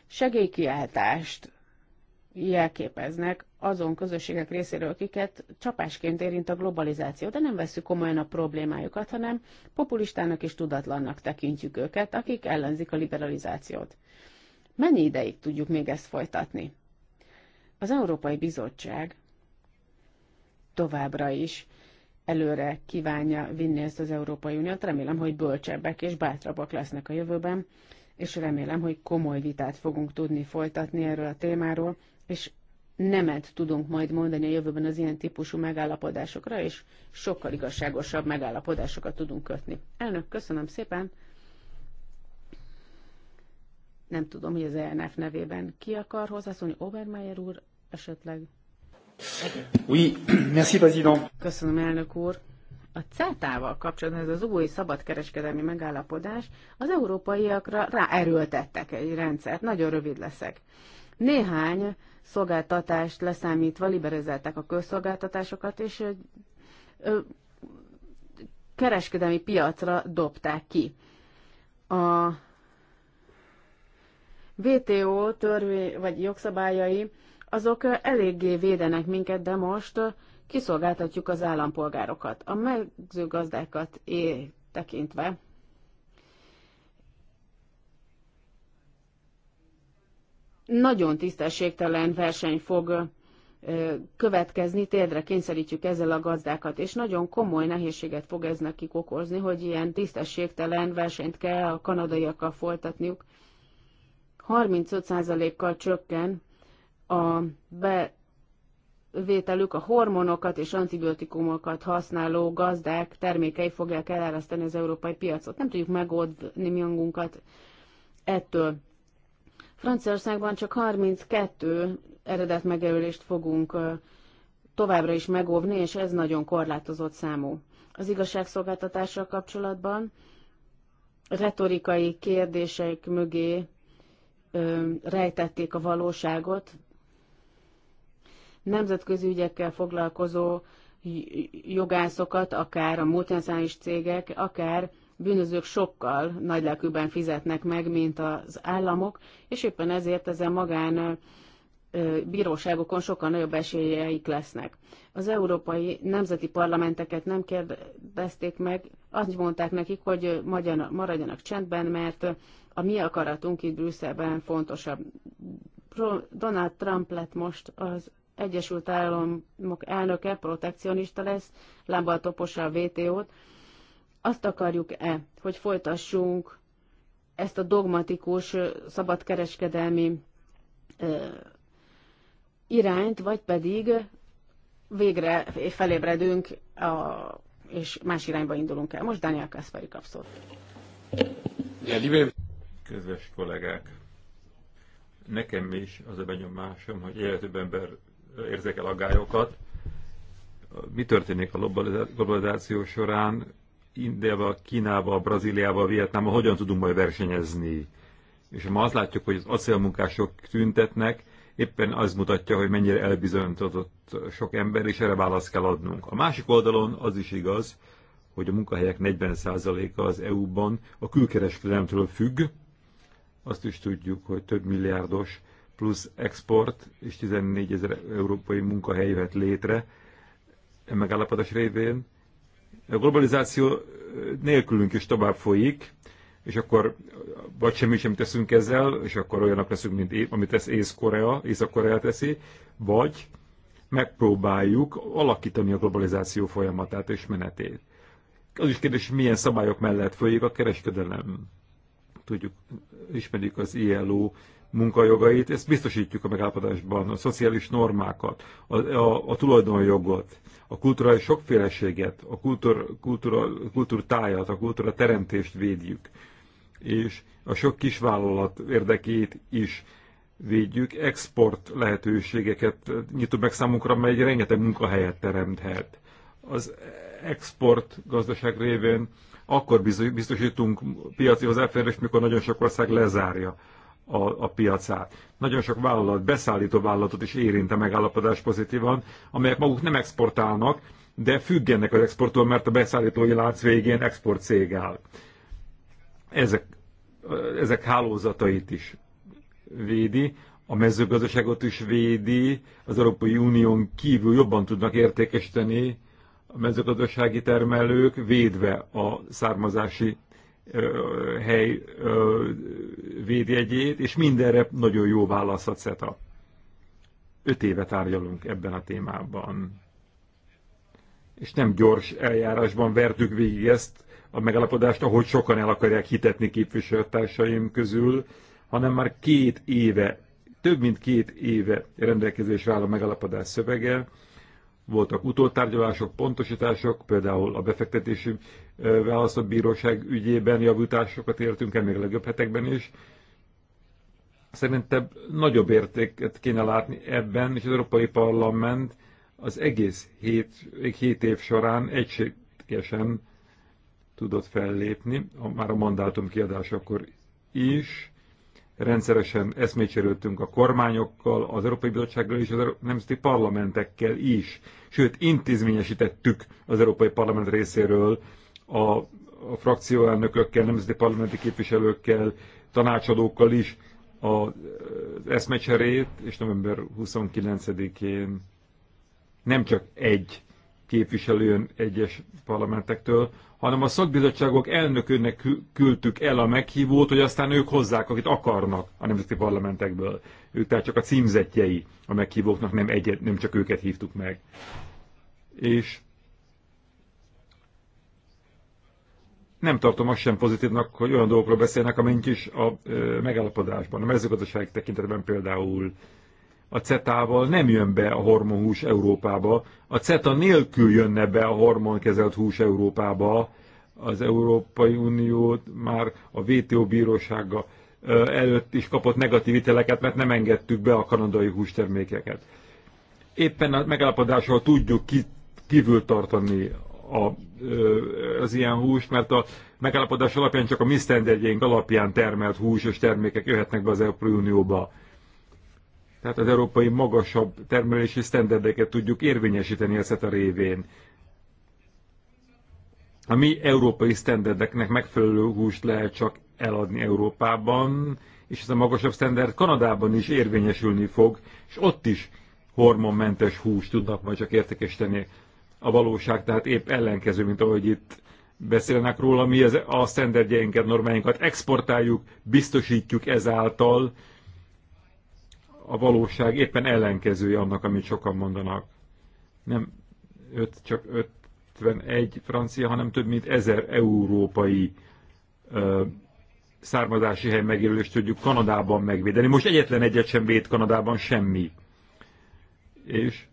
segélykiáltást jelképeznek azon közösségek részéről, akiket csapásként érint a globalizáció, de nem veszük komolyan a problémájukat, hanem populistának és tudatlannak tekintjük őket, akik ellenzik a liberalizációt. Mennyi ideig tudjuk még ezt folytatni? Az Európai Bizottság továbbra is előre kívánja vinni ezt az Európai Uniót. Remélem, hogy bölcsebbek és bátrabbak lesznek a jövőben, és remélem, hogy komoly vitát fogunk tudni folytatni erről a témáról, és nemet tudunk majd mondani a jövőben az ilyen típusú megállapodásokra, és sokkal igazságosabb megállapodásokat tudunk kötni. Elnök, köszönöm szépen! Nem tudom, hogy az ELNF nevében ki akar hozzászólni. Obermeier úr esetleg? Oui, merci, président. Köszönöm, elnök úr. A CETA-val kapcsolatban ez az új szabadkereskedelmi megállapodás az európaiakra ráerőltettek egy rendszert. Nagyon rövid leszek. Néhány szolgáltatást leszámítva liberalizálták a közszolgáltatásokat, és ö, ö, kereskedelmi piacra dobták ki. A VTO törvény vagy jogszabályai azok eléggé védenek minket, de most kiszolgáltatjuk az állampolgárokat. A mezőgazdákat é tekintve nagyon tisztességtelen verseny fog következni, térdre kényszerítjük ezzel a gazdákat, és nagyon komoly nehézséget fog ez nekik okozni, hogy ilyen tisztességtelen versenyt kell a kanadaiakkal folytatniuk. 35%-kal csökken a bevételük, a hormonokat és antibiotikumokat használó gazdák termékei fogják elárasztani az európai piacot. Nem tudjuk megoldni mi hangunkat ettől. Franciaországban csak 32 eredet megerülést fogunk továbbra is megóvni, és ez nagyon korlátozott számú. Az igazságszolgáltatással kapcsolatban retorikai kérdések mögé rejtették a valóságot. Nemzetközi ügyekkel foglalkozó jogászokat, akár a multinacionális cégek, akár bűnözők sokkal nagylelkűbben fizetnek meg, mint az államok, és éppen ezért ezen magán bíróságokon sokkal nagyobb esélyeik lesznek. Az európai nemzeti parlamenteket nem kérdezték meg, azt mondták nekik, hogy maradjanak csendben, mert a mi akaratunk itt Brüsszelben fontosabb. Donald Trump lett most az Egyesült Államok elnöke, protekcionista lesz, lábbal toposa a vto t Azt akarjuk-e, hogy folytassunk ezt a dogmatikus szabadkereskedelmi irányt, vagy pedig végre felébredünk, a, és más irányba indulunk el. Most Daniel Kaspari kapszol. Ja, Kedves kollégák, nekem is az a benyomásom, hogy egyre több ember érzékel aggályokat. Mi történik a globalizáció során? Indiával, Kínával, Brazíliával, Vietnámmal hogyan tudunk majd versenyezni? És ma azt látjuk, hogy az acélmunkások tüntetnek, éppen az mutatja, hogy mennyire elbizonyított sok ember, és erre választ kell adnunk. A másik oldalon az is igaz, hogy a munkahelyek 40%-a az EU-ban a külkereskedelemtől függ, azt is tudjuk, hogy több milliárdos plusz export és 14 ezer európai munkahely jöhet létre e megállapodás révén. A globalizáció nélkülünk is tovább folyik, és akkor vagy semmi sem teszünk ezzel, és akkor olyanok leszünk, mint amit tesz Észak-Korea, Észak-Korea teszi, vagy megpróbáljuk alakítani a globalizáció folyamatát és menetét. Az is kérdés, milyen szabályok mellett folyik a kereskedelem tudjuk, ismerjük az ILO munkajogait, ezt biztosítjuk a megállapodásban, a szociális normákat, a, a, a tulajdonjogot, a kulturális sokféleséget, a kultúr, kultúra, kultúrtájat, a kultúra teremtést védjük, és a sok kisvállalat érdekét is védjük, export lehetőségeket nyitunk meg számunkra, mely rengeteg munkahelyet teremthet. Az export gazdaság révén akkor biztosítunk piaci hozzáférést, mikor nagyon sok ország lezárja a, a piacát. Nagyon sok vállalat, beszállító vállalatot is érint a megállapodás pozitívan, amelyek maguk nem exportálnak, de függenek az exporttól, mert a beszállítói lánc végén export cég áll. Ezek, ezek hálózatait is védi, a mezőgazdaságot is védi, az Európai Unión kívül jobban tudnak értékesíteni a mezőgazdasági termelők védve a származási hely védjegyét, és mindenre nagyon jó válasz a CETA. Öt éve tárgyalunk ebben a témában. És nem gyors eljárásban vertük végig ezt a megalapodást. ahogy sokan el akarják hitetni képviselőtársaim közül, hanem már két éve, több mint két éve rendelkezésre áll a megalapodás szövege, voltak utoltárgyalások, pontosítások, például a befektetési választott bíróság ügyében javításokat értünk el még a legjobb hetekben is. Szerintem nagyobb értéket kéne látni ebben, és az Európai Parlament az egész hét, hét év során egységesen tudott fellépni, már a mandátum kiadásakor is, rendszeresen eszmécserültünk a kormányokkal, az Európai Bizottsággal és az nemzeti parlamentekkel is. Sőt, intézményesítettük az Európai Parlament részéről a, a frakcióelnökökkel, nemzeti parlamenti képviselőkkel, tanácsadókkal is az eszmecserét, és november 29-én nem csak egy képviselőn egyes parlamentektől, hanem a szakbizottságok elnökönnek küldtük el a meghívót, hogy aztán ők hozzák, akit akarnak a nemzeti parlamentekből. Ők tehát csak a címzetjei a meghívóknak, nem, egyet, nem csak őket hívtuk meg. És nem tartom azt sem pozitívnak, hogy olyan dolgokról beszélnek, amint is a megállapodásban, a mezőgazdaság tekintetben például a CETA-val nem jön be a hormonhús Európába. A CETA nélkül jönne be a hormonkezelt hús Európába. Az Európai Unió már a WTO bírósága előtt is kapott negatív iteleket, mert nem engedtük be a kanadai hústermékeket. Éppen a megállapodással tudjuk ki, kívül tartani a, az ilyen húst, mert a megállapodás alapján csak a mi alapján termelt hús és termékek jöhetnek be az Európai Unióba tehát az európai magasabb termelési sztenderdeket tudjuk érvényesíteni a CETA révén. A mi európai sztenderdeknek megfelelő húst lehet csak eladni Európában, és ez a magasabb sztenderd Kanadában is érvényesülni fog, és ott is hormonmentes húst tudnak majd csak értékesíteni a valóság, tehát épp ellenkező, mint ahogy itt beszélnek róla, mi a sztenderdjeinket, normáinkat exportáljuk, biztosítjuk ezáltal, a valóság éppen ellenkezője annak, amit sokan mondanak. Nem öt, csak 51 francia, hanem több mint ezer európai ö, származási hely megjelölést tudjuk Kanadában megvédeni. Most egyetlen egyet sem véd Kanadában semmi. És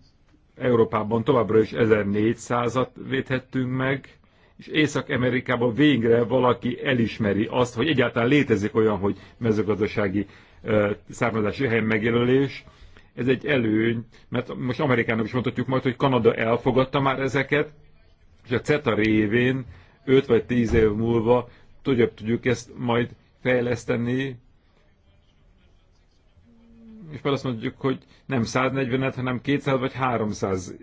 Európában továbbra is 1400-at védhettünk meg, és Észak-Amerikában végre valaki elismeri azt, hogy egyáltalán létezik olyan, hogy mezőgazdasági származási hely megjelölés. Ez egy előny, mert most Amerikának is mondhatjuk majd, hogy Kanada elfogadta már ezeket, és a CETA révén 5 vagy 10 év múlva tudjuk, tudjuk ezt majd fejleszteni, és már azt mondjuk, hogy nem 140-et, hanem 200 vagy 300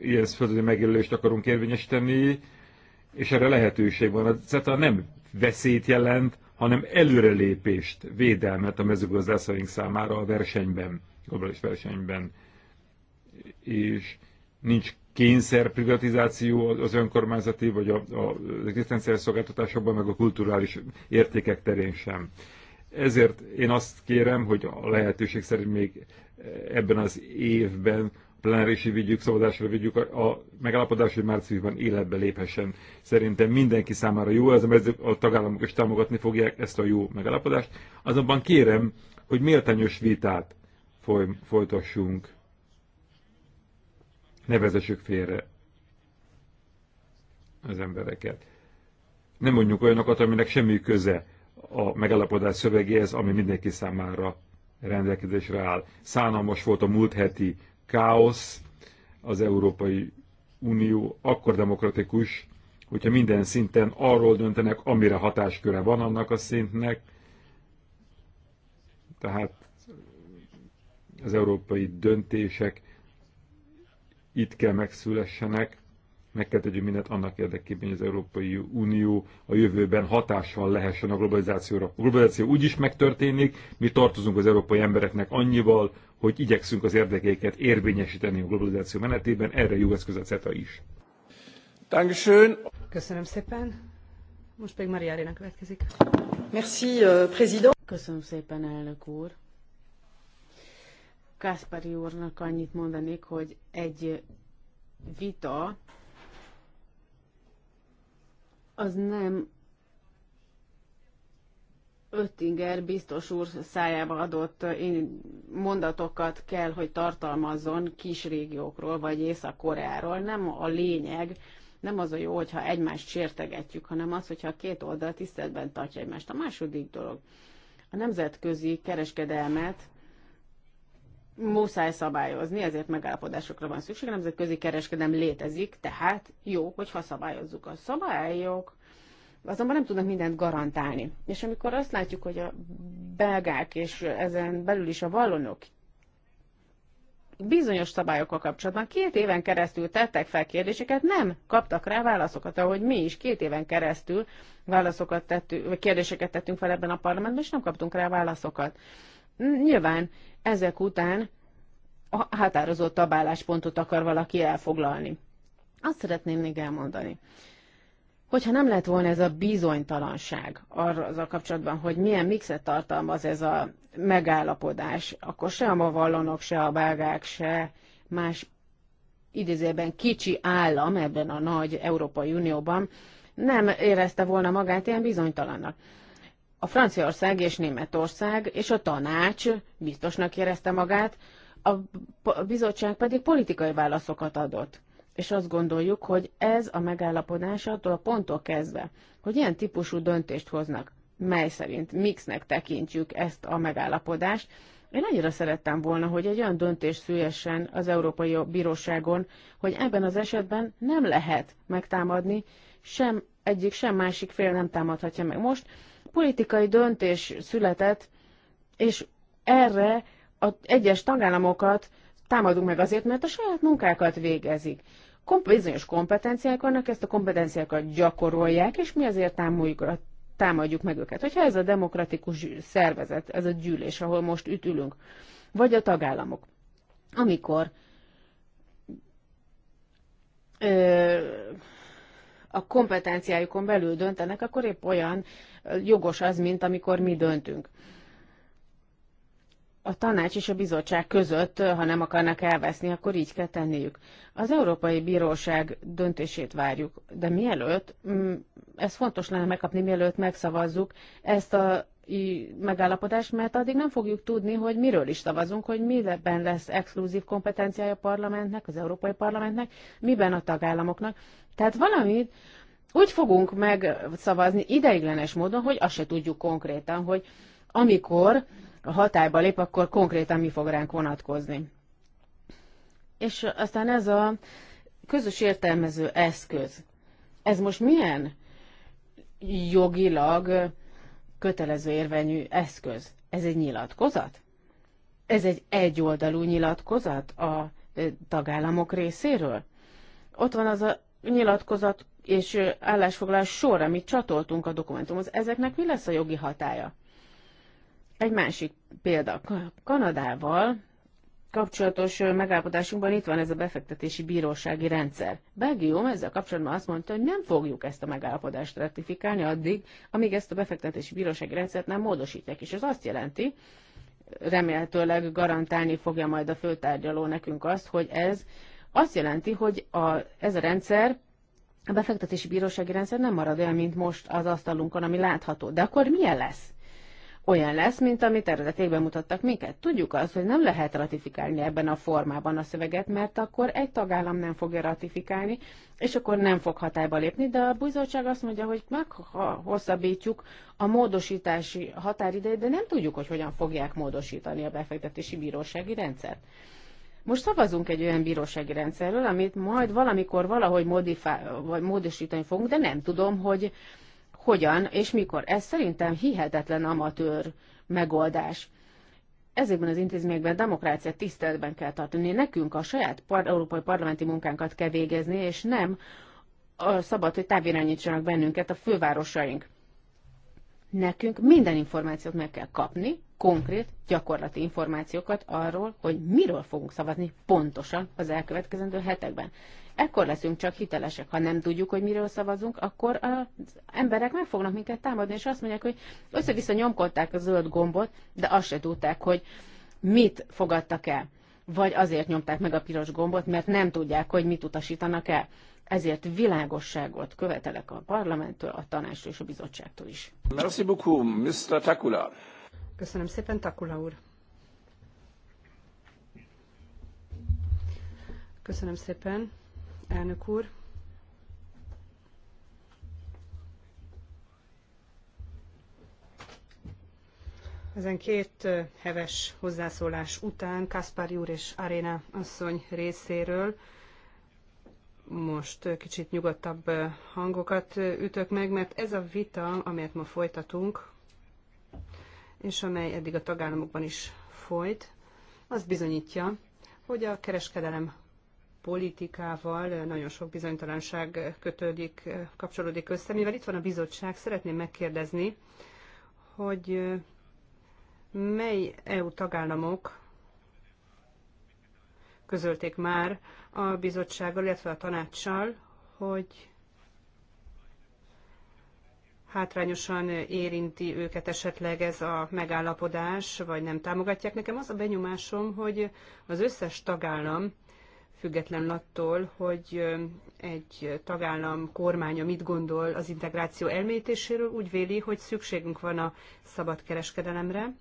ilyen földi megjelölést akarunk érvényesíteni, és erre lehetőség van. A CETA nem veszélyt jelent, hanem előrelépést, védelmet a mezőgazdászaink számára a versenyben, globális versenyben. És nincs kényszer privatizáció az önkormányzati, vagy a, az egzisztenciális szolgáltatásokban, meg a kulturális értékek terén sem. Ezért én azt kérem, hogy a lehetőség szerint még ebben az évben plenárisi vigyük, szavazásra vigyük a, a megállapodás, hogy márciusban életbe léphessen. Szerintem mindenki számára jó, ez a tagállamok is támogatni fogják ezt a jó megállapodást. Azonban kérem, hogy méltányos vitát foly, folytassunk. Nevezessük félre az embereket. Nem mondjuk olyanokat, aminek semmi köze a megállapodás szövegéhez, ami mindenki számára rendelkezésre áll. Szánalmas volt a múlt heti káosz, az Európai Unió akkor demokratikus, hogyha minden szinten arról döntenek, amire hatásköre van annak a szintnek. Tehát az európai döntések itt kell megszülessenek, meg kell tegyünk mindent annak érdekében, hogy az Európai Unió a jövőben hatással lehessen a globalizációra. A globalizáció úgy is megtörténik, mi tartozunk az európai embereknek annyival, hogy igyekszünk az érdekeiket érvényesíteni a globalizáció menetében, erre jó eszköz a CETA is. Dankeschön. Köszönöm szépen. Most pedig Maria Arena következik. Merci, euh, président. Köszönöm szépen, elnök úr. Kászpári úrnak annyit mondanék, hogy egy vita az nem Öttinger biztos úr szájába adott eh, mondatokat kell, hogy tartalmazzon kis régiókról vagy Észak-Koreáról. Nem a lényeg, nem az a jó, hogyha egymást sértegetjük, hanem az, hogyha a két oldal tiszteletben tartja egymást. A második dolog, a nemzetközi kereskedelmet muszáj szabályozni, ezért megállapodásokra van szükség, nemzetközi kereskedem. létezik, tehát jó, hogyha szabályozzuk a szabályok, azonban nem tudnak mindent garantálni. És amikor azt látjuk, hogy a belgák és ezen belül is a vallonok bizonyos szabályokkal kapcsolatban két éven keresztül tettek fel kérdéseket, nem kaptak rá válaszokat, ahogy mi is két éven keresztül válaszokat tettünk, vagy kérdéseket tettünk fel ebben a parlamentben, és nem kaptunk rá válaszokat. Nyilván ezek után a határozottabb álláspontot akar valaki elfoglalni. Azt szeretném még elmondani, hogyha nem lett volna ez a bizonytalanság arra a kapcsolatban, hogy milyen mixet tartalmaz ez a megállapodás, akkor se a vallonok, se a belgák, se más idézőben kicsi állam ebben a nagy Európai Unióban nem érezte volna magát ilyen bizonytalannak a Franciaország és Németország és a tanács biztosnak érezte magát, a bizottság pedig politikai válaszokat adott. És azt gondoljuk, hogy ez a megállapodás attól a ponttól kezdve, hogy ilyen típusú döntést hoznak, mely szerint mixnek tekintjük ezt a megállapodást, én annyira szerettem volna, hogy egy olyan döntés szülessen az Európai Bíróságon, hogy ebben az esetben nem lehet megtámadni, sem egyik, sem másik fél nem támadhatja meg most, Politikai döntés született, és erre az egyes tagállamokat támadunk meg azért, mert a saját munkákat végezik. Kom- bizonyos kompetenciák vannak, ezt a kompetenciákat gyakorolják, és mi azért támoljuk, támadjuk meg őket. Hogyha ez a demokratikus szervezet, ez a gyűlés, ahol most ütülünk, vagy a tagállamok, amikor ö, a kompetenciájukon belül döntenek, akkor épp olyan jogos az, mint amikor mi döntünk. A tanács és a bizottság között, ha nem akarnak elveszni, akkor így kell tenniük. Az Európai Bíróság döntését várjuk, de mielőtt, mm, ez fontos lenne megkapni, mielőtt megszavazzuk ezt a megállapodást, mert addig nem fogjuk tudni, hogy miről is szavazunk, hogy miben lesz exkluzív kompetenciája a parlamentnek, az Európai Parlamentnek, miben a tagállamoknak. Tehát valamit, úgy fogunk megszavazni ideiglenes módon, hogy azt se tudjuk konkrétan, hogy amikor a hatályba lép, akkor konkrétan mi fog ránk vonatkozni. És aztán ez a közös értelmező eszköz, ez most milyen jogilag kötelező érvényű eszköz? Ez egy nyilatkozat? Ez egy egyoldalú nyilatkozat a tagállamok részéről? Ott van az a nyilatkozat és állásfoglalás sor, amit csatoltunk a dokumentumhoz, ezeknek mi lesz a jogi hatája? Egy másik példa. Kanadával kapcsolatos megállapodásunkban itt van ez a befektetési bírósági rendszer. Belgium ezzel kapcsolatban azt mondta, hogy nem fogjuk ezt a megállapodást ratifikálni addig, amíg ezt a befektetési bírósági rendszert nem módosítják. És ez azt jelenti, remélhetőleg garantálni fogja majd a főtárgyaló nekünk azt, hogy ez azt jelenti, hogy a, ez a rendszer a befektetési bírósági rendszer nem marad olyan, mint most az asztalunkon, ami látható. De akkor milyen lesz? Olyan lesz, mint amit eredetében mutattak minket. Tudjuk azt, hogy nem lehet ratifikálni ebben a formában a szöveget, mert akkor egy tagállam nem fogja ratifikálni, és akkor nem fog hatályba lépni, de a bizottság azt mondja, hogy meghosszabbítjuk a módosítási határidejét, de nem tudjuk, hogy hogyan fogják módosítani a befektetési bírósági rendszert. Most szavazunk egy olyan bírósági rendszerről, amit majd valamikor valahogy modifá- vagy módosítani fogunk, de nem tudom, hogy hogyan és mikor. Ez szerintem hihetetlen amatőr megoldás. Ezekben az intézményekben demokráciát tiszteletben kell tartani. Nekünk a saját par- európai parlamenti munkánkat kell végezni, és nem szabad, hogy távirányítsanak bennünket a fővárosaink. Nekünk minden információt meg kell kapni, konkrét, gyakorlati információkat arról, hogy miről fogunk szavazni pontosan az elkövetkezendő hetekben. Ekkor leszünk csak hitelesek. Ha nem tudjuk, hogy miről szavazunk, akkor az emberek meg fognak minket támadni, és azt mondják, hogy össze-vissza nyomkodták a zöld gombot, de azt se tudták, hogy mit fogadtak el. Vagy azért nyomták meg a piros gombot, mert nem tudják, hogy mit utasítanak el. Ezért világosságot követelek a parlamenttől, a tanástól és a bizottságtól is. Merci beaucoup, Mr. Takula. Köszönöm szépen, Takula úr. Köszönöm szépen, elnök úr. Ezen két heves hozzászólás után Kaspar úr és Aréna asszony részéről most kicsit nyugodtabb hangokat ütök meg, mert ez a vita, amelyet ma folytatunk, és amely eddig a tagállamokban is folyt, az bizonyítja, hogy a kereskedelem politikával nagyon sok bizonytalanság kötődik, kapcsolódik össze. Mivel itt van a bizottság, szeretném megkérdezni, hogy mely EU tagállamok közölték már a bizottsággal, illetve a tanácssal, hogy hátrányosan érinti őket esetleg ez a megállapodás, vagy nem támogatják. Nekem az a benyomásom, hogy az összes tagállam, független attól, hogy egy tagállam kormánya mit gondol az integráció elmélyítéséről, úgy véli, hogy szükségünk van a szabad kereskedelemre,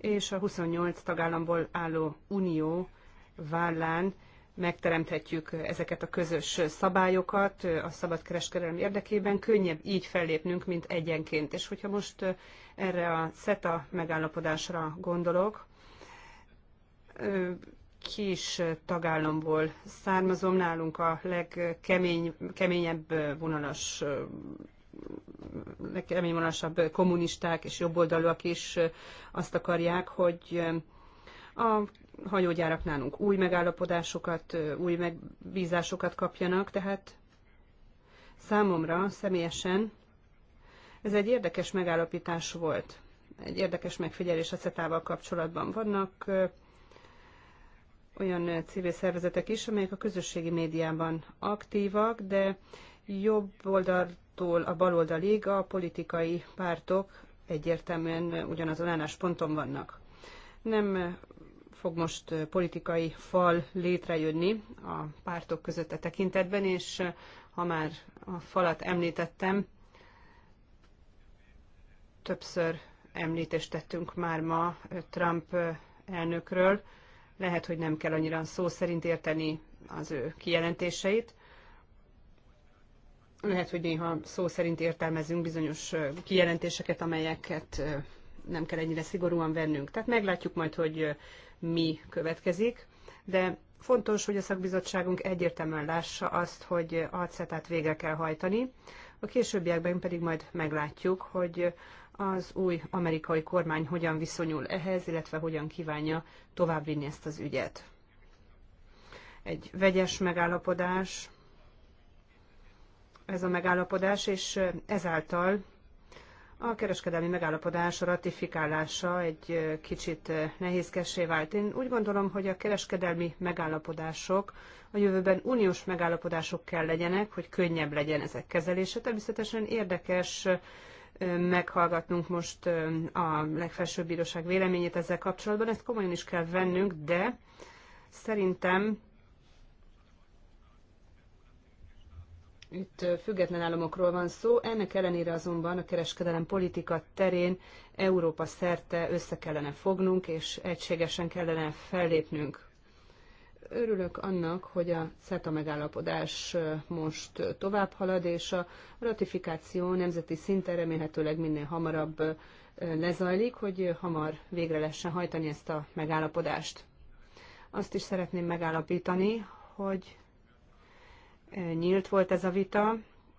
és a 28 tagállamból álló unió vállán megteremthetjük ezeket a közös szabályokat a szabadkereskedelem érdekében, könnyebb így fellépnünk, mint egyenként. És hogyha most erre a SETA megállapodásra gondolok, kis tagállamból származom, nálunk a legkeményebb vonalas legkeményvonalasabb kommunisták és jobboldalúak is azt akarják, hogy a hajógyárak nálunk új megállapodásokat, új megbízásokat kapjanak, tehát számomra személyesen ez egy érdekes megállapítás volt, egy érdekes megfigyelés a CETA-val kapcsolatban. Vannak olyan civil szervezetek is, amelyek a közösségi médiában aktívak, de jobb oldalt tól a baloldalig a politikai pártok egyértelműen ugyanazon állásponton vannak. Nem fog most politikai fal létrejönni a pártok között a tekintetben, és ha már a falat említettem, többször említést tettünk már ma Trump elnökről. Lehet, hogy nem kell annyira szó szerint érteni az ő kijelentéseit, lehet, hogy néha szó szerint értelmezünk bizonyos kijelentéseket, amelyeket nem kell ennyire szigorúan vennünk. Tehát meglátjuk majd, hogy mi következik, de fontos, hogy a szakbizottságunk egyértelműen lássa azt, hogy a c-t végre kell hajtani. A későbbiekben pedig majd meglátjuk, hogy az új amerikai kormány hogyan viszonyul ehhez, illetve hogyan kívánja továbbvinni ezt az ügyet. Egy vegyes megállapodás, ez a megállapodás, és ezáltal a kereskedelmi megállapodás ratifikálása egy kicsit nehézkessé vált. Én úgy gondolom, hogy a kereskedelmi megállapodások a jövőben uniós megállapodások kell legyenek, hogy könnyebb legyen ezek kezelése. Természetesen érdekes meghallgatnunk most a legfelsőbb bíróság véleményét ezzel kapcsolatban, ezt komolyan is kell vennünk, de szerintem itt független államokról van szó, ennek ellenére azonban a kereskedelem politika terén Európa szerte össze kellene fognunk, és egységesen kellene fellépnünk. Örülök annak, hogy a CETA megállapodás most tovább halad, és a ratifikáció nemzeti szinten remélhetőleg minél hamarabb lezajlik, hogy hamar végre lehessen hajtani ezt a megállapodást. Azt is szeretném megállapítani, hogy nyílt volt ez a vita,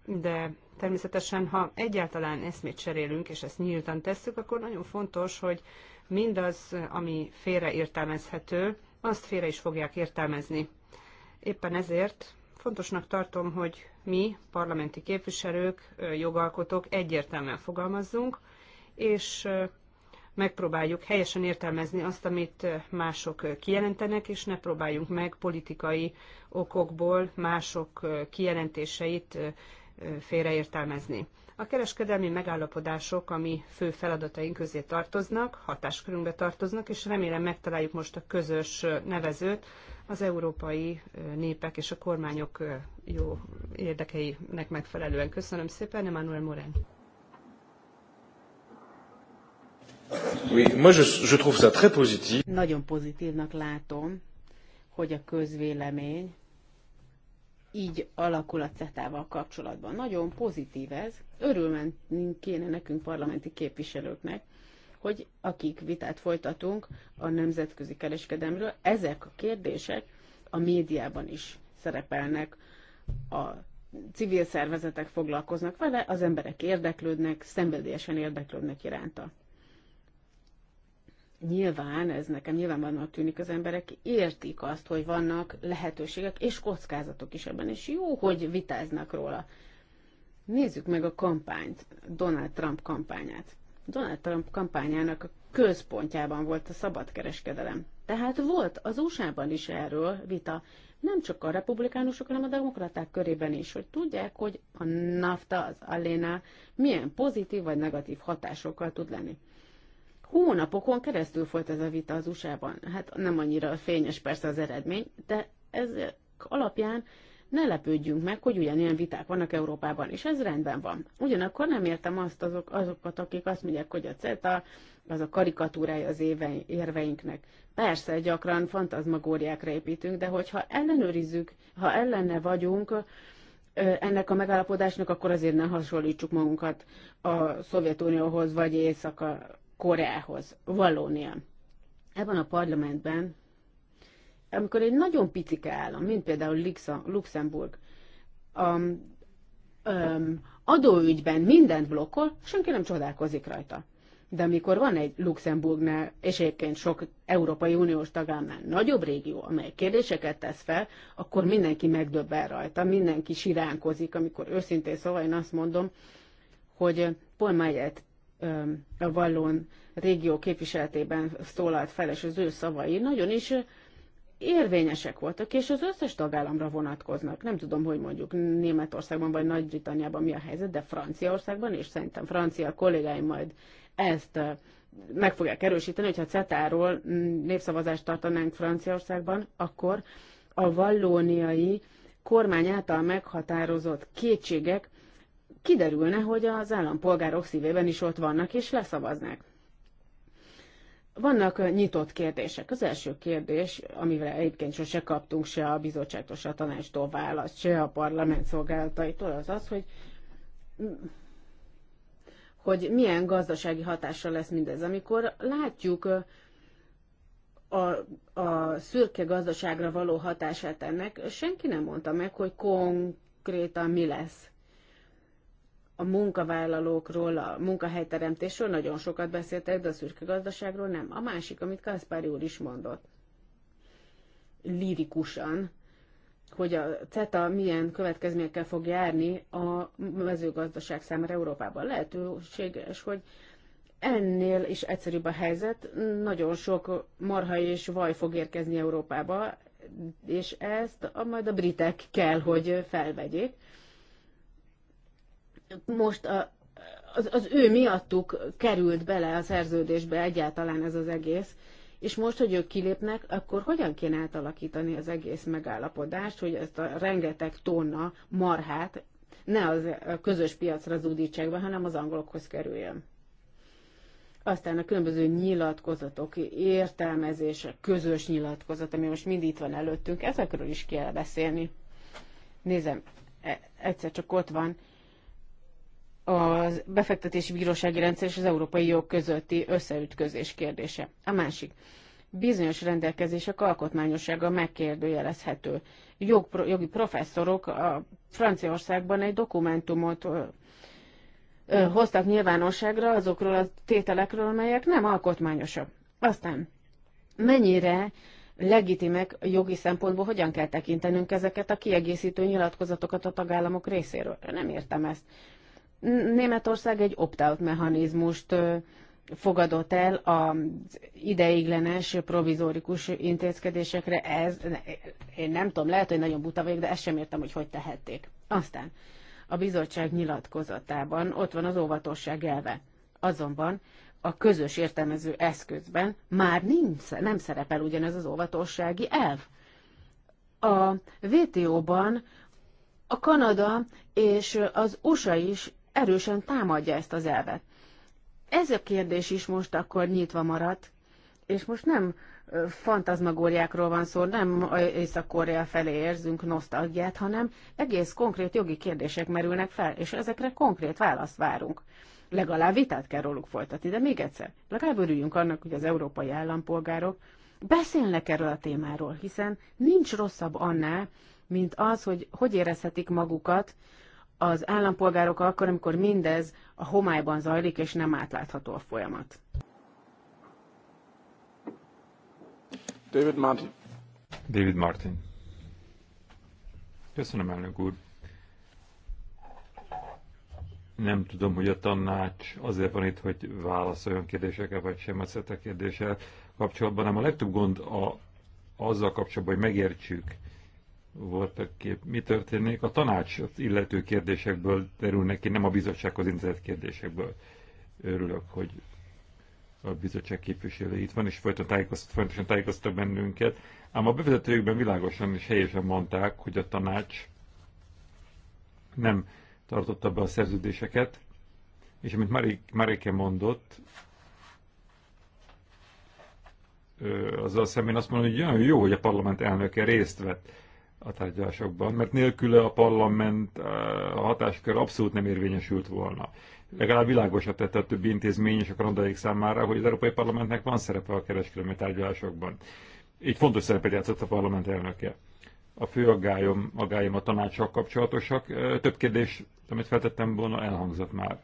de természetesen, ha egyáltalán eszmét cserélünk, és ezt nyíltan tesszük, akkor nagyon fontos, hogy mindaz, ami értelmezhető, azt félre is fogják értelmezni. Éppen ezért fontosnak tartom, hogy mi, parlamenti képviselők, jogalkotók egyértelműen fogalmazzunk, és megpróbáljuk helyesen értelmezni azt, amit mások kijelentenek, és ne próbáljunk meg politikai okokból mások kijelentéseit félreértelmezni. A kereskedelmi megállapodások, ami fő feladataink közé tartoznak, hatáskörünkbe tartoznak, és remélem megtaláljuk most a közös nevezőt az európai népek és a kormányok jó érdekeinek megfelelően. Köszönöm szépen, Emmanuel Moren. Oui, moi je, je trouve ça très positif. Nagyon pozitívnak látom, hogy a közvélemény így alakul a CETA-val kapcsolatban. Nagyon pozitív ez. Örülmentünk kéne nekünk parlamenti képviselőknek, hogy akik vitát folytatunk a nemzetközi kereskedemről, ezek a kérdések a médiában is szerepelnek, a civil szervezetek foglalkoznak vele, az emberek érdeklődnek, szenvedélyesen érdeklődnek iránta nyilván, ez nekem nyilvánvalóan tűnik, az emberek értik azt, hogy vannak lehetőségek és kockázatok is ebben, és jó, hogy vitáznak róla. Nézzük meg a kampányt, Donald Trump kampányát. Donald Trump kampányának a központjában volt a szabadkereskedelem. Tehát volt az USA-ban is erről vita, nem csak a republikánusok, hanem a demokraták körében is, hogy tudják, hogy a NAFTA, az aléna milyen pozitív vagy negatív hatásokkal tud lenni. Hónapokon keresztül folyt ez a vita az USA-ban. Hát nem annyira fényes persze az eredmény, de ez alapján ne lepődjünk meg, hogy ugyanilyen viták vannak Európában, és ez rendben van. Ugyanakkor nem értem azt azok, azokat, akik azt mondják, hogy a CETA az a karikatúrája az éve, érveinknek. Persze, gyakran fantazmagóriákra építünk, de hogyha ellenőrizzük, ha ellene vagyunk, ennek a megállapodásnak, akkor azért ne hasonlítsuk magunkat a Szovjetunióhoz, vagy Észak Koreához, Valónia. Ebben a parlamentben, amikor egy nagyon picike állam, mint például Luxemburg, um, um, adóügyben mindent blokkol, senki nem csodálkozik rajta. De amikor van egy Luxemburgnál, és egyébként sok Európai Uniós tagállamnál nagyobb régió, amely kérdéseket tesz fel, akkor mindenki megdöbben rajta, mindenki siránkozik, amikor őszintén szóval én azt mondom, hogy Paul Mayet a Vallon régió képviseletében szólalt fel, és az ő szavai nagyon is érvényesek voltak, és az összes tagállamra vonatkoznak. Nem tudom, hogy mondjuk Németországban vagy Nagy-Britanniában mi a helyzet, de Franciaországban, és szerintem francia kollégáim majd ezt meg fogják erősíteni, hogyha CETA-ról mm, népszavazást tartanánk Franciaországban, akkor a vallóniai kormány által meghatározott kétségek kiderülne, hogy az állampolgárok szívében is ott vannak és leszavaznák. Vannak nyitott kérdések. Az első kérdés, amivel egyébként sose kaptunk se a bizottságtól, se a tanácstól választ, se a parlament szolgálataitól, az az, hogy hogy milyen gazdasági hatással lesz mindez. Amikor látjuk a, a szürke gazdaságra való hatását ennek, senki nem mondta meg, hogy konkrétan mi lesz a munkavállalókról, a munkahelyteremtésről nagyon sokat beszéltek, de a szürke gazdaságról nem. A másik, amit Kaspár úr is mondott, lirikusan, hogy a CETA milyen következményekkel fog járni a mezőgazdaság számára Európában. Lehetőséges, hogy ennél is egyszerűbb a helyzet, nagyon sok marha és vaj fog érkezni Európába, és ezt a, majd a britek kell, hogy felvegyék most a, az, az ő miattuk került bele a szerződésbe egyáltalán ez az egész, és most, hogy ők kilépnek, akkor hogyan kéne átalakítani az egész megállapodást, hogy ezt a rengeteg tonna marhát ne az a közös piacra zúdítsák be, hanem az angolokhoz kerüljön. Aztán a különböző nyilatkozatok, értelmezése, közös nyilatkozat, ami most mind itt van előttünk, ezekről is kell beszélni. Nézem, e, egyszer csak ott van a befektetési bírósági rendszer és az európai jog közötti összeütközés kérdése. A másik. Bizonyos rendelkezések alkotmányossága megkérdőjelezhető. Jogpro, jogi professzorok a Franciaországban egy dokumentumot ö, ö, hoztak nyilvánosságra azokról a tételekről, amelyek nem alkotmányosak. Aztán mennyire legitimek jogi szempontból hogyan kell tekintenünk ezeket a kiegészítő nyilatkozatokat a tagállamok részéről. Nem értem ezt. Németország egy opt-out mechanizmust fogadott el az ideiglenes, provizórikus intézkedésekre. Ez, én nem tudom, lehet, hogy nagyon buta vagyok, de ezt sem értem, hogy hogy tehették. Aztán a bizottság nyilatkozatában ott van az óvatosság elve. Azonban a közös értelmező eszközben már nincs, nem szerepel ugyanez az óvatossági elv. A WTO-ban a Kanada és az USA is erősen támadja ezt az elvet. Ez a kérdés is most akkor nyitva maradt, és most nem fantazmagóriákról van szó, nem Észak-Korea felé érzünk nosztalgiát, hanem egész konkrét jogi kérdések merülnek fel, és ezekre konkrét választ várunk. Legalább vitát kell róluk folytatni, de még egyszer, legalább örüljünk annak, hogy az európai állampolgárok beszélnek erről a témáról, hiszen nincs rosszabb annál, mint az, hogy hogy érezhetik magukat, az állampolgárok akkor, amikor mindez a homályban zajlik, és nem átlátható a folyamat. David Martin. David Martin. Köszönöm, elnök úr. Nem tudom, hogy a tanács azért van itt, hogy válaszoljon kérdésekre, vagy sem a kérdéssel kapcsolatban, hanem a legtöbb gond a, azzal kapcsolatban, hogy megértsük, voltak kép. Mi történik? A tanács az illető kérdésekből derül neki, nem a bizottsághoz intézett kérdésekből. Örülök, hogy a bizottság képviselő itt van, és folyamatosan tájékoztat bennünket. Ám a bevezetőjükben világosan és helyesen mondták, hogy a tanács nem tartotta be a szerződéseket, és amit Marik, Marike mondott, azzal szemben azt mondom, hogy olyan jó, hogy a parlament elnöke részt vett a tárgyalásokban, mert nélküle a parlament eh, a hatáskör abszolút nem érvényesült volna. Legalább világosat tette a többi intézmény és a kanadaiak számára, hogy az Európai Parlamentnek van szerepe a kereskedelmi tárgyalásokban. Így fontos szerepet játszott a parlament elnöke. A fő aggályom, aggályom a tanácsok kapcsolatosak. Eh, több kérdés, amit feltettem volna, elhangzott már.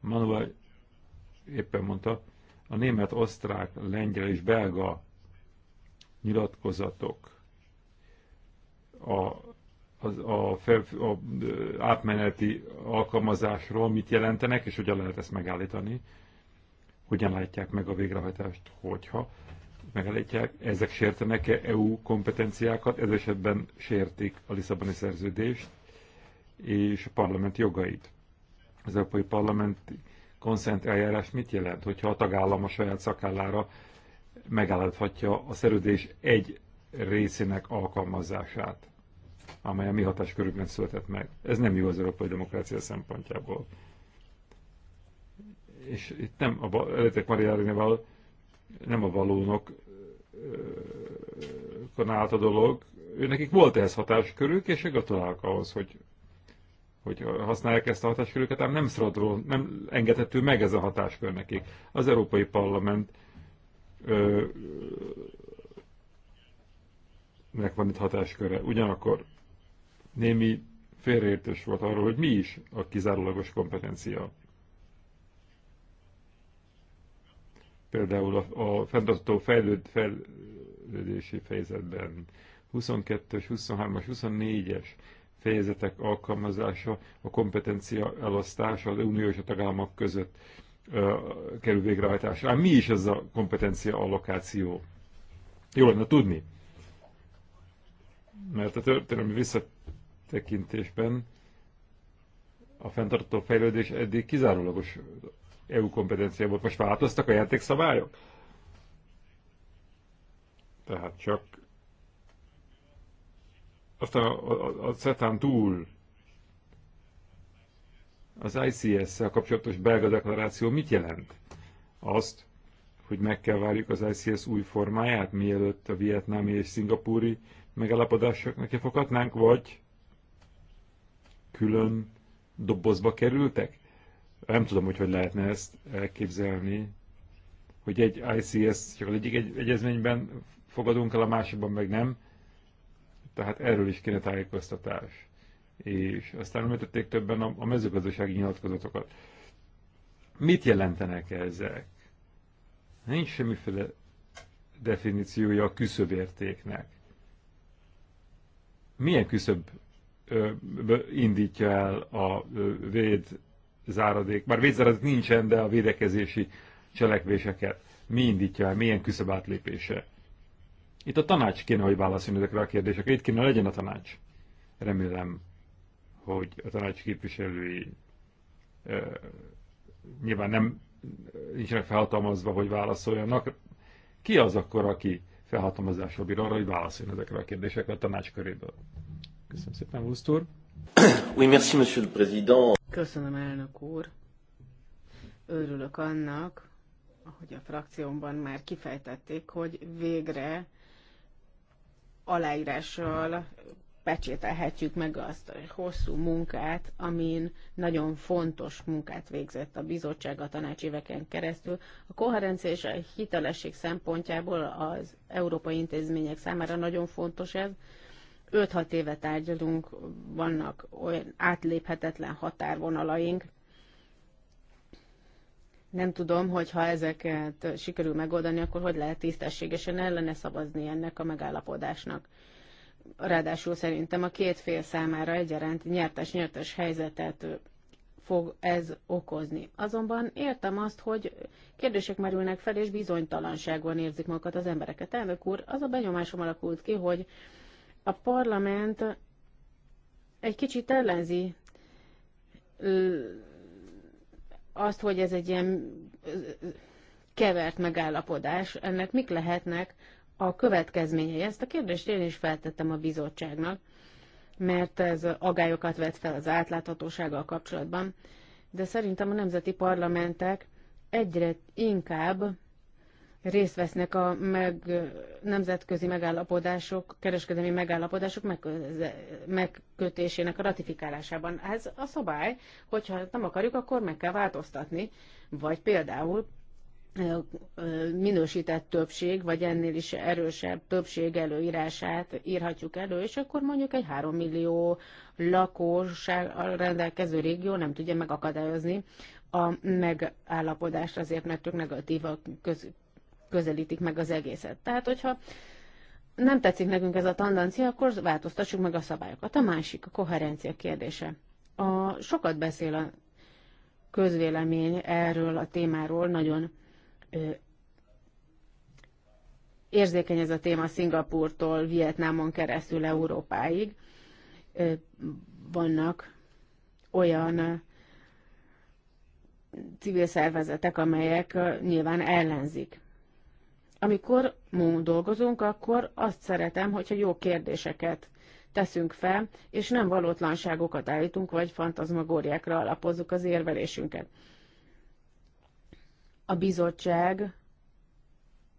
Manuel éppen mondta, a német, osztrák, lengyel és belga nyilatkozatok a, az, a, fel, a, átmeneti alkalmazásról mit jelentenek, és hogyan lehet ezt megállítani, hogyan látják meg a végrehajtást, hogyha megállítják, ezek sértenek-e EU kompetenciákat, ez esetben sértik a Lisszaboni szerződést és a parlament jogait. Az Európai Parlament konszent eljárás mit jelent, hogyha a tagállam a saját szakállára megállíthatja a szerződés egy részének alkalmazását, amely a mi hatáskörükben született meg. Ez nem jó az európai demokrácia szempontjából. És itt nem a, előttek Mariárinával nem a valónok állt a dolog. Ő nekik volt ehhez hatáskörük, és gratulálok ahhoz, hogy, hogy használják ezt a hatáskörüket, ám nem, szradról, nem engedhető meg ez a hatáskör nekik. Az Európai Parlament ö, nek van itt hatásköre. Ugyanakkor némi félreértés volt arról, hogy mi is a kizárólagos kompetencia. Például a, a fenntartó fejlőd, fejlődési fejezetben 22-es, 23-as, 24-es fejezetek alkalmazása, a kompetencia elosztása az unió és a tagállamok között ö, kerül végrehajtásra. Ám hát mi is ez a kompetencia allokáció? Jó lenne tudni mert a történelmi visszatekintésben a fenntartó fejlődés eddig kizárólagos EU kompetencia volt. Most változtak a játékszabályok? Tehát csak aztán a, a, a CETAN túl az ICS-szel kapcsolatos belga deklaráció mit jelent? Azt, hogy meg kell várjuk az ICS új formáját, mielőtt a vietnámi és szingapúri neki kifoghatnánk, vagy külön dobozba kerültek? Nem tudom, hogy hogy lehetne ezt elképzelni, hogy egy ICS csak az egyik egy egyezményben fogadunk el, a másikban meg nem. Tehát erről is kéne tájékoztatás. És aztán említették többen a, a mezőgazdasági nyilatkozatokat. Mit jelentenek ezek? Nincs semmiféle definíciója a küszöbértéknek milyen küszöb indítja el a véd záradék, bár védzáradék nincsen, de a védekezési cselekvéseket mi indítja el, milyen küszöb átlépése. Itt a tanács kéne, hogy válaszoljon ezekre a kérdésekre. Itt kéne legyen a tanács. Remélem, hogy a tanács képviselői nyilván nem nincsenek felhatalmazva, hogy válaszoljanak. Ki az akkor, aki felhatalmazással bír arra, hogy válaszoljon ezekre a kérdésekre a tanács köréből. Köszönöm szépen, Wuszt úr. Oui, merci, monsieur le président. Köszönöm, elnök úr. Örülök annak, ahogy a frakciómban már kifejtették, hogy végre aláírással pecsételhetjük meg azt a hosszú munkát, amin nagyon fontos munkát végzett a bizottság a tanács éveken keresztül. A koherencia és a hitelesség szempontjából az európai intézmények számára nagyon fontos ez. 5-6 éve tárgyalunk, vannak olyan átléphetetlen határvonalaink, nem tudom, hogy ha ezeket sikerül megoldani, akkor hogy lehet tisztességesen ellene szavazni ennek a megállapodásnak ráadásul szerintem a két fél számára egyaránt nyertes-nyertes helyzetet fog ez okozni. Azonban értem azt, hogy kérdések merülnek fel, és bizonytalanságon érzik magukat az embereket. Elnök úr, az a benyomásom alakult ki, hogy a parlament egy kicsit ellenzi azt, hogy ez egy ilyen kevert megállapodás. Ennek mik lehetnek a következményei. Ezt a kérdést én is feltettem a bizottságnak, mert ez agályokat vet fel az átláthatósággal kapcsolatban, de szerintem a nemzeti parlamentek egyre inkább részt vesznek a meg, nemzetközi megállapodások, kereskedelmi megállapodások megköze, megkötésének a ratifikálásában. Ez a szabály, hogyha nem akarjuk, akkor meg kell változtatni, vagy például minősített többség, vagy ennél is erősebb többség előírását írhatjuk elő, és akkor mondjuk egy 3 millió lakosság rendelkező régió nem tudja megakadályozni a megállapodást azért, mert ők negatívak köz, közelítik meg az egészet. Tehát, hogyha nem tetszik nekünk ez a tendencia, akkor változtassuk meg a szabályokat. A másik, a koherencia kérdése. A, sokat beszél a közvélemény erről a témáról, nagyon érzékeny ez a téma Szingapúrtól Vietnámon keresztül Európáig. Vannak olyan civil szervezetek, amelyek nyilván ellenzik. Amikor dolgozunk, akkor azt szeretem, hogyha jó kérdéseket teszünk fel, és nem valótlanságokat állítunk, vagy fantazmagóriákra alapozzuk az érvelésünket a bizottság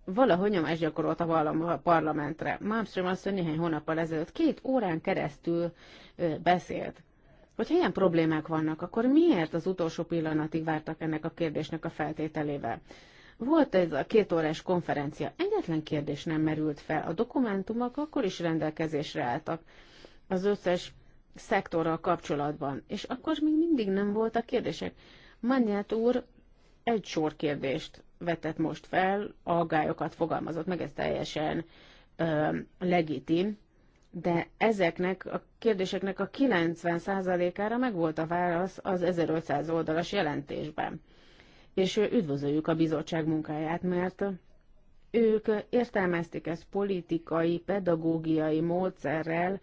valahogy nyomást gyakorolta a parlamentre. Malmström mondja, néhány hónappal ezelőtt két órán keresztül beszélt. Hogyha ilyen problémák vannak, akkor miért az utolsó pillanatig vártak ennek a kérdésnek a feltételével? Volt ez a két órás konferencia, egyetlen kérdés nem merült fel. A dokumentumok akkor is rendelkezésre álltak az összes szektorral kapcsolatban, és akkor még mindig nem voltak kérdések. Manyát úr egy sor kérdést vetett most fel, aggályokat fogalmazott meg, ez teljesen ö, legitim, de ezeknek a kérdéseknek a 90%-ára megvolt a válasz az 1500 oldalas jelentésben. És üdvözöljük a bizottság munkáját, mert ők értelmezték ezt politikai, pedagógiai módszerrel,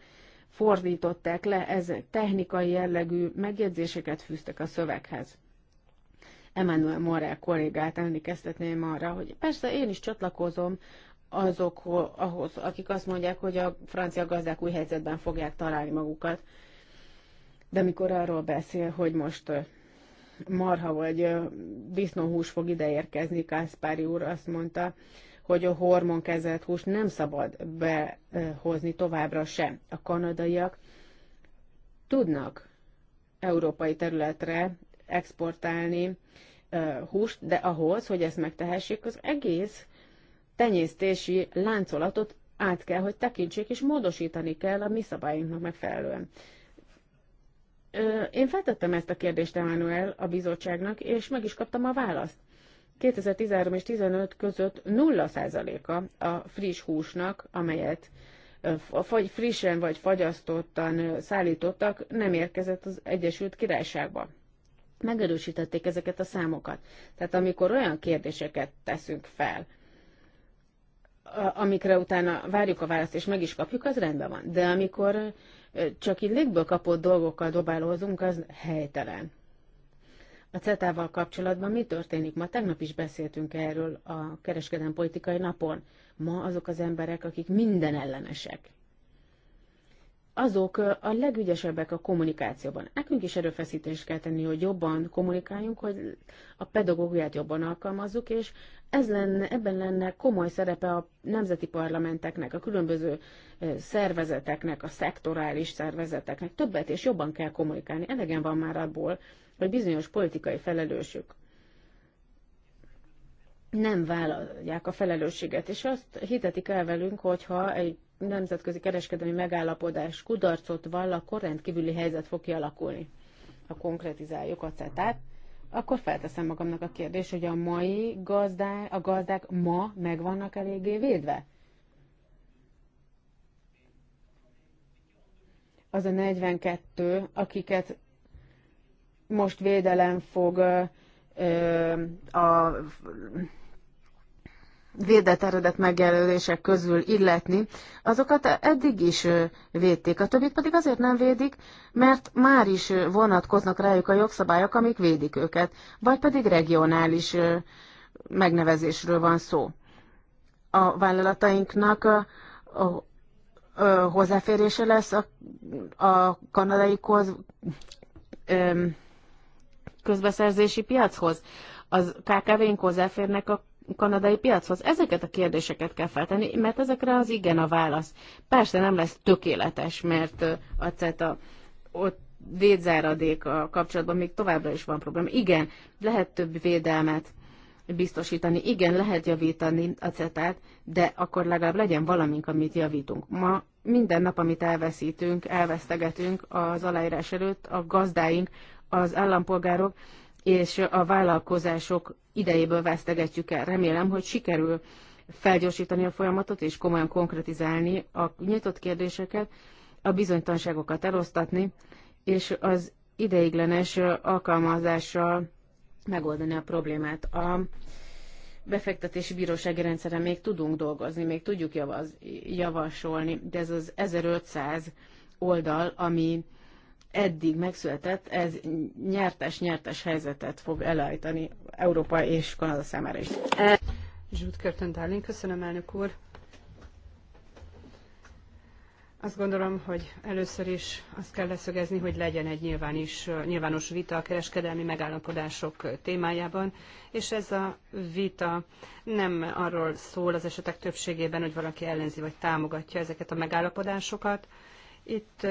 fordították le, ez technikai jellegű megjegyzéseket fűztek a szöveghez. Emmanuel Morel kollégát emlékeztetném arra, hogy persze én is csatlakozom azokhoz, ahhoz, akik azt mondják, hogy a francia gazdák új helyzetben fogják találni magukat. De mikor arról beszél, hogy most marha vagy disznóhús fog ide érkezni, Kászpári úr azt mondta, hogy a hormonkezelt hús nem szabad behozni továbbra sem. A kanadaiak tudnak európai területre exportálni húst, de ahhoz, hogy ezt megtehessék, az egész tenyésztési láncolatot át kell, hogy tekintsék, és módosítani kell a mi szabályunknak megfelelően. Én feltettem ezt a kérdést Emmanuel a bizottságnak, és meg is kaptam a választ. 2013 és 15 között 0%-a a friss húsnak, amelyet frissen vagy fagyasztottan szállítottak, nem érkezett az Egyesült Királyságba megerősítették ezeket a számokat. Tehát amikor olyan kérdéseket teszünk fel, amikre utána várjuk a választ, és meg is kapjuk, az rendben van. De amikor csak így légből kapott dolgokkal dobálózunk, az helytelen. A CETA-val kapcsolatban mi történik? Ma tegnap is beszéltünk erről a kereskedelmi politikai napon. Ma azok az emberek, akik minden ellenesek, azok a legügyesebbek a kommunikációban. Nekünk is erőfeszítést kell tenni, hogy jobban kommunikáljunk, hogy a pedagógiát jobban alkalmazzuk, és ez lenne, ebben lenne komoly szerepe a nemzeti parlamenteknek, a különböző szervezeteknek, a szektorális szervezeteknek. Többet és jobban kell kommunikálni. Elegen van már abból, hogy bizonyos politikai felelősük nem vállalják a felelősséget, és azt hitetik el velünk, hogyha egy nemzetközi kereskedelmi megállapodás kudarcot vall, akkor rendkívüli helyzet fog kialakulni. Ha konkretizáljuk a cetát, akkor felteszem magamnak a kérdés, hogy a mai gazdák, a gazdák ma meg vannak eléggé védve? Az a 42, akiket most védelem fog ö, a védett eredet megjelölések közül illetni, azokat eddig is védték, a többit pedig azért nem védik, mert már is vonatkoznak rájuk a jogszabályok, amik védik őket, vagy pedig regionális megnevezésről van szó. A vállalatainknak a, a, a hozzáférése lesz a, a kanadai koz, közbeszerzési piachoz. Az KKV-nk hozzáférnek a kanadai piachoz? Ezeket a kérdéseket kell feltenni, mert ezekre az igen a válasz. Persze nem lesz tökéletes, mert a CETA ott a kapcsolatban még továbbra is van probléma. Igen, lehet több védelmet biztosítani, igen, lehet javítani a cetát, de akkor legalább legyen valamink, amit javítunk. Ma minden nap, amit elveszítünk, elvesztegetünk az aláírás előtt, a gazdáink, az állampolgárok és a vállalkozások idejéből vesztegetjük el. Remélem, hogy sikerül felgyorsítani a folyamatot és komolyan konkretizálni a nyitott kérdéseket, a bizonytanságokat elosztatni, és az ideiglenes alkalmazással megoldani a problémát. A befektetési bírósági rendszeren még tudunk dolgozni, még tudjuk javasolni, de ez az 1500 oldal, ami eddig megszületett, ez nyertes-nyertes helyzetet fog elállítani Európa és Kanada számára is. Zsút Körtön Dálin, köszönöm elnök úr. Azt gondolom, hogy először is azt kell leszögezni, hogy legyen egy nyilván is, nyilvános vita a kereskedelmi megállapodások témájában, és ez a vita nem arról szól az esetek többségében, hogy valaki ellenzi vagy támogatja ezeket a megállapodásokat. Itt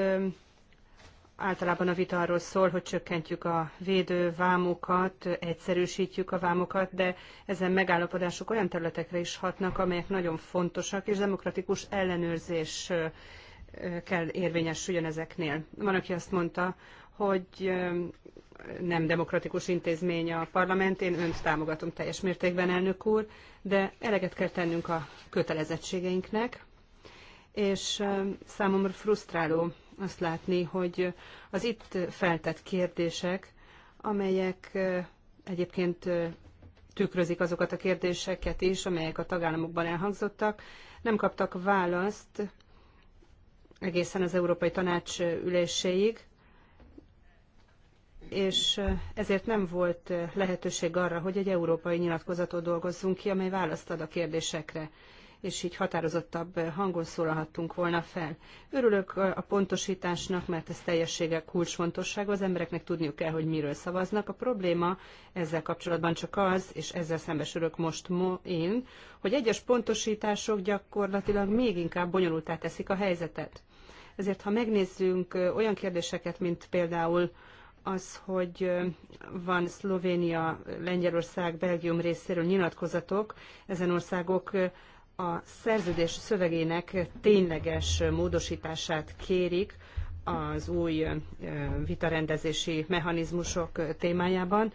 általában a vita arról szól, hogy csökkentjük a védő vámokat, egyszerűsítjük a vámokat, de ezen megállapodások olyan területekre is hatnak, amelyek nagyon fontosak, és demokratikus ellenőrzés kell érvényesüljön ezeknél. Van, aki azt mondta, hogy nem demokratikus intézmény a parlament, én önt támogatom teljes mértékben, elnök úr, de eleget kell tennünk a kötelezettségeinknek, és számomra frusztráló azt látni, hogy az itt feltett kérdések, amelyek egyébként tükrözik azokat a kérdéseket is, amelyek a tagállamokban elhangzottak, nem kaptak választ egészen az Európai Tanács üléséig, és ezért nem volt lehetőség arra, hogy egy európai nyilatkozatot dolgozzunk ki, amely választ ad a kérdésekre és így határozottabb hangon szólalhattunk volna fel. Örülök a pontosításnak, mert ez teljességgel kulcsfontosság. az embereknek tudniuk kell, hogy miről szavaznak. A probléma ezzel kapcsolatban csak az, és ezzel szembesülök most mo én, hogy egyes pontosítások gyakorlatilag még inkább bonyolultá teszik a helyzetet. Ezért, ha megnézzünk olyan kérdéseket, mint például az, hogy van Szlovénia, Lengyelország, Belgium részéről nyilatkozatok, ezen országok a szerződés szövegének tényleges módosítását kérik az új vitarendezési mechanizmusok témájában.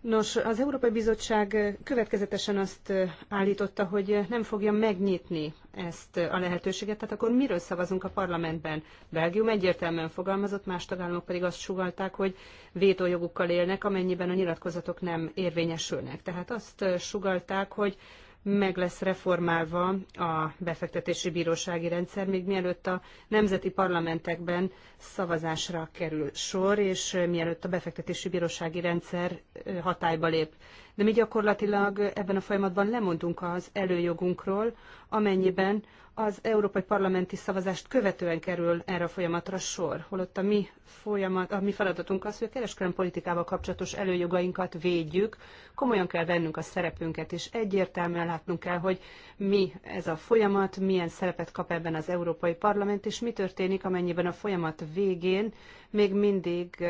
Nos, az Európai Bizottság következetesen azt állította, hogy nem fogja megnyitni ezt a lehetőséget, tehát akkor miről szavazunk a parlamentben? Belgium egyértelműen fogalmazott, más tagállamok pedig azt sugalták, hogy vétójogukkal élnek, amennyiben a nyilatkozatok nem érvényesülnek. Tehát azt sugalták, hogy meg lesz reformálva a befektetési bírósági rendszer, még mielőtt a nemzeti parlamentekben szavazásra kerül sor, és mielőtt a befektetési bírósági rendszer hatályba lép. De mi gyakorlatilag ebben a folyamatban lemondunk az előjogunkról, amennyiben az európai parlamenti szavazást követően kerül erre a folyamatra sor, holott a mi, folyamat, a mi feladatunk az, hogy a kereskedelmi politikával kapcsolatos előjogainkat védjük, komolyan kell vennünk a szerepünket, és egyértelműen látnunk kell, hogy mi ez a folyamat, milyen szerepet kap ebben az Európai Parlament, és mi történik, amennyiben a folyamat végén még mindig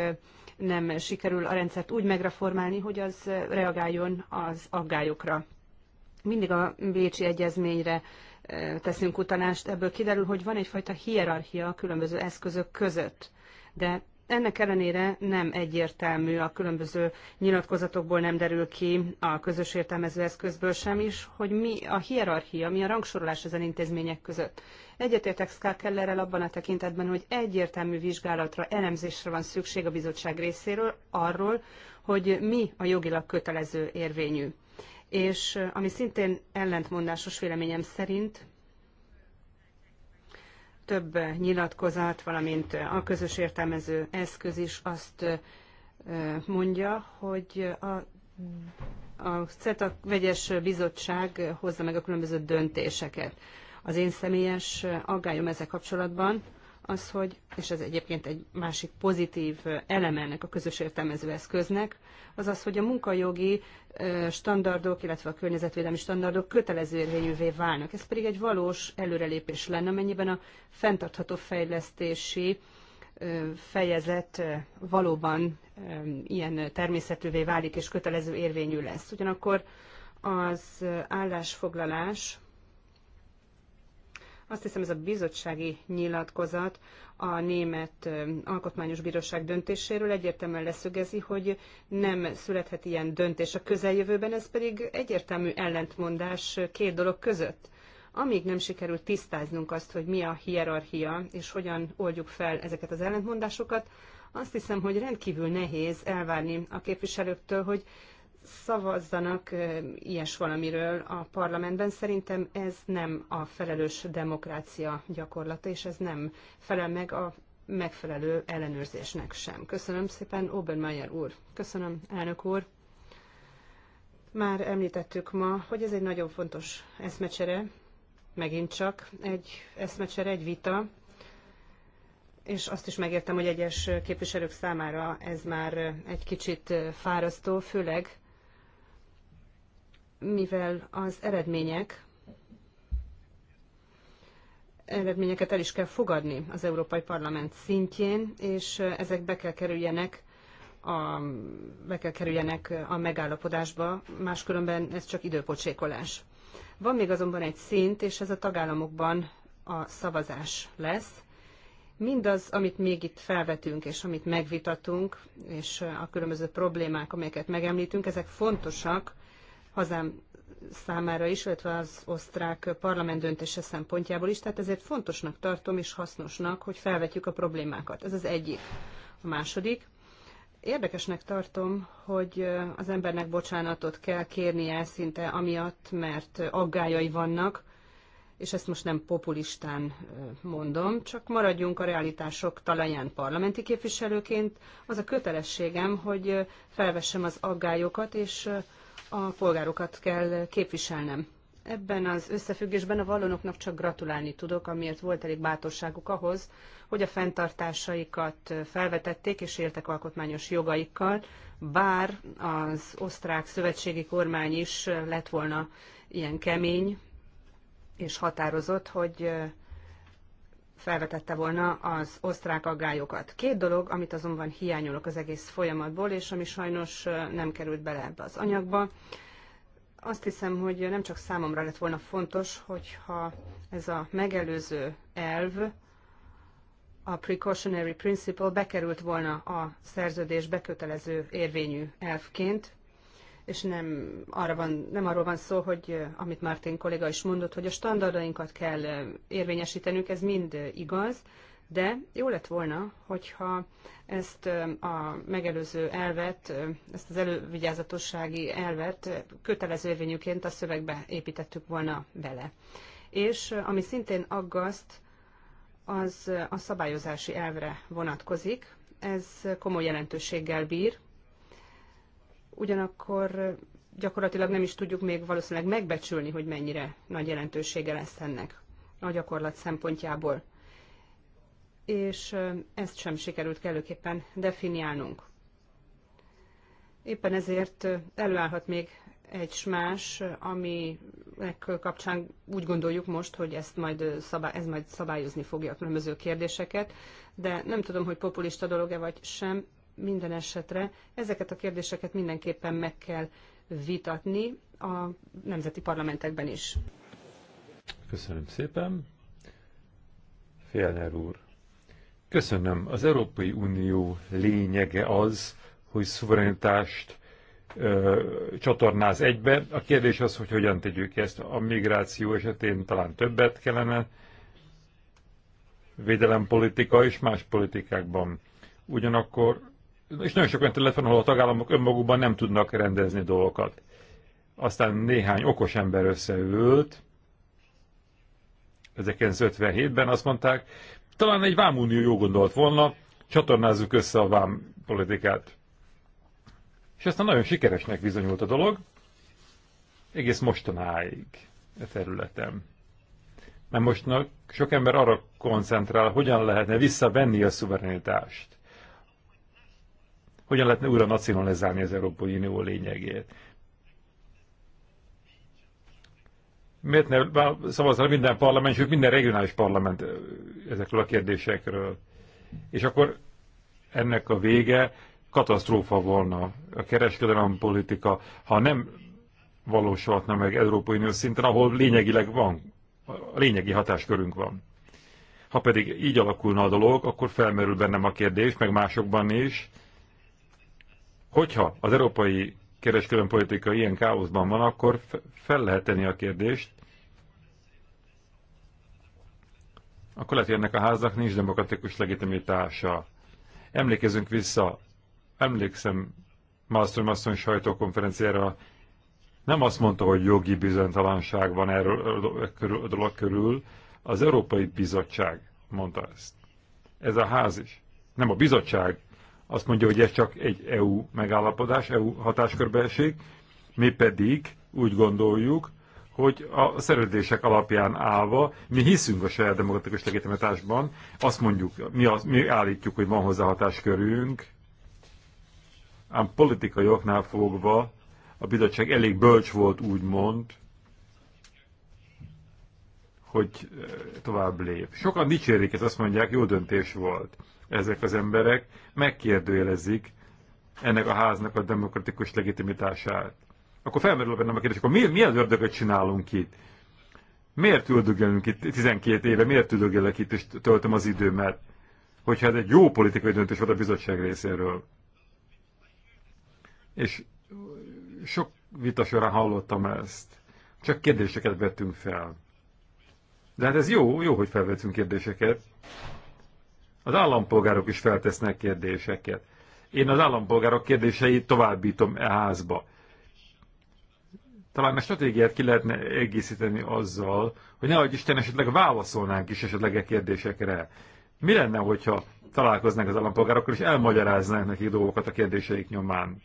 nem sikerül a rendszert úgy megreformálni, hogy az reagáljon az aggályokra. Mindig a Bécsi Egyezményre teszünk utalást, ebből kiderül, hogy van egyfajta hierarchia a különböző eszközök között. De ennek ellenére nem egyértelmű, a különböző nyilatkozatokból nem derül ki, a közös értelmező eszközből sem is, hogy mi a hierarchia, mi a rangsorolás ezen intézmények között. Egyetértek Scott Kellerrel abban a tekintetben, hogy egyértelmű vizsgálatra, elemzésre van szükség a bizottság részéről arról, hogy mi a jogilag kötelező érvényű és ami szintén ellentmondásos véleményem szerint, több nyilatkozat, valamint a közös értelmező eszköz is azt mondja, hogy a, a CETA vegyes bizottság hozza meg a különböző döntéseket. Az én személyes aggályom ezzel kapcsolatban az, hogy, és ez egyébként egy másik pozitív eleme ennek a közös értelmező eszköznek, az az, hogy a munkajogi standardok, illetve a környezetvédelmi standardok kötelező érvényűvé válnak. Ez pedig egy valós előrelépés lenne, amennyiben a fenntartható fejlesztési fejezet valóban ilyen természetűvé válik és kötelező érvényű lesz. Ugyanakkor az állásfoglalás azt hiszem ez a bizottsági nyilatkozat a Német Alkotmányos Bíróság döntéséről egyértelműen leszögezi, hogy nem születhet ilyen döntés a közeljövőben, ez pedig egyértelmű ellentmondás két dolog között. Amíg nem sikerül tisztáznunk azt, hogy mi a hierarchia, és hogyan oldjuk fel ezeket az ellentmondásokat, azt hiszem, hogy rendkívül nehéz elvárni a képviselőktől, hogy szavazzanak ilyes valamiről a parlamentben. Szerintem ez nem a felelős demokrácia gyakorlata, és ez nem felel meg a megfelelő ellenőrzésnek sem. Köszönöm szépen, Obermeier úr. Köszönöm, elnök úr. Már említettük ma, hogy ez egy nagyon fontos eszmecsere, megint csak egy eszmecsere, egy vita, és azt is megértem, hogy egyes képviselők számára ez már egy kicsit fárasztó, főleg mivel az eredmények eredményeket el is kell fogadni az Európai Parlament szintjén, és ezek be kell kerüljenek a, be kell kerüljenek a megállapodásba, máskülönben ez csak időpocsékolás. Van még azonban egy szint, és ez a tagállamokban a szavazás lesz. Mindaz, amit még itt felvetünk, és amit megvitatunk, és a különböző problémák, amelyeket megemlítünk, ezek fontosak hazám számára is, illetve az osztrák parlament döntése szempontjából is, tehát ezért fontosnak tartom és hasznosnak, hogy felvetjük a problémákat. Ez az egyik. A második, érdekesnek tartom, hogy az embernek bocsánatot kell kérnie szinte amiatt, mert aggájai vannak, és ezt most nem populistán mondom, csak maradjunk a realitások talaján parlamenti képviselőként. Az a kötelességem, hogy felvessem az aggályokat, és a polgárokat kell képviselnem. Ebben az összefüggésben a vallonoknak csak gratulálni tudok, amiért volt elég bátorságuk ahhoz, hogy a fenntartásaikat felvetették és éltek alkotmányos jogaikkal, bár az osztrák szövetségi kormány is lett volna ilyen kemény és határozott, hogy felvetette volna az osztrák aggályokat. Két dolog, amit azonban hiányolok az egész folyamatból, és ami sajnos nem került bele ebbe az anyagba. Azt hiszem, hogy nem csak számomra lett volna fontos, hogyha ez a megelőző elv, a precautionary principle bekerült volna a szerződés bekötelező érvényű elvként, és nem, arra van, nem arról van szó, hogy amit Martin kolléga is mondott, hogy a standardainkat kell érvényesítenünk, ez mind igaz, de jó lett volna, hogyha ezt a megelőző elvet, ezt az elővigyázatossági elvet kötelező érvényűként a szövegbe építettük volna bele. És ami szintén aggaszt, az a szabályozási elvre vonatkozik. Ez komoly jelentőséggel bír, ugyanakkor gyakorlatilag nem is tudjuk még valószínűleg megbecsülni, hogy mennyire nagy jelentősége lesz ennek a gyakorlat szempontjából. És ezt sem sikerült kellőképpen definiálnunk. Éppen ezért előállhat még egy más, ami kapcsán úgy gondoljuk most, hogy ezt majd szabály, ez majd szabályozni fogja a különböző kérdéseket, de nem tudom, hogy populista dolog-e vagy sem, minden esetre ezeket a kérdéseket mindenképpen meg kell vitatni a nemzeti parlamentekben is. Köszönöm szépen. Félner úr. Köszönöm. Az Európai Unió lényege az, hogy szuverenitást ö, csatornáz egybe. A kérdés az, hogy hogyan tegyük ezt. A migráció esetén talán többet kellene, védelempolitika és más politikákban. Ugyanakkor és nagyon sok olyan terület van, ahol a tagállamok önmagukban nem tudnak rendezni dolgokat. Aztán néhány okos ember összeült, 1957-ben azt mondták, talán egy vámunió jó gondolt volna, csatornázzuk össze a vám politikát. És aztán nagyon sikeresnek bizonyult a dolog, egész mostanáig a e területen. Mert most sok ember arra koncentrál, hogyan lehetne visszavenni a szuverenitást hogyan lehetne újra nacionalizálni az Európai Unió lényegét. Miért ne szavazzanak minden parlament, sőt minden regionális parlament ezekről a kérdésekről? És akkor ennek a vége katasztrófa volna a kereskedelem politika, ha nem valósulhatna meg Európai Unió szinten, ahol lényegileg van, a lényegi hatáskörünk van. Ha pedig így alakulna a dolog, akkor felmerül bennem a kérdés, meg másokban is, Hogyha az európai kereskedelmi politika ilyen káoszban van, akkor fel lehet tenni a kérdést, akkor lehet, hogy ennek a háznak nincs demokratikus legitimitása. Emlékezünk vissza, emlékszem Malmström asszony sajtókonferenciára, nem azt mondta, hogy jogi bizonytalanság van erről e a dolog körül, az Európai Bizottság mondta ezt. Ez a ház is. Nem a bizottság azt mondja, hogy ez csak egy EU megállapodás, EU hatáskörbeesség, mi pedig úgy gondoljuk, hogy a szerződések alapján állva mi hiszünk a saját demokratikus legitimitásban, azt mondjuk, mi, az, mi állítjuk, hogy van hozzá hatáskörünk, ám politikai oknál fogva a bizottság elég bölcs volt, úgymond, hogy tovább lép. Sokan dicsérik ezt, azt mondják, jó döntés volt ezek az emberek megkérdőjelezik ennek a háznak a demokratikus legitimitását. Akkor felmerül bennem a kérdés, akkor mi, mi az ördögöt csinálunk itt? Miért üldögélünk itt 12 éve, miért üldögélek itt és töltöm az időmet? Hogyha ez egy jó politikai döntés volt a bizottság részéről. És sok vita során hallottam ezt. Csak kérdéseket vettünk fel. De hát ez jó, jó, hogy felvettünk kérdéseket. Az állampolgárok is feltesznek kérdéseket. Én az állampolgárok kérdéseit továbbítom e házba. Talán a stratégiát ki lehetne egészíteni azzal, hogy nehogy Isten esetleg válaszolnánk is esetleg a e kérdésekre. Mi lenne, hogyha találkoznánk az állampolgárokkal, és elmagyaráznánk nekik dolgokat a kérdéseik nyomán?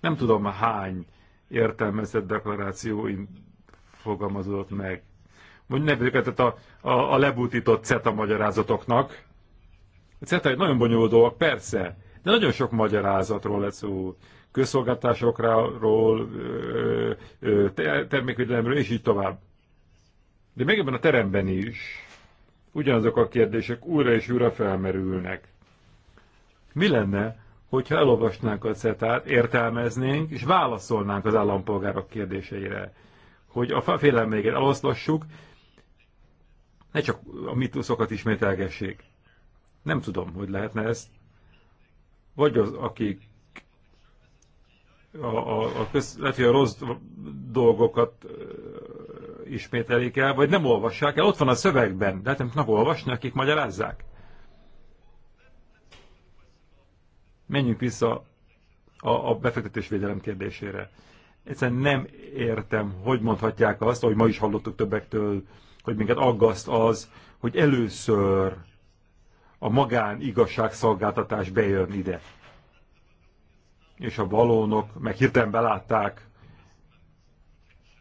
Nem tudom hány értelmezett deklaráció fogalmazódott meg. Mondjuk nevőket a, a, a lebutított CETA magyarázatoknak, CETA nagyon bonyolult dolog, persze, de nagyon sok magyarázatról lesz szó, közszolgáltásokról, termékvédelemről, és így tovább. De még ebben a teremben is ugyanazok a kérdések újra és újra felmerülnek. Mi lenne, hogyha elolvasnánk a CETA-t, értelmeznénk, és válaszolnánk az állampolgárok kérdéseire, hogy a félelmeiket eloszlassuk, ne csak a mituszokat ismételgessék. Nem tudom, hogy lehetne ez. Vagy az, akik a, a, a köz, lehet, hogy a rossz dolgokat ö, ismételik el, vagy nem olvassák el. Ott van a szövegben, de hát nem tudnak olvasni, akik magyarázzák. Menjünk vissza a, a befektetésvédelem kérdésére. Egyszerűen nem értem, hogy mondhatják azt, ahogy ma is hallottuk többektől, hogy minket aggaszt az, hogy először a magán igazságszolgáltatás bejön ide. És a balónok meg hirtelen belátták,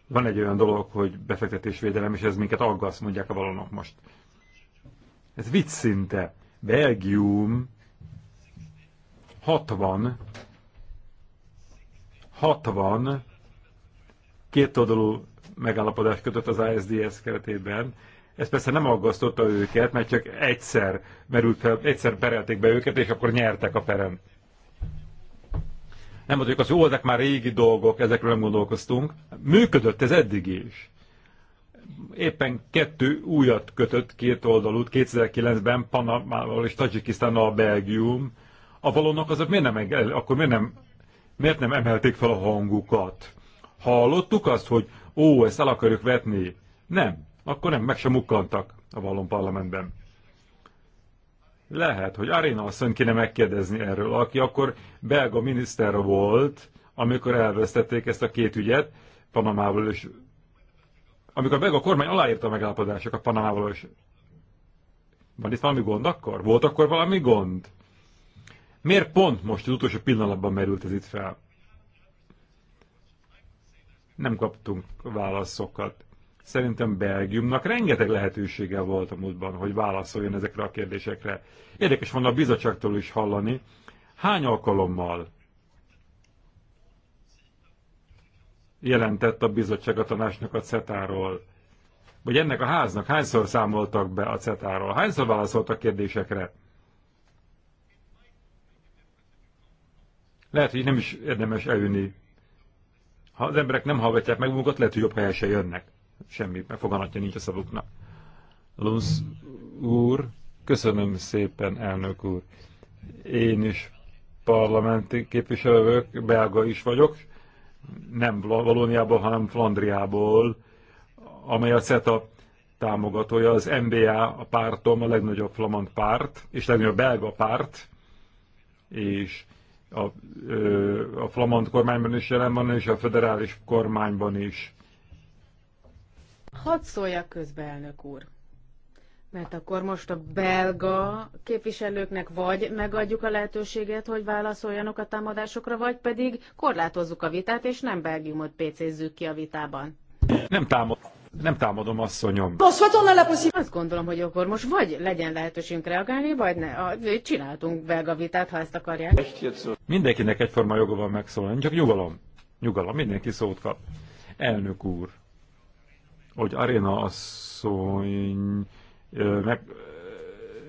van egy olyan dolog, hogy befektetésvédelem, és ez minket aggaszt, mondják a valónok most. Ez vicc szinte. Belgium 60 60 kétoldalú megállapodást kötött az ASDS keretében, ez persze nem aggasztotta őket, mert csak egyszer merült fel, egyszer perelték be őket, és akkor nyertek a perem. Nem mondjuk az, jó, ezek már régi dolgok, ezekről nem gondolkoztunk. Működött ez eddig is. Éppen kettő újat kötött két oldalút 2009-ben Panamával és Tajikisztánnal a Belgium. A valónak azok miért nem, akkor miért nem, miért nem emelték fel a hangukat? Hallottuk azt, hogy ó, ezt el akarjuk vetni. Nem akkor nem, meg sem mukkantak a vallon parlamentben. Lehet, hogy Arina asszony kéne megkérdezni erről, aki akkor belga miniszter volt, amikor elvesztették ezt a két ügyet, Panamával is, amikor a belga kormány aláírta a megállapodásokat Panamával is van itt valami gond akkor? Volt akkor valami gond? Miért pont most az utolsó pillanatban merült ez itt fel? Nem kaptunk válaszokat. Szerintem Belgiumnak rengeteg lehetősége volt a múltban, hogy válaszoljon ezekre a kérdésekre. Érdekes van a bizottságtól is hallani, hány alkalommal jelentett a bizottság a tanácsnak a CETA-ról, vagy ennek a háznak hányszor számoltak be a CETA-ról, hányszor válaszoltak kérdésekre. Lehet, hogy nem is érdemes elülni. Ha az emberek nem hallgatják meg magukat, lehet, hogy jobb helyesen jönnek semmi foganatja nincs a szavuknak. Lunsz úr, köszönöm szépen, elnök úr. Én is parlamenti képviselők, belga is vagyok, nem Valóniából, hanem Flandriából, amely a CETA támogatója, az MBA a pártom, a legnagyobb flamand párt, és legnagyobb belga párt, és a, ö, a flamand kormányban is jelen van, és a federális kormányban is Hadd szóljak közbe, elnök úr. Mert akkor most a belga képviselőknek vagy megadjuk a lehetőséget, hogy válaszoljanak a támadásokra, vagy pedig korlátozzuk a vitát, és nem Belgiumot pécézzük ki a vitában. Nem támad. Nem támadom, asszonyom. Azt gondolom, hogy akkor most vagy legyen lehetőségünk reagálni, vagy ne. A, csináltunk belga vitát, ha ezt akarják. Mindenkinek egyforma joga van megszólalni, csak nyugalom. Nyugalom, mindenki szót kap. Elnök úr, hogy Arena asszony meg,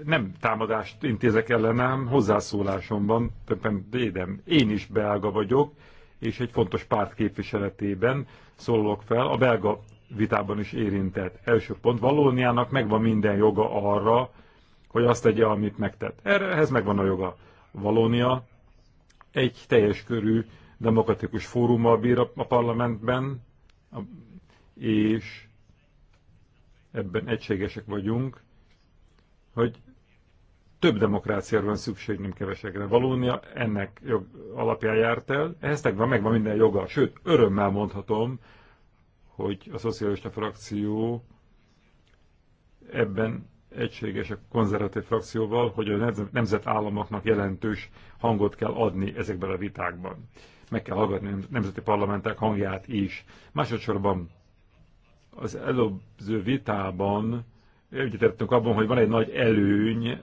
nem támadást intézek ellenem, hozzászólásomban többen védem. Én is belga vagyok, és egy fontos párt képviseletében szólok fel. A belga vitában is érintett. Első pont, Valóniának megvan minden joga arra, hogy azt tegye, amit megtett. Erre, ehhez megvan a joga. Valónia egy teljes körű demokratikus fórummal bír a parlamentben, és ebben egységesek vagyunk, hogy több demokráciára van szükség, nem kevesekre. Valónia ennek jog alapján járt el, ehhez van megvan minden joga, sőt, örömmel mondhatom, hogy a szocialista frakció ebben egységes a konzervatív frakcióval, hogy a nemzetállamoknak jelentős hangot kell adni ezekben a vitákban. Meg kell hallgatni a nemzeti parlamentek hangját is. Másodszorban az előző vitában egyetettünk abban, hogy van egy nagy előny,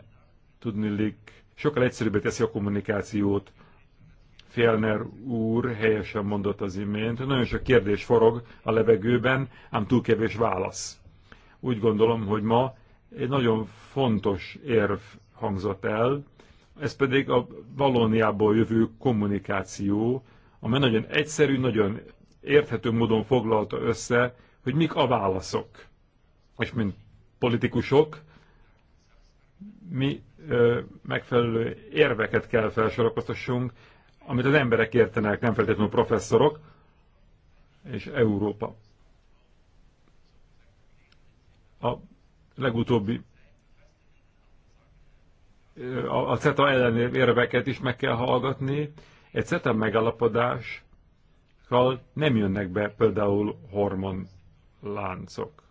tudnilik, sokkal egyszerűbbé teszi a kommunikációt. Fjellner úr helyesen mondott az imént, hogy nagyon sok kérdés forog a levegőben, ám túl kevés válasz. Úgy gondolom, hogy ma egy nagyon fontos érv hangzott el, ez pedig a Valóniából jövő kommunikáció, amely nagyon egyszerű, nagyon érthető módon foglalta össze hogy mik a válaszok. És mint politikusok, mi ö, megfelelő érveket kell felsorakoztassunk, amit az emberek értenek, nem feltétlenül professzorok, és Európa. A legutóbbi a CETA elleni érveket is meg kell hallgatni. Egy CETA megalapodással nem jönnek be például hormon láncok.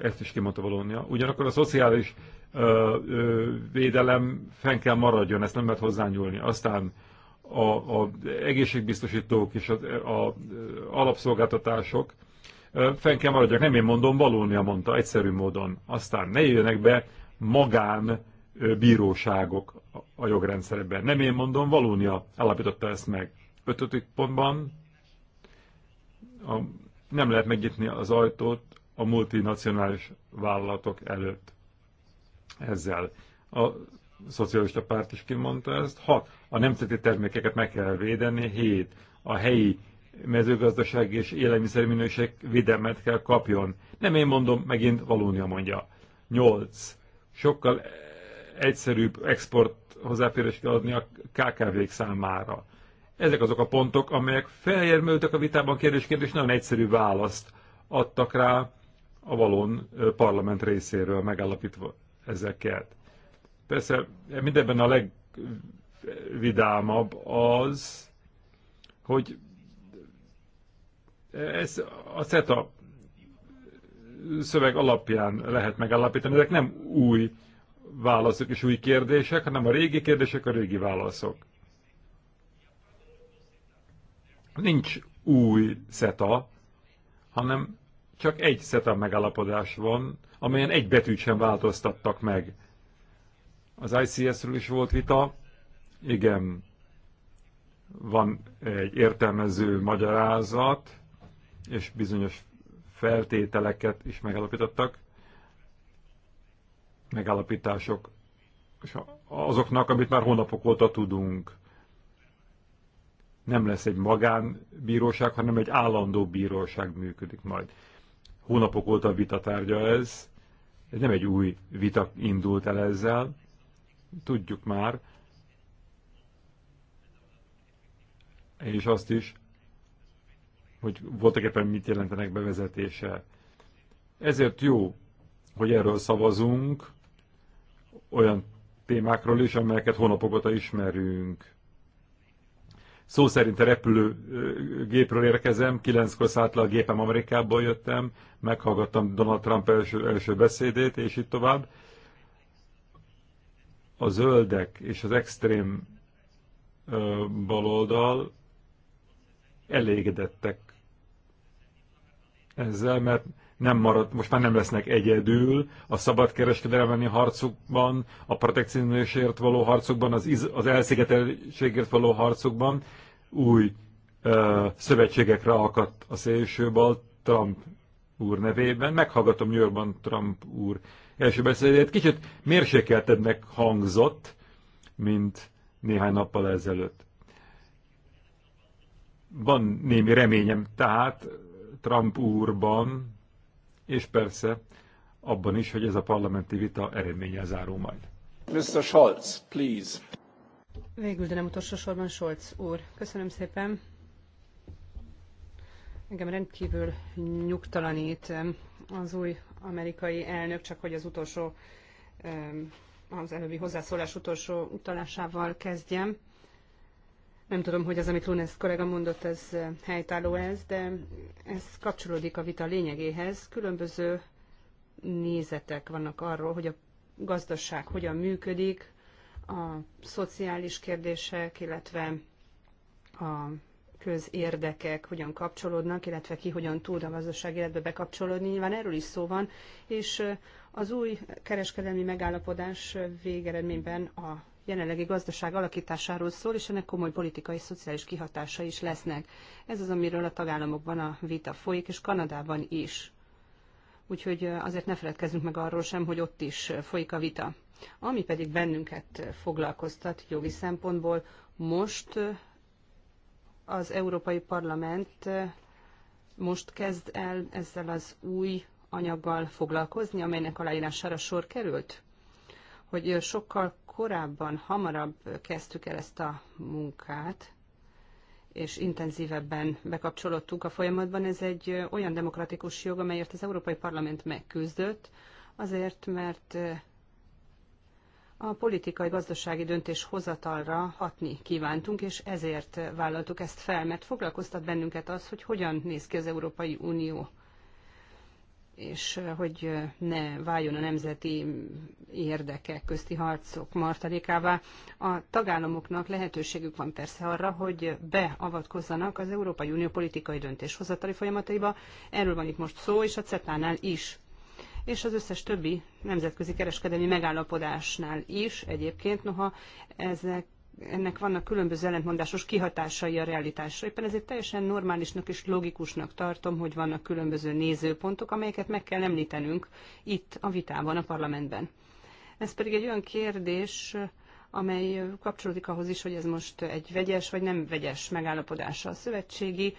Ezt is kimondta Valónia. Ugyanakkor a szociális ö, ö, védelem fenn kell maradjon, ezt nem lehet hozzányúlni. Aztán a, a egészségbiztosítók és az a, a, alapszolgáltatások fenn kell maradjak. Nem én mondom, Valónia mondta, egyszerű módon. Aztán ne jöjjenek be magán bíróságok a jogrendszerben. Nem én mondom, Valónia állapította ezt meg. Ötödik pontban a, nem lehet megnyitni az ajtót a multinacionális vállalatok előtt ezzel. A szocialista párt is kimondta ezt. Hat, a nemzeti termékeket meg kell védeni. Hét, a helyi mezőgazdaság és élelmiszerminőség védelmet kell kapjon. Nem én mondom, megint Valónia mondja. Nyolc, sokkal egyszerűbb export hozzáférés kell adni a KKV-k számára. Ezek azok a pontok, amelyek felérmültek a vitában kérdésként, és nagyon egyszerű választ adtak rá a valón parlament részéről megállapítva ezeket. Persze mindenben a legvidámabb az, hogy ez a CETA szöveg alapján lehet megállapítani. Ezek nem új válaszok és új kérdések, hanem a régi kérdések, a régi válaszok. Nincs új SETA, hanem csak egy SETA megállapodás van, amelyen egy betűt sem változtattak meg. Az ICS-ről is volt vita, igen, van egy értelmező magyarázat, és bizonyos feltételeket is megállapítottak, megállapítások, és azoknak, amit már hónapok óta tudunk nem lesz egy magánbíróság, hanem egy állandó bíróság működik majd. Hónapok óta a vitatárgya ez, ez nem egy új vita indult el ezzel, tudjuk már, és azt is, hogy voltak éppen mit jelentenek bevezetése. Ezért jó, hogy erről szavazunk, olyan témákról is, amelyeket hónapok óta ismerünk szó szerint a repülőgépről érkezem, kilenckor szállt le a gépem Amerikából jöttem, meghallgattam Donald Trump első, első beszédét, és itt tovább. A zöldek és az extrém ö, baloldal elégedettek ezzel, mert nem marad, most már nem lesznek egyedül a szabadkereskedelmi harcukban, a protekcionizmusért való harcukban, az, iz, az elszigeteltségért való harcukban. Új ö, szövetségekre akadt a szélsőbal Trump úr nevében. Meghallgatom New Yorkban Trump úr első beszédét. Kicsit mérsékeltednek hangzott, mint néhány nappal ezelőtt. Van némi reményem tehát Trump úrban, és persze abban is, hogy ez a parlamenti vita eredménye záró majd. Mr. Scholz, please. Végül, de nem utolsó sorban Scholz úr. Köszönöm szépen. Engem rendkívül nyugtalanít az új amerikai elnök, csak hogy az utolsó, az előbbi hozzászólás utolsó utalásával kezdjem. Nem tudom, hogy az, amit Lunes kollega mondott, ez eh, helytálló ez, de ez kapcsolódik a vita lényegéhez. Különböző nézetek vannak arról, hogy a gazdaság hogyan működik, a szociális kérdések, illetve a közérdekek hogyan kapcsolódnak, illetve ki hogyan tud a gazdaság életbe bekapcsolódni. Nyilván erről is szó van, és eh, az új kereskedelmi megállapodás eh, végeredményben a jelenlegi gazdaság alakításáról szól, és ennek komoly politikai és szociális kihatása is lesznek. Ez az, amiről a tagállamokban a vita folyik, és Kanadában is. Úgyhogy azért ne feledkezzünk meg arról sem, hogy ott is folyik a vita. Ami pedig bennünket foglalkoztat jogi szempontból, most az Európai Parlament most kezd el ezzel az új anyaggal foglalkozni, amelynek aláírására sor került, hogy sokkal korábban, hamarabb kezdtük el ezt a munkát, és intenzívebben bekapcsolódtunk a folyamatban, ez egy olyan demokratikus jog, amelyért az Európai Parlament megküzdött, azért, mert eh, a politikai-gazdasági döntés hozatalra hatni kívántunk, és ezért vállaltuk ezt fel, mert foglalkoztat bennünket az, hogy hogyan néz ki az Európai Unió és hogy ne váljon a nemzeti érdekek közti harcok martalékává. A tagállamoknak lehetőségük van persze arra, hogy beavatkozzanak az Európai Unió politikai döntéshozatali folyamataiba. Erről van itt most szó, és a CETA-nál is és az összes többi nemzetközi kereskedelmi megállapodásnál is egyébként, noha ezek ennek vannak különböző ellentmondásos kihatásai a realitásra. Éppen ezért teljesen normálisnak és logikusnak tartom, hogy vannak különböző nézőpontok, amelyeket meg kell említenünk itt a vitában, a parlamentben. Ez pedig egy olyan kérdés, amely kapcsolódik ahhoz is, hogy ez most egy vegyes vagy nem vegyes megállapodása. A szövetségi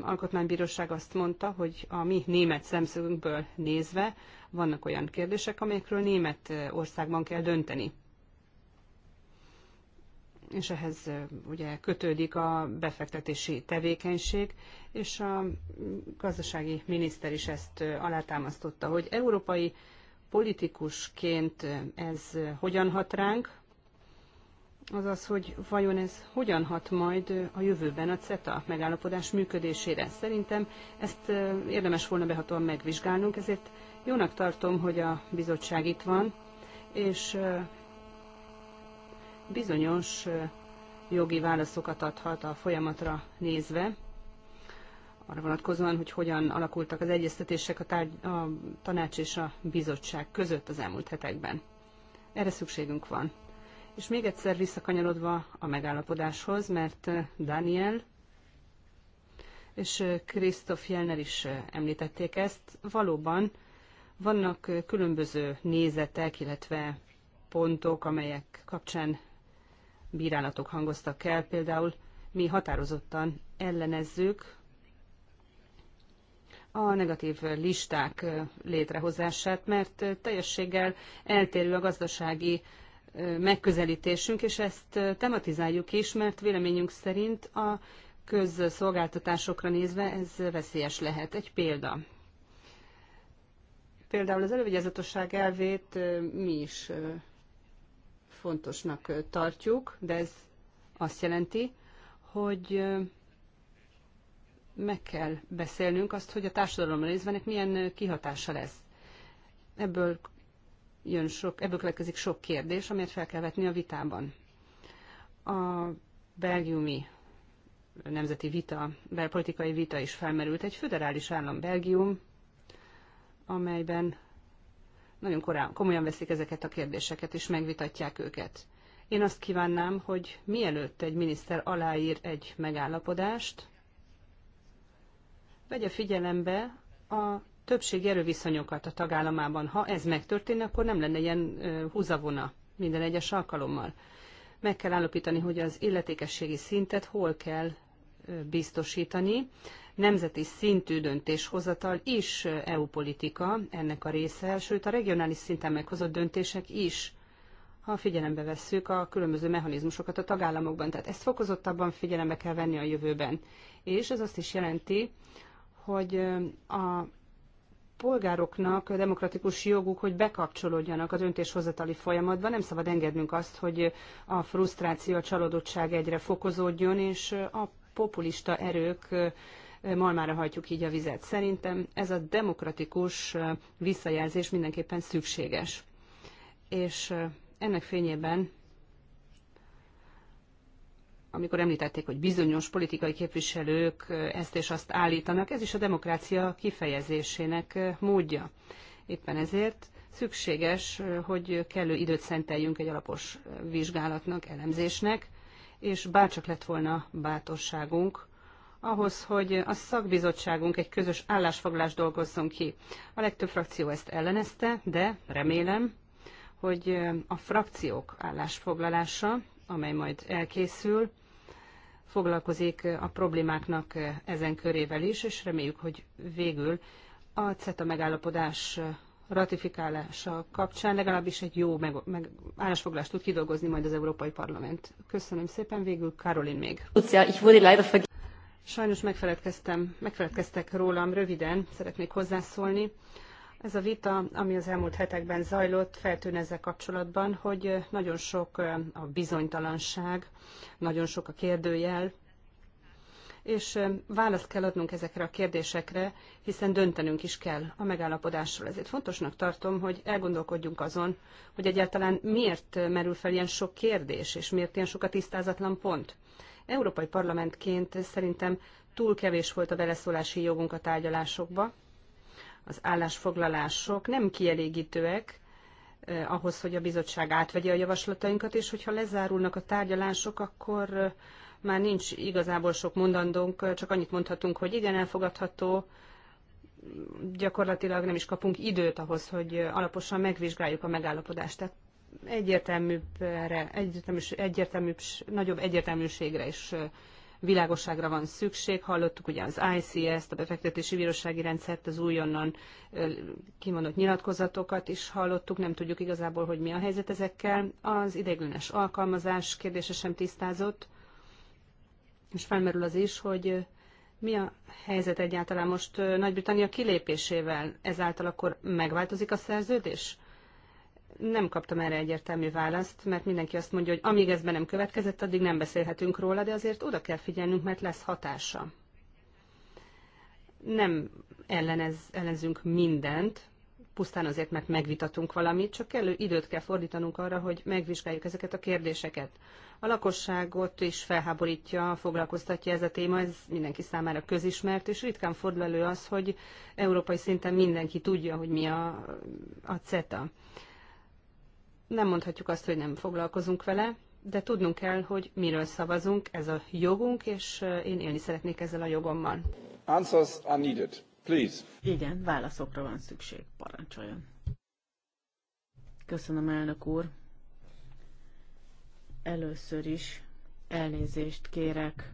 alkotmánybíróság azt mondta, hogy a mi német szemszögünkből nézve vannak olyan kérdések, amelyekről német országban kell dönteni és ehhez ugye kötődik a befektetési tevékenység, és a gazdasági miniszter is ezt alátámasztotta, hogy európai politikusként ez hogyan hat ránk, az az, hogy vajon ez hogyan hat majd a jövőben a CETA megállapodás működésére. Szerintem ezt érdemes volna behatóan megvizsgálnunk, ezért jónak tartom, hogy a bizottság itt van, és bizonyos jogi válaszokat adhat a folyamatra nézve, arra vonatkozóan, hogy hogyan alakultak az egyeztetések a, tárgy, a tanács és a bizottság között az elmúlt hetekben. Erre szükségünk van. És még egyszer visszakanyarodva a megállapodáshoz, mert Daniel és Christoph Jelner is említették ezt, valóban vannak különböző nézetek, illetve pontok, amelyek kapcsán bírálatok hangoztak el, például mi határozottan ellenezzük a negatív listák létrehozását, mert teljességgel eltérő a gazdasági megközelítésünk, és ezt tematizáljuk is, mert véleményünk szerint a közszolgáltatásokra nézve ez veszélyes lehet. Egy példa. Például az elővigyázatosság elvét mi is fontosnak tartjuk, de ez azt jelenti, hogy meg kell beszélnünk azt, hogy a társadalom részvenek milyen kihatása lesz. Ebből, jön sok, ebből következik sok kérdés, amit fel kell vetni a vitában. A belgiumi nemzeti vita, belpolitikai vita is felmerült. Egy föderális állam Belgium, amelyben nagyon korán, komolyan veszik ezeket a kérdéseket, és megvitatják őket. Én azt kívánnám, hogy mielőtt egy miniszter aláír egy megállapodást, vegye figyelembe a többség erőviszonyokat a tagállamában. Ha ez megtörténne, akkor nem lenne ilyen húzavona minden egyes alkalommal. Meg kell állapítani, hogy az illetékességi szintet hol kell biztosítani. Nemzeti szintű döntéshozatal is EU politika ennek a része, sőt a regionális szinten meghozott döntések is ha figyelembe vesszük a különböző mechanizmusokat a tagállamokban. Tehát ezt fokozottabban figyelembe kell venni a jövőben. És ez azt is jelenti, hogy a polgároknak demokratikus joguk, hogy bekapcsolódjanak a döntéshozatali folyamatba. Nem szabad engednünk azt, hogy a frusztráció, a csalódottság egyre fokozódjon, és a populista erők malmára hajtjuk így a vizet. Szerintem ez a demokratikus visszajelzés mindenképpen szükséges. És ennek fényében amikor említették, hogy bizonyos politikai képviselők ezt és azt állítanak, ez is a demokrácia kifejezésének módja. Éppen ezért szükséges, hogy kellő időt szenteljünk egy alapos vizsgálatnak, elemzésnek, és bárcsak lett volna bátorságunk ahhoz, hogy a szakbizottságunk egy közös állásfoglalást dolgozzon ki. A legtöbb frakció ezt ellenezte, de remélem, hogy a frakciók állásfoglalása, amely majd elkészül, foglalkozik a problémáknak ezen körével is, és reméljük, hogy végül a CETA megállapodás ratifikálása kapcsán legalábbis egy jó meg, meg állásfoglást tud kidolgozni majd az Európai Parlament. Köszönöm szépen, végül Karolin még. Sajnos megfeledkeztem, megfeledkeztek rólam, röviden szeretnék hozzászólni. Ez a vita, ami az elmúlt hetekben zajlott, feltűn ezzel kapcsolatban, hogy nagyon sok a bizonytalanság, nagyon sok a kérdőjel, és választ kell adnunk ezekre a kérdésekre, hiszen döntenünk is kell a megállapodásról. Ezért fontosnak tartom, hogy elgondolkodjunk azon, hogy egyáltalán miért merül fel ilyen sok kérdés, és miért ilyen sok a tisztázatlan pont. Európai Parlamentként szerintem túl kevés volt a beleszólási jogunk a tárgyalásokba. Az állásfoglalások nem kielégítőek, eh, ahhoz, hogy a bizottság átvegye a javaslatainkat, és hogyha lezárulnak a tárgyalások, akkor eh, már nincs igazából sok mondandónk, csak annyit mondhatunk, hogy igen, elfogadható, gyakorlatilag nem is kapunk időt ahhoz, hogy alaposan megvizsgáljuk a megállapodást. Tehát egyértelműbbre, egyértelmű, egyértelmű, nagyobb egyértelműségre és világosságra van szükség. Hallottuk ugye az ICS-t, a befektetési bírósági rendszert, az újonnan kimondott nyilatkozatokat is hallottuk, nem tudjuk igazából, hogy mi a helyzet ezekkel. Az ideiglenes alkalmazás kérdése sem tisztázott. És felmerül az is, hogy mi a helyzet egyáltalán most Nagy-Britannia kilépésével? Ezáltal akkor megváltozik a szerződés? Nem kaptam erre egyértelmű választ, mert mindenki azt mondja, hogy amíg ez be nem következett, addig nem beszélhetünk róla, de azért oda kell figyelnünk, mert lesz hatása. Nem ellenez, ellenzünk mindent, pusztán azért, mert megvitatunk valamit, csak kellő időt kell fordítanunk arra, hogy megvizsgáljuk ezeket a kérdéseket. A lakosságot is felháborítja, foglalkoztatja ez a téma, ez mindenki számára közismert, és ritkán fordul elő az, hogy európai szinten mindenki tudja, hogy mi a, a CETA. Nem mondhatjuk azt, hogy nem foglalkozunk vele, de tudnunk kell, hogy miről szavazunk, ez a jogunk, és eh, én élni szeretnék ezzel a jogommal. Answers are needed. Please. Igen, válaszokra van szükség. Parancsoljon. Köszönöm, elnök úr. Először is elnézést kérek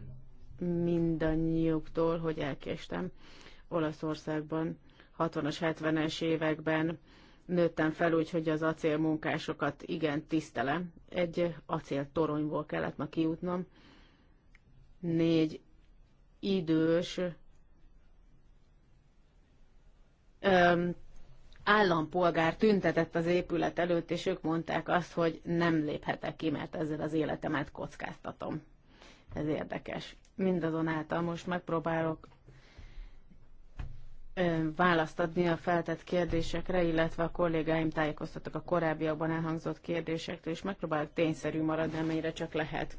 mindannyiuktól, hogy elkéstem. Olaszországban 60-as, 70-es években nőttem fel úgy, hogy az acélmunkásokat igen tisztelem. Egy acéltoronyból kellett ma kijutnom. Négy idős állampolgár tüntetett az épület előtt, és ők mondták azt, hogy nem léphetek ki, mert ezzel az életemet kockáztatom. Ez érdekes. Mindazonáltal most megpróbálok választ adni a feltett kérdésekre, illetve a kollégáim tájékoztattak a korábbiakban elhangzott kérdésektől, és megpróbálok tényszerű maradni, amennyire csak lehet.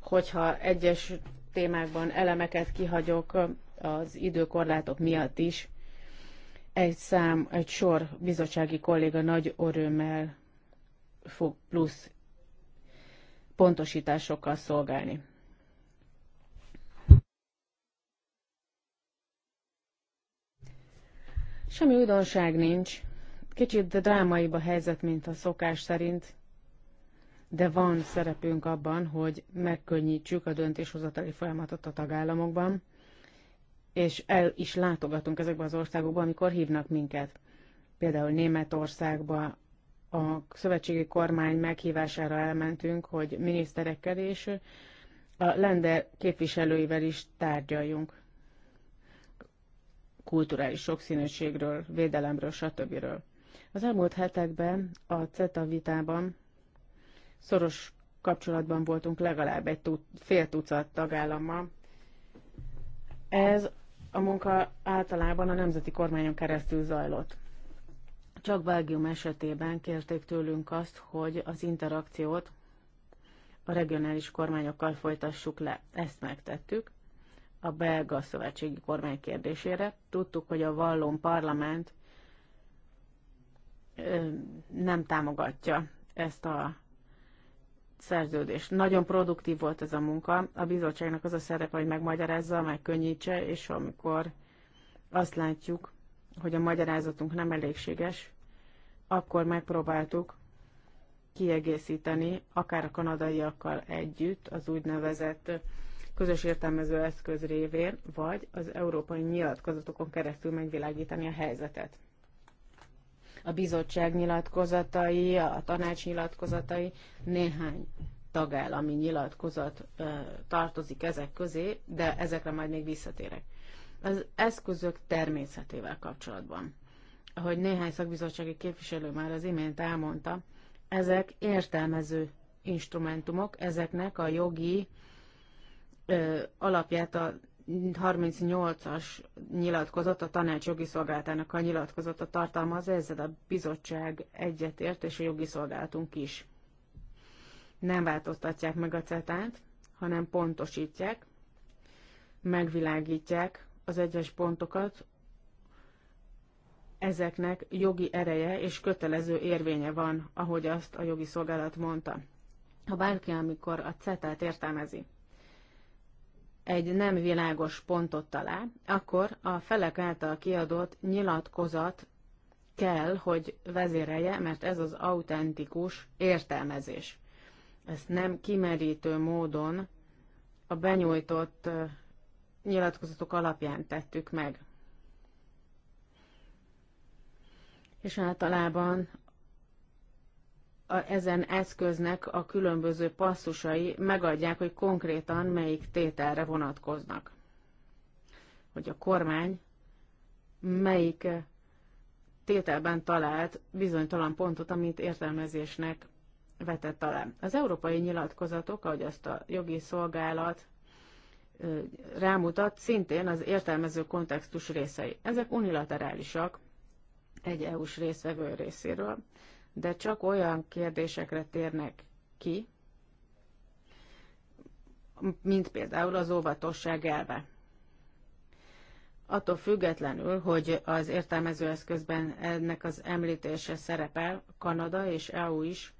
Hogyha egyes témákban elemeket kihagyok az időkorlátok miatt is, egy szám, egy sor bizottsági kolléga nagy örömmel fog plusz pontosításokkal szolgálni. Semmi újdonság nincs. Kicsit drámaibb a helyzet, mint a szokás szerint, de van szerepünk abban, hogy megkönnyítsük a döntéshozatali folyamatot a tagállamokban, és el is látogatunk ezekbe az országokba, amikor hívnak minket. Például Németországba a szövetségi kormány meghívására elmentünk, hogy miniszterekkel és a lender képviselőivel is tárgyaljunk. Kulturális sokszínűségről, védelemről, stb. Az elmúlt hetekben a CETA vitában szoros kapcsolatban voltunk legalább egy fél tucat tagállammal. Ez a munka általában a nemzeti kormányon keresztül zajlott. Csak Belgium esetében kérték tőlünk azt, hogy az interakciót a regionális kormányokkal folytassuk le. Ezt megtettük a belga szövetségi kormány kérdésére. Tudtuk, hogy a vallon parlament nem támogatja ezt a szerződés. Nagyon produktív volt ez a munka. A bizottságnak az a szerepe, hogy megmagyarázza, megkönnyítse, és amikor azt látjuk, hogy a magyarázatunk nem elégséges, akkor megpróbáltuk kiegészíteni, akár a kanadaiakkal együtt, az úgynevezett közös értelmező eszköz révén, vagy az európai nyilatkozatokon keresztül megvilágítani a helyzetet a bizottság nyilatkozatai, a tanács nyilatkozatai, néhány tagállami nyilatkozat tartozik ezek közé, de ezekre majd még visszatérek. Az eszközök természetével kapcsolatban. Ahogy néhány szakbizottsági képviselő már az imént elmondta, ezek értelmező instrumentumok, ezeknek a jogi ö, alapját a 38-as nyilatkozat, a tanács jogi szolgáltának a nyilatkozata tartalmaz, ezzel a bizottság egyetért, és a jogi szolgálatunk is. Nem változtatják meg a cetát, hanem pontosítják, megvilágítják az egyes pontokat, ezeknek jogi ereje és kötelező érvénye van, ahogy azt a jogi szolgálat mondta. Ha bárki, amikor a cetát értelmezi, egy nem világos pontot talál, akkor a felek által kiadott nyilatkozat kell, hogy vezérelje, mert ez az autentikus értelmezés. Ezt nem kimerítő módon a benyújtott nyilatkozatok alapján tettük meg. És általában a, ezen eszköznek a különböző passzusai megadják, hogy konkrétan melyik tételre vonatkoznak. Hogy a kormány melyik tételben talált bizonytalan pontot, amit értelmezésnek vetett alá. Az európai nyilatkozatok, ahogy azt a jogi szolgálat rámutat, szintén az értelmező kontextus részei. Ezek unilaterálisak egy EU-s részvevő részéről, de csak olyan kérdésekre térnek ki, mint például az óvatosság elve. Attól függetlenül, hogy az értelmező eszközben ennek az említése szerepel, Kanada és EU is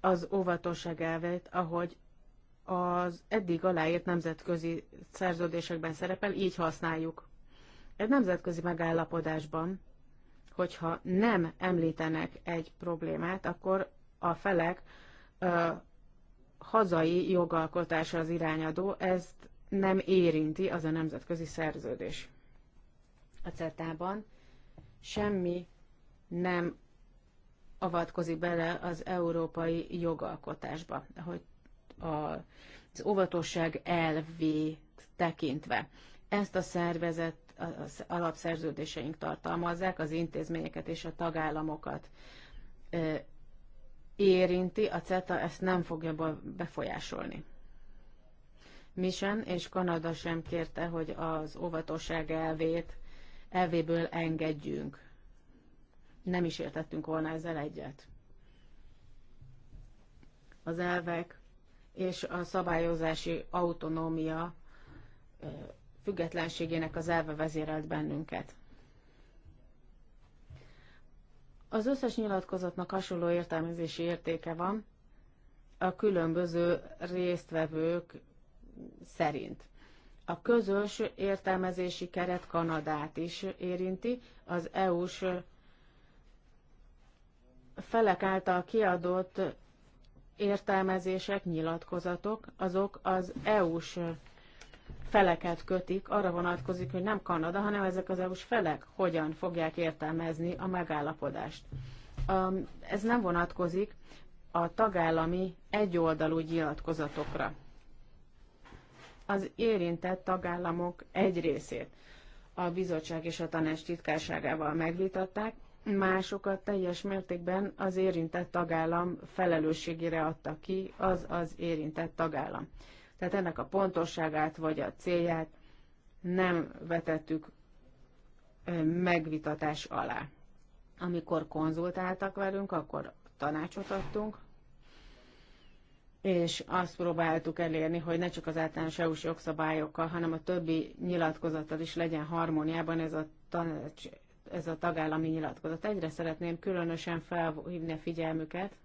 az óvatosság elvét, ahogy az eddig aláírt nemzetközi szerződésekben szerepel, így használjuk. Egy nemzetközi megállapodásban hogyha nem említenek egy problémát, akkor a felek ö, hazai jogalkotása az irányadó, ezt nem érinti az a nemzetközi szerződés. A CETA-ban semmi nem avatkozik bele az európai jogalkotásba, hogy az óvatosság elvét tekintve. Ezt a szervezet az alapszerződéseink tartalmazzák, az intézményeket és a tagállamokat érinti, a CETA ezt nem fogja befolyásolni. sem, és Kanada sem kérte, hogy az óvatosság elvét, elvéből engedjünk. Nem is értettünk volna ezzel egyet. Az elvek és a szabályozási autonómia függetlenségének az elve vezérelt bennünket. Az összes nyilatkozatnak hasonló értelmezési értéke van a különböző résztvevők szerint. A közös értelmezési keret Kanadát is érinti, az EU-s felek által kiadott értelmezések, nyilatkozatok, azok az EU-s feleket kötik, arra vonatkozik, hogy nem Kanada, hanem ezek az EU-s felek hogyan fogják értelmezni a megállapodást. Ez nem vonatkozik a tagállami egyoldalú nyilatkozatokra. Az érintett tagállamok egy részét a bizottság és a tanács titkárságával megvitatták, másokat teljes mértékben az érintett tagállam felelősségére adta ki az az érintett tagállam. Tehát ennek a pontosságát vagy a célját nem vetettük megvitatás alá. Amikor konzultáltak velünk, akkor tanácsot adtunk, és azt próbáltuk elérni, hogy ne csak az általános EU-s jogszabályokkal, hanem a többi nyilatkozattal is legyen harmóniában ez a, tanács, ez a tagállami nyilatkozat. Egyre szeretném különösen felhívni a figyelmüket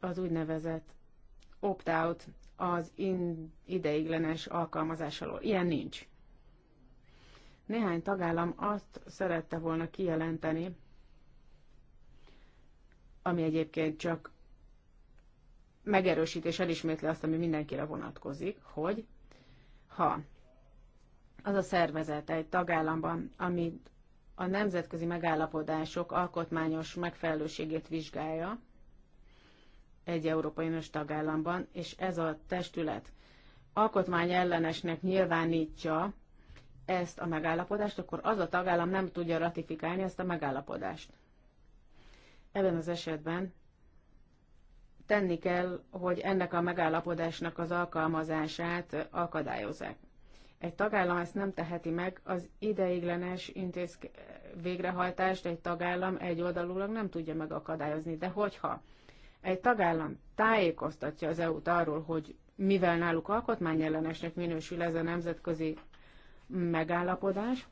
az úgynevezett opt-out az ideiglenes alkalmazás alól. Ilyen nincs. Néhány tagállam azt szerette volna kijelenteni, ami egyébként csak megerősít és elismétli azt, ami mindenkire vonatkozik, hogy ha az a szervezet egy tagállamban, amit a nemzetközi megállapodások alkotmányos megfelelőségét vizsgálja, egy Európai Uniós tagállamban, és ez a testület alkotmányellenesnek nyilvánítja ezt a megállapodást, akkor az a tagállam nem tudja ratifikálni ezt a megállapodást. Ebben az esetben tenni kell, hogy ennek a megállapodásnak az alkalmazását akadályozzák. Egy tagállam ezt nem teheti meg, az ideiglenes intézk végrehajtást egy tagállam egy oldalulag nem tudja megakadályozni. De hogyha egy tagállam tájékoztatja az EU-t arról, hogy mivel náluk alkotmányellenesnek minősül ez a nemzetközi megállapodás,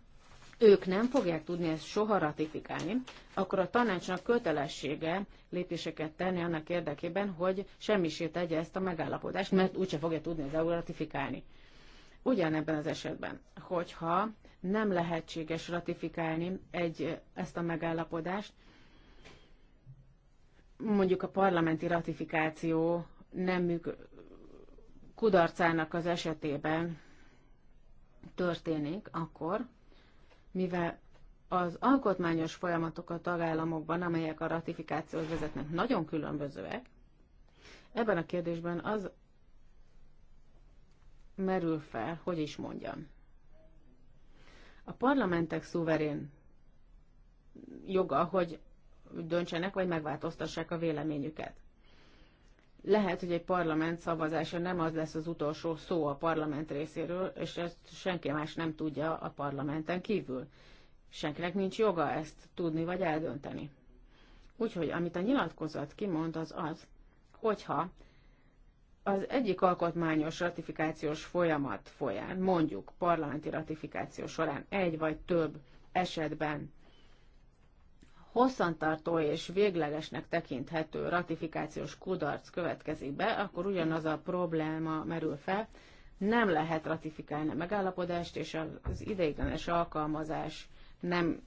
ők nem fogják tudni ezt soha ratifikálni, akkor a tanácsnak kötelessége lépéseket tenni annak érdekében, hogy semmisé tegye ezt a megállapodást, mert úgyse fogja tudni az EU ratifikálni. Ugyanebben az esetben, hogyha nem lehetséges ratifikálni egy, ezt a megállapodást, mondjuk a parlamenti ratifikáció nem műk kudarcának az esetében történik, akkor, mivel az alkotmányos folyamatok a tagállamokban, amelyek a ratifikációhoz vezetnek, nagyon különbözőek, ebben a kérdésben az merül fel, hogy is mondjam. A parlamentek szuverén joga, hogy döntsenek, vagy megváltoztassák a véleményüket. Lehet, hogy egy parlament szavazása nem az lesz az utolsó szó a parlament részéről, és ezt senki más nem tudja a parlamenten kívül. Senkinek nincs joga ezt tudni vagy eldönteni. Úgyhogy amit a nyilatkozat kimond, az az, hogyha az egyik alkotmányos ratifikációs folyamat folyán, mondjuk parlamenti ratifikáció során egy vagy több esetben hosszantartó és véglegesnek tekinthető ratifikációs kudarc következik be, akkor ugyanaz a probléma merül fel, nem lehet ratifikálni a megállapodást, és az ideiglenes alkalmazás nem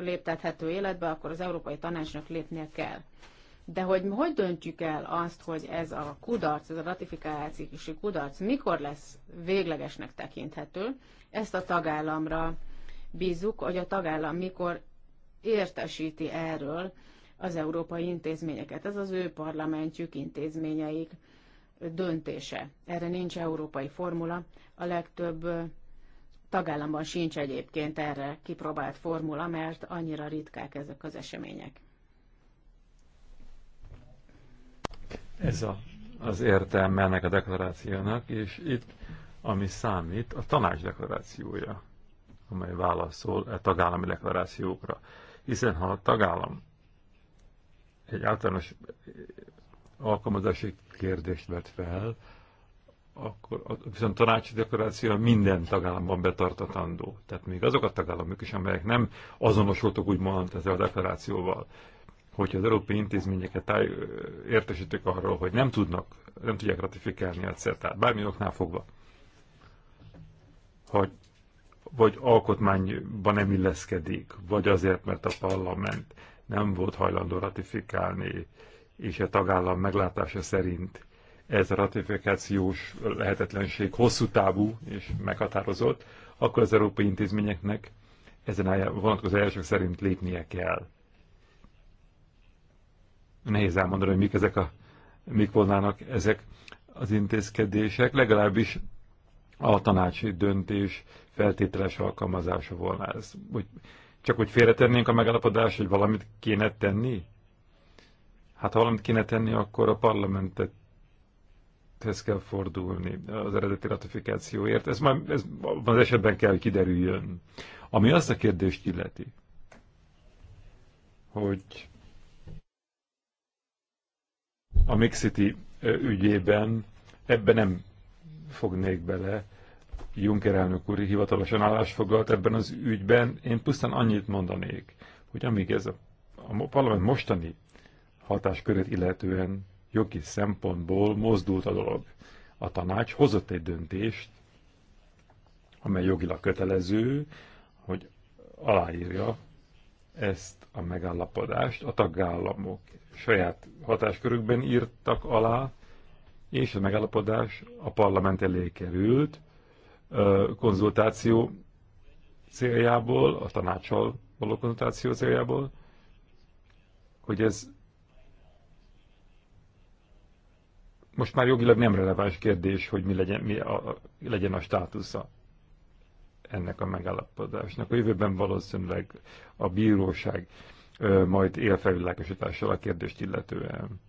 léptethető életbe, akkor az Európai Tanácsnak lépnie kell. De hogy hogy döntjük el azt, hogy ez a kudarc, ez a ratifikációs kudarc mikor lesz véglegesnek tekinthető, ezt a tagállamra bízzuk, hogy a tagállam mikor értesíti erről az európai intézményeket. Ez az ő parlamentjük, intézményeik döntése. Erre nincs európai formula. A legtöbb tagállamban sincs egyébként erre kipróbált formula, mert annyira ritkák ezek az események. Ez a, az értelme ennek a deklarációnak, és itt ami számít, a tanács deklarációja, amely válaszol a e tagállami deklarációkra hiszen ha a tagállam egy általános eh, alkalmazási kérdést vett fel, akkor viszont tanácsi deklaráció minden tagállamban betartatandó. Tehát még azok a tagállamok is, amelyek nem azonosultak úgymond ezzel a deklarációval, hogyha az európai intézményeket táj, eh, értesítik arról, hogy nem tudnak, nem tudják ratifikálni a CETA-t, bármi oknál fogva, hogy vagy alkotmányban nem illeszkedik, vagy azért, mert a parlament nem volt hajlandó ratifikálni, és a tagállam meglátása szerint ez a ratifikációs lehetetlenség hosszú távú és meghatározott, akkor az európai intézményeknek ezen a vonatkozó eljárások szerint lépnie kell. Nehéz elmondani, hogy mik, ezek a, mik volnának ezek az intézkedések, legalábbis a tanácsi döntés feltételes alkalmazása volna ez. Úgy, csak úgy félretennénk a megállapodást, hogy valamit kéne tenni? Hát ha valamit kéne tenni, akkor a parlamentet hez kell fordulni az eredeti ratifikációért. Ez már ez az esetben kell, hogy kiderüljön. Ami azt a kérdést illeti, hogy a Mixity ügyében ebben nem fognék bele, Juncker elnök úr hivatalosan állásfoglalt ebben az ügyben. Én pusztán annyit mondanék, hogy amíg ez a, a parlament mostani hatáskörét illetően jogi szempontból mozdult a dolog. A tanács hozott egy döntést, amely jogilag kötelező, hogy aláírja ezt a megállapodást. A tagállamok saját hatáskörükben írtak alá, és a megállapodás a parlament elé került, konzultáció céljából, a tanácsal való konzultáció céljából, hogy ez most már jogilag nem releváns kérdés, hogy mi legyen, mi a, a legyen a státusza ennek a megállapodásnak. A jövőben valószínűleg a bíróság ö, majd él felvilágosítással a kérdést illetően.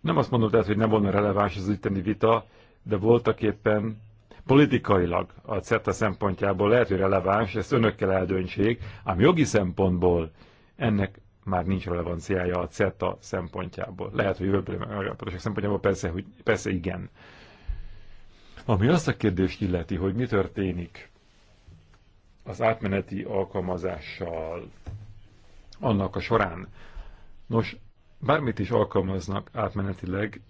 Nem azt mondom tehát, hogy nem volna releváns az itteni vita, de voltak éppen Politikailag a CETA szempontjából lehet, hogy releváns, ezt önökkel eldöntsék, ám jogi szempontból ennek már nincs relevanciája a CETA szempontjából. Lehet, hogy jövőbeli szempontjából persze, hogy, persze igen. Ami azt a kérdést illeti, hogy mi történik az átmeneti alkalmazással annak a során. Nos, bármit is alkalmaznak átmenetileg,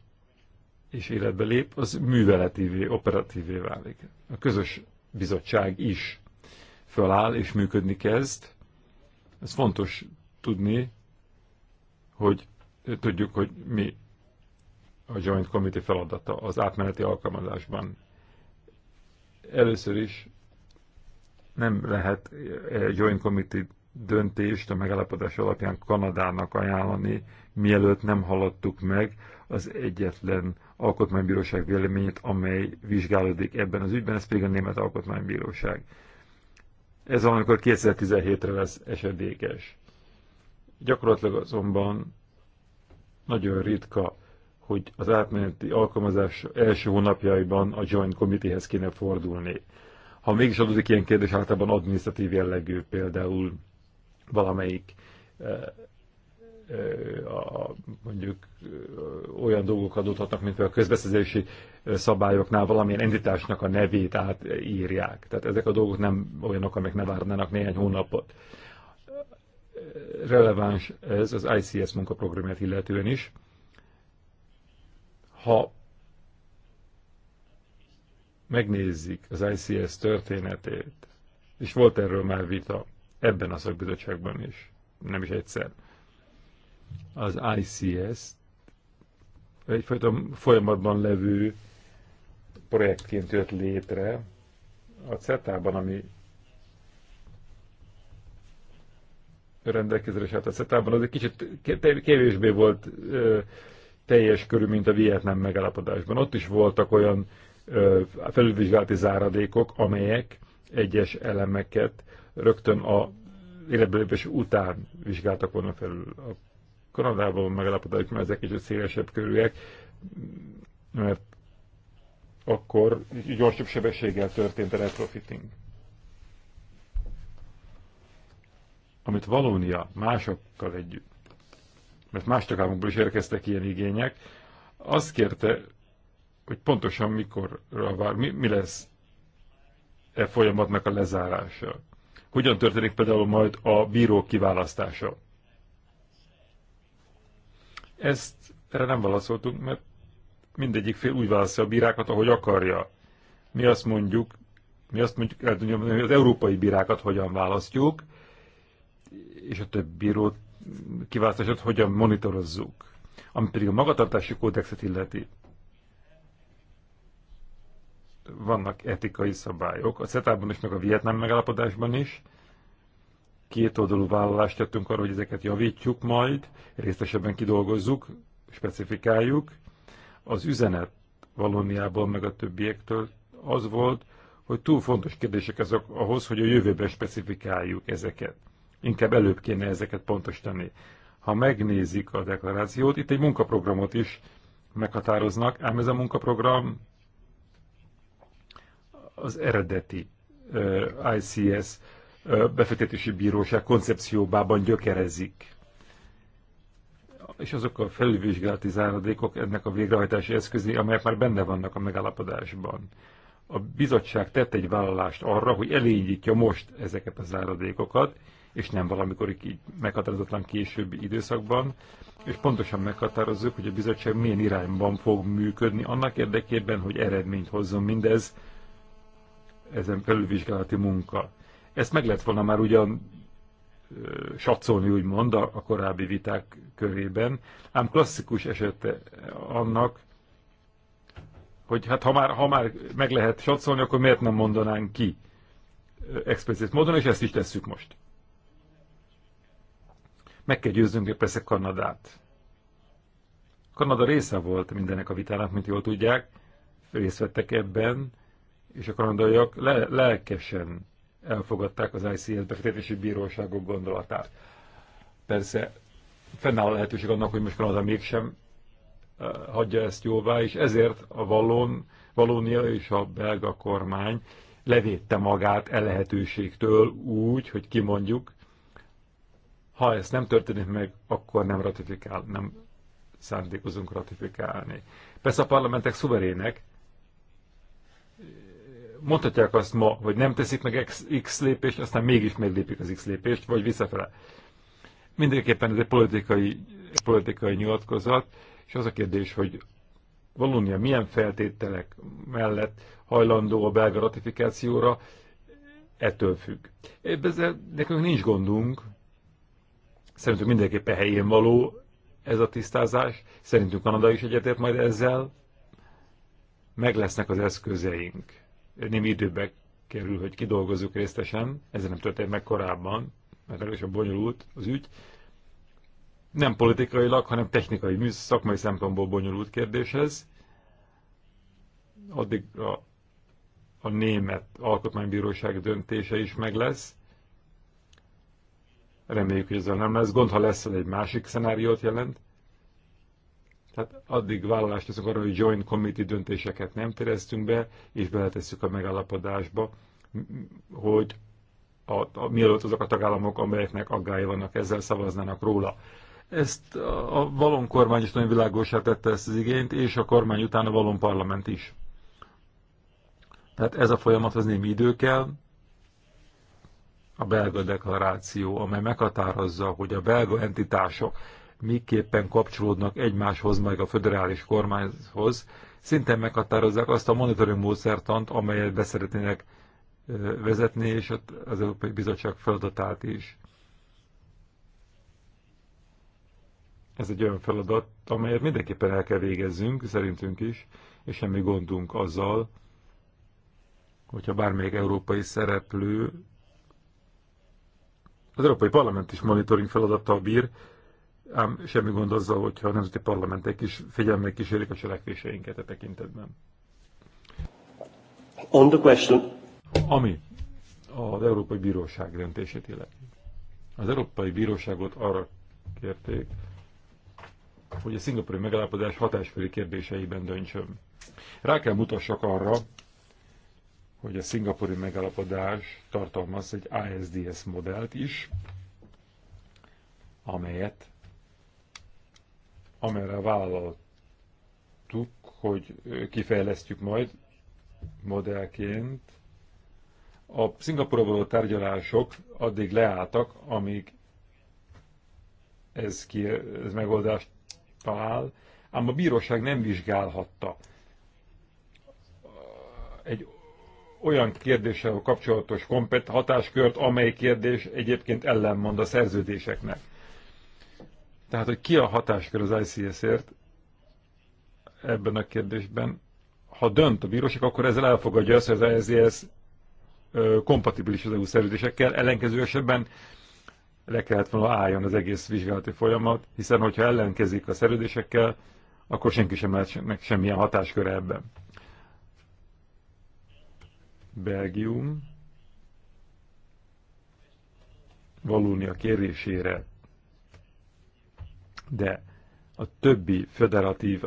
és életbe lép, az műveletívé, operatívé válik. A közös bizottság is föláll és működni kezd. Ez fontos tudni, hogy tudjuk, hogy mi a Joint Committee feladata az átmeneti alkalmazásban. Először is nem lehet eh, Joint Committee döntést a megállapodás alapján Kanadának ajánlani, mielőtt nem hallottuk meg az egyetlen Alkotmánybíróság véleményét, amely vizsgálódik ebben az ügyben, ez pedig a Német Alkotmánybíróság. Ez valamikor 2017-re lesz esedékes. Gyakorlatilag azonban nagyon ritka, hogy az átmeneti alkalmazás első hónapjaiban a Joint Committee-hez kéne fordulni. Ha mégis adódik ilyen kérdés, általában adminisztratív jellegű például valamelyik eh, a, mondjuk olyan dolgok adódhatnak, mint a közbeszerzési szabályoknál valamilyen entitásnak a nevét átírják. Tehát ezek a dolgok nem olyanok, amik ne várnának néhány hónapot. Releváns ez az ICS munkaprogramját illetően is. Ha megnézzük az ICS történetét, és volt erről már vita ebben a szakbizottságban is, nem is egyszer, az ICS egyfajta folyamatban levő projektként jött létre a CETA-ban, ami rendelkezésre állt a CETA-ban, az egy kicsit kevésbé volt ö, teljes körű, mint a Vietnám megállapodásban. Ott is voltak olyan ö, felülvizsgálati záradékok, amelyek egyes elemeket rögtön a életbelépés után vizsgáltak volna felül. A Kanadában megállapodott, mert ezek kicsit szélesebb körűek, mert akkor gyorsabb sebességgel történt a retrofitting. Amit Valónia másokkal együtt, mert más tagállamokból is érkeztek ilyen igények, azt kérte, hogy pontosan mikor vár, mi, mi lesz e folyamatnak a lezárása. Hogyan történik például majd a bíró kiválasztása? Ezt erre nem válaszoltunk, mert mindegyik fél úgy válaszol a bírákat, ahogy akarja. Mi azt mondjuk, mi azt mondjuk, el tudjuk mondani, hogy az európai bírákat hogyan választjuk, és a több bíró kiválasztását hogyan monitorozzuk. Ami pedig a magatartási kódexet illeti, vannak etikai szabályok, a CETA-ban is, meg a Vietnám megállapodásban is, kétoldalú vállalást tettünk arra, hogy ezeket javítjuk majd, részesebben kidolgozzuk, specifikáljuk. Az üzenet Valóniából meg a többiektől az volt, hogy túl fontos kérdések azok ahhoz, hogy a jövőben specifikáljuk ezeket. Inkább előbb kéne ezeket pontosítani. Ha megnézik a deklarációt, itt egy munkaprogramot is meghatároznak, ám ez a munkaprogram az eredeti ICS befektetési bíróság koncepcióbában gyökerezik. És azok a felülvizsgálati záradékok ennek a végrehajtási eszközé, amelyek már benne vannak a megállapodásban. A bizottság tett egy vállalást arra, hogy elindítja most ezeket a záradékokat, és nem valamikor így meghatározatlan későbbi időszakban, és pontosan meghatározzuk, hogy a bizottság milyen irányban fog működni annak érdekében, hogy eredményt hozzon mindez ezen felülvizsgálati munka. Ezt meg lett volna már ugyan satszolni, úgymond, a, a korábbi viták körében, ám klasszikus esete annak, hogy hát ha már, ha már meg lehet satszolni, akkor miért nem mondanánk ki explicit módon, és ezt is tesszük most. Meg kell győznünk persze Kanadát. Kanada része volt mindennek a vitának, mint jól tudják, részt vettek ebben, és a kanadaiak le- lelkesen elfogadták az ICS befektetési bíróságok gondolatát. Persze fennáll a lehetőség annak, hogy most Kanada mégsem eh, hagyja ezt jóvá, és ezért a Vallon, Valónia és a belga kormány levédte magát e lehetőségtől úgy, hogy kimondjuk, ha ez nem történik meg, akkor nem ratifikál, nem szándékozunk ratifikálni. Persze a parlamentek szuverének, mondhatják azt ma, hogy nem teszik meg X, X lépést, aztán mégis meglépik az X lépést, vagy visszafele. Mindenképpen ez egy politikai, politikai nyilatkozat, és az a kérdés, hogy Valónia milyen feltételek mellett hajlandó a belga ratifikációra, ettől függ. Ezzel nekünk nincs gondunk, szerintünk mindenképpen helyén való ez a tisztázás, szerintünk Kanada is egyetért majd ezzel, meg lesznek az eszközeink némi időbe kerül, hogy kidolgozzuk résztesen, ez nem történt meg korábban, mert a bonyolult az ügy. Nem politikailag, hanem technikai, szakmai szempontból bonyolult kérdéshez. Addig a, a német alkotmánybíróság döntése is meg lesz. Reméljük, hogy ezzel nem lesz gond, ha lesz, ez egy másik szenáriót jelent. Tehát addig vállalást teszünk arra, hogy joint committee döntéseket nem tereztünk be, és beletesszük a megállapodásba, hogy a, a, mielőtt azok a tagállamok, amelyeknek aggály vannak, ezzel szavaznának róla. Ezt a, a valon kormány is nagyon világosá tette ezt az igényt, és a kormány után a valon parlament is. Tehát ez a folyamat az némi idő kell. A belga deklaráció, amely meghatározza, hogy a belga entitások miképpen kapcsolódnak egymáshoz, meg a föderális kormányhoz, szintén meghatározzák azt a monitoring módszertant, amelyet beszeretnének vezetni, és az Európai Bizottság feladatát is. Ez egy olyan feladat, amelyet mindenképpen el kell végezzünk, szerintünk is, és semmi gondunk azzal, hogyha bármelyik európai szereplő, az Európai Parlament is monitoring feladattal bír, ám semmi gond azzal, hogyha a nemzeti parlamentek is figyelmel kísérik a cselekvéseinket a e tekintetben. On the question. Ami az Európai Bíróság döntését illeti. Az Európai Bíróságot arra kérték, hogy a szingapúri megállapodás hatásköri kérdéseiben döntsön. Rá kell mutassak arra, hogy a szingapúri megállapodás tartalmaz egy ISDS modellt is, amelyet amelyre vállaltuk, hogy kifejlesztjük majd modellként. A Szingapurra való tárgyalások addig leálltak, amíg ez, ki, ez megoldást talál, ám a bíróság nem vizsgálhatta egy olyan kérdéssel kapcsolatos kompet hatáskört, amely kérdés egyébként ellenmond a szerződéseknek. Tehát, hogy ki a hatáskör az ICS-ért ebben a kérdésben, ha dönt a bíróság, akkor ezzel elfogadja azt, hogy az ICS kompatibilis az EU szerződésekkel, ellenkező esetben le kellett volna álljon az egész vizsgálati folyamat, hiszen hogyha ellenkezik a szerződésekkel, akkor senki sem lehet meg semmilyen hatásköre ebben. Belgium Valónia kérésére de a többi federatív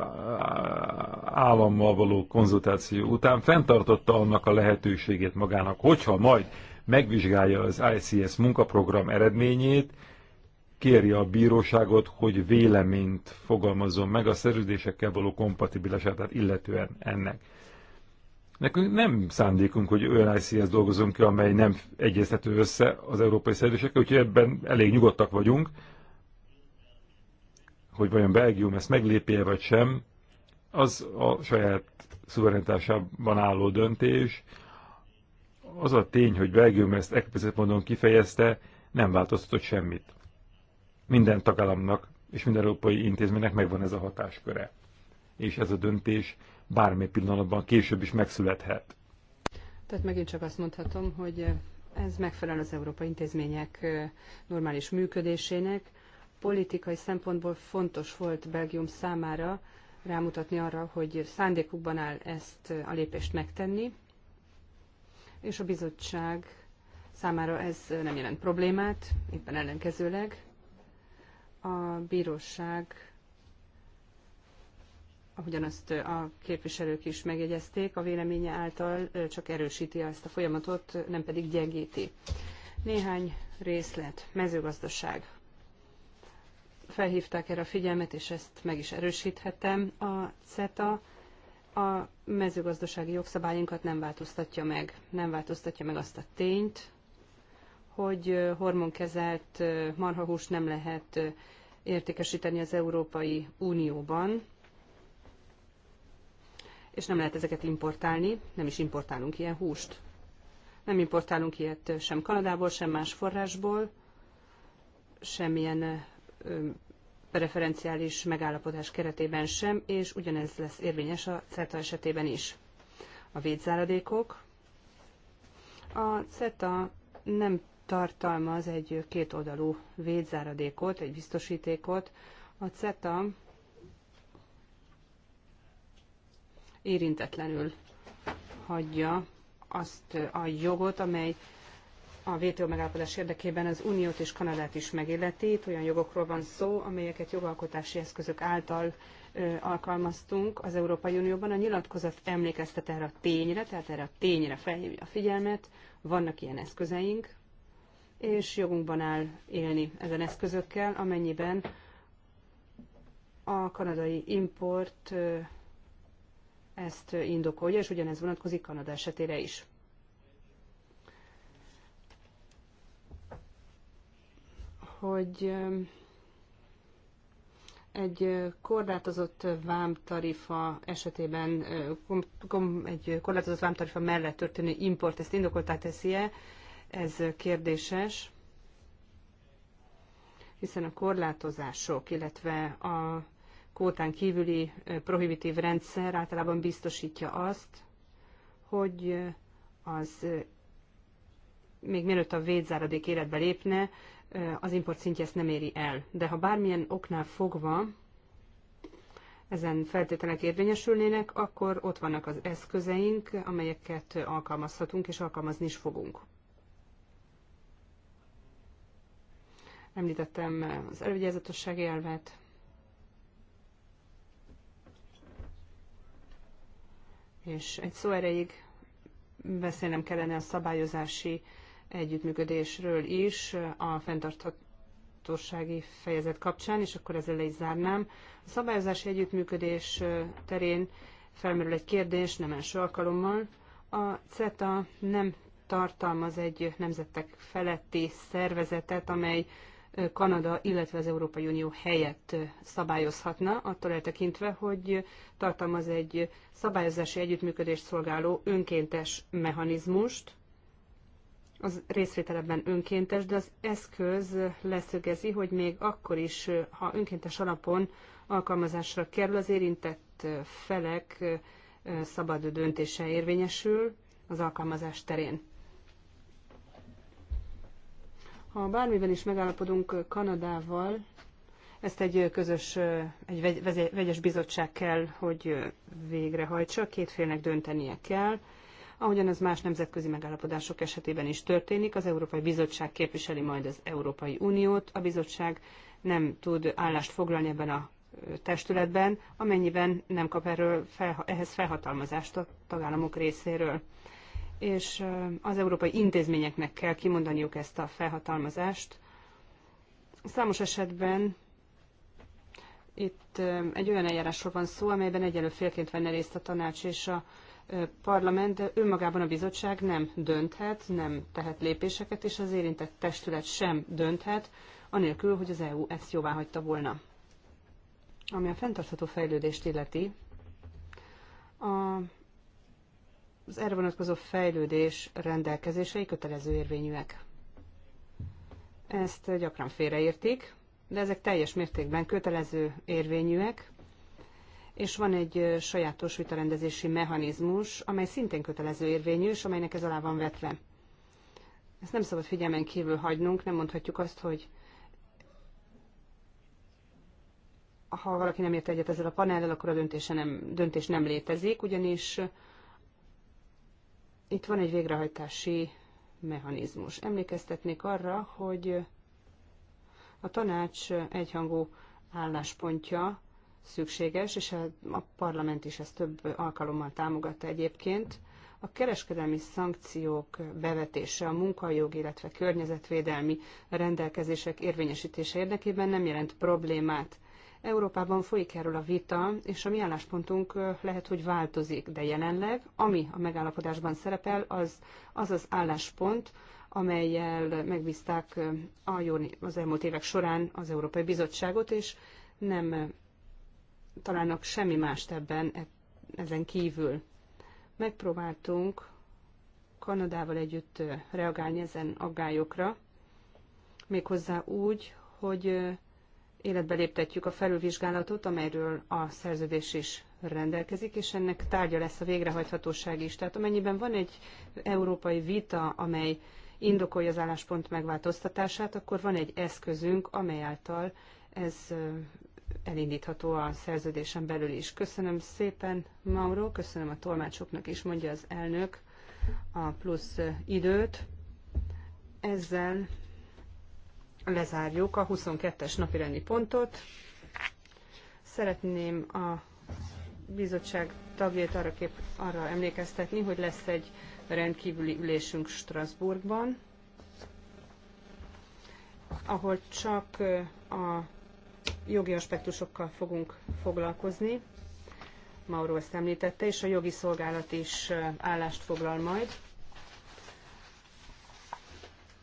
állammal való konzultáció után fenntartotta annak a lehetőségét magának, hogyha majd megvizsgálja az ICS munkaprogram eredményét, kéri a bíróságot, hogy véleményt fogalmazzon meg a szerződésekkel való kompatibilisátát illetően ennek. Nekünk nem szándékunk, hogy olyan ICS dolgozunk ki, amely nem egyeztető össze az európai szerződésekkel, úgyhogy ebben elég nyugodtak vagyunk, hogy vajon Belgium ezt meglépje vagy sem, az a saját szuverenitásában álló döntés. Az a tény, hogy Belgium ezt ekközött módon kifejezte, nem változtatott semmit. Minden tagállamnak és minden európai intézménynek megvan ez a hatásköre. És ez a döntés bármely pillanatban később is megszülethet. Tehát megint csak azt mondhatom, hogy ez megfelel az európai intézmények eh, normális működésének, politikai szempontból fontos volt Belgium számára rámutatni arra, hogy szándékukban áll ezt a lépést megtenni, és a bizottság számára ez nem jelent problémát, éppen ellenkezőleg. A bíróság, ahogyan azt a képviselők is megjegyezték, a véleménye által csak erősíti ezt a folyamatot, nem pedig gyengíti. Néhány részlet, mezőgazdaság, felhívták erre a figyelmet, és ezt meg is erősíthetem. A CETA a mezőgazdasági jogszabályunkat nem változtatja meg. Nem változtatja meg azt a tényt, hogy hormonkezelt marhahús nem lehet értékesíteni az Európai Unióban, és nem lehet ezeket importálni, nem is importálunk ilyen húst. Nem importálunk ilyet sem Kanadából, sem más forrásból, semmilyen preferenciális megállapodás keretében sem, és ugyanez lesz érvényes a CETA esetében is. A védzáradékok. A CETA nem tartalmaz egy kétoldalú védzáradékot, egy biztosítékot. A CETA érintetlenül hagyja azt a jogot, amely a WTO megállapodás érdekében az Uniót és Kanadát is megilleti. Itt olyan jogokról van szó, amelyeket jogalkotási eszközök által ö, alkalmaztunk az Európai Unióban. A nyilatkozat emlékeztet erre a tényre, tehát erre a tényre felhívja a figyelmet. Vannak ilyen eszközeink, és jogunkban áll élni ezen eszközökkel, amennyiben a kanadai import ezt indokolja, és ugyanez vonatkozik Kanada esetére is. hogy egy korlátozott vámtarifa esetében, egy korlátozott vámtarifa mellett történő import, ezt indokoltá teszi-e? Ez kérdéses, hiszen a korlátozások, illetve a kótán kívüli prohibitív rendszer általában biztosítja azt, hogy az még mielőtt a védzáradék életbe lépne, Eh, az import szintje ezt nem éri el. De ha bármilyen oknál fogva ezen feltételek érvényesülnének, akkor ott vannak az eszközeink, amelyeket alkalmazhatunk és alkalmazni is fogunk. Említettem az elvigyázatosság elvet, és egy szó erejéig beszélnem kellene a szabályozási együttműködésről is a fenntarthatósági fejezet kapcsán, és akkor ezzel le is zárnám. A szabályozási együttműködés terén felmerül egy kérdés, nem első alkalommal. A CETA nem tartalmaz egy nemzetek feletti szervezetet, amely Kanada, illetve az Európai Unió helyett szabályozhatna, attól eltekintve, hogy tartalmaz egy szabályozási együttműködést szolgáló önkéntes mechanizmust, az részvételebben önkéntes, de az eszköz leszögezi, hogy még akkor is, ha önkéntes alapon alkalmazásra kerül, az érintett felek szabad döntése érvényesül az alkalmazás terén. Ha bármiben is megállapodunk Kanadával, ezt egy közös, egy vegyes bizottság kell, hogy végrehajtsa, két félnek döntenie kell, ahogyan az más nemzetközi megállapodások esetében is történik. Az Európai Bizottság képviseli majd az Európai Uniót. A bizottság nem tud állást foglalni ebben a testületben, amennyiben nem kap erről fel, ehhez felhatalmazást a tagállamok részéről. És az európai intézményeknek kell kimondaniuk ezt a felhatalmazást. Számos esetben itt egy olyan eljárásról van szó, amelyben egyelő félként venne részt a tanács és a parlament, de önmagában a bizottság nem dönthet, nem tehet lépéseket, és az érintett testület sem dönthet, anélkül, hogy az EU ezt jóvá hagyta volna. Ami a fenntartható fejlődést illeti, a, az erre vonatkozó fejlődés rendelkezései kötelező érvényűek. Ezt gyakran félreértik, de ezek teljes mértékben kötelező érvényűek, és van egy sajátos vitarendezési mechanizmus, amely szintén kötelező érvényű, és amelynek ez alá van vetve. Ezt nem szabad figyelmen kívül hagynunk, nem mondhatjuk azt, hogy ha valaki nem ért egyet ezzel a panellel, akkor a döntése nem, döntés nem létezik, ugyanis itt van egy végrehajtási mechanizmus. Emlékeztetnék arra, hogy a tanács egyhangú álláspontja szükséges, és a parlament is ezt több alkalommal támogatta egyébként. A kereskedelmi szankciók bevetése a munkajog, illetve környezetvédelmi rendelkezések érvényesítése érdekében nem jelent problémát. Európában folyik erről a vita, és a mi álláspontunk lehet, hogy változik, de jelenleg, ami a megállapodásban szerepel, az az, az álláspont, amelyel megbízták az elmúlt évek során az Európai Bizottságot, és nem találnak semmi mást ebben, e- ezen kívül. Megpróbáltunk Kanadával együtt reagálni ezen aggályokra, méghozzá úgy, hogy életbe léptetjük a felülvizsgálatot, amelyről a szerződés is rendelkezik, és ennek tárgya lesz a végrehajthatóság is. Tehát amennyiben van egy európai vita, amely indokolja az álláspont megváltoztatását, akkor van egy eszközünk, amely által ez elindítható a szerződésen belül is. Köszönöm szépen, Mauro, köszönöm a tolmácsoknak is, mondja az elnök a plusz időt. Ezzel lezárjuk a 22-es napirendi pontot. Szeretném a bizottság tagjait arra, kép, arra emlékeztetni, hogy lesz egy rendkívüli ülésünk Strasbourgban, ahol csak a jogi aspektusokkal fogunk foglalkozni. Mauro ezt említette, és a jogi szolgálat is állást foglal majd.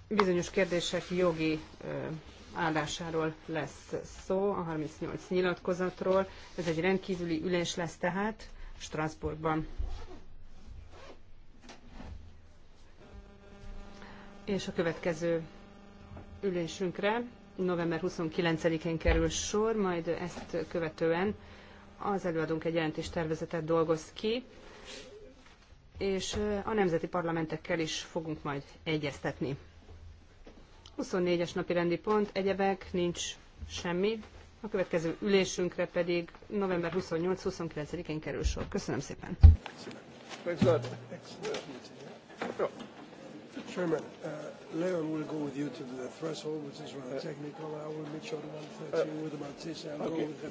Bizonyos kérdések jogi állásáról lesz szó, a 38 nyilatkozatról. Ez egy rendkívüli ülés lesz tehát Strasbourgban. És a következő ülésünkre november 29-én kerül sor, majd ezt követően az előadónk egy tervezetet dolgoz ki, és a nemzeti parlamentekkel is fogunk majd egyeztetni. 24-es napi rendi pont, egyebek, nincs semmi. A következő ülésünkre pedig november 28-29-én kerül sor. Köszönöm szépen! Köszönöm. Chairman, uh, Leon will go with you to the threshold, which is rather uh, technical. I will meet uh, you at 1.30 uh, with the Maltese. I'll okay. go with him.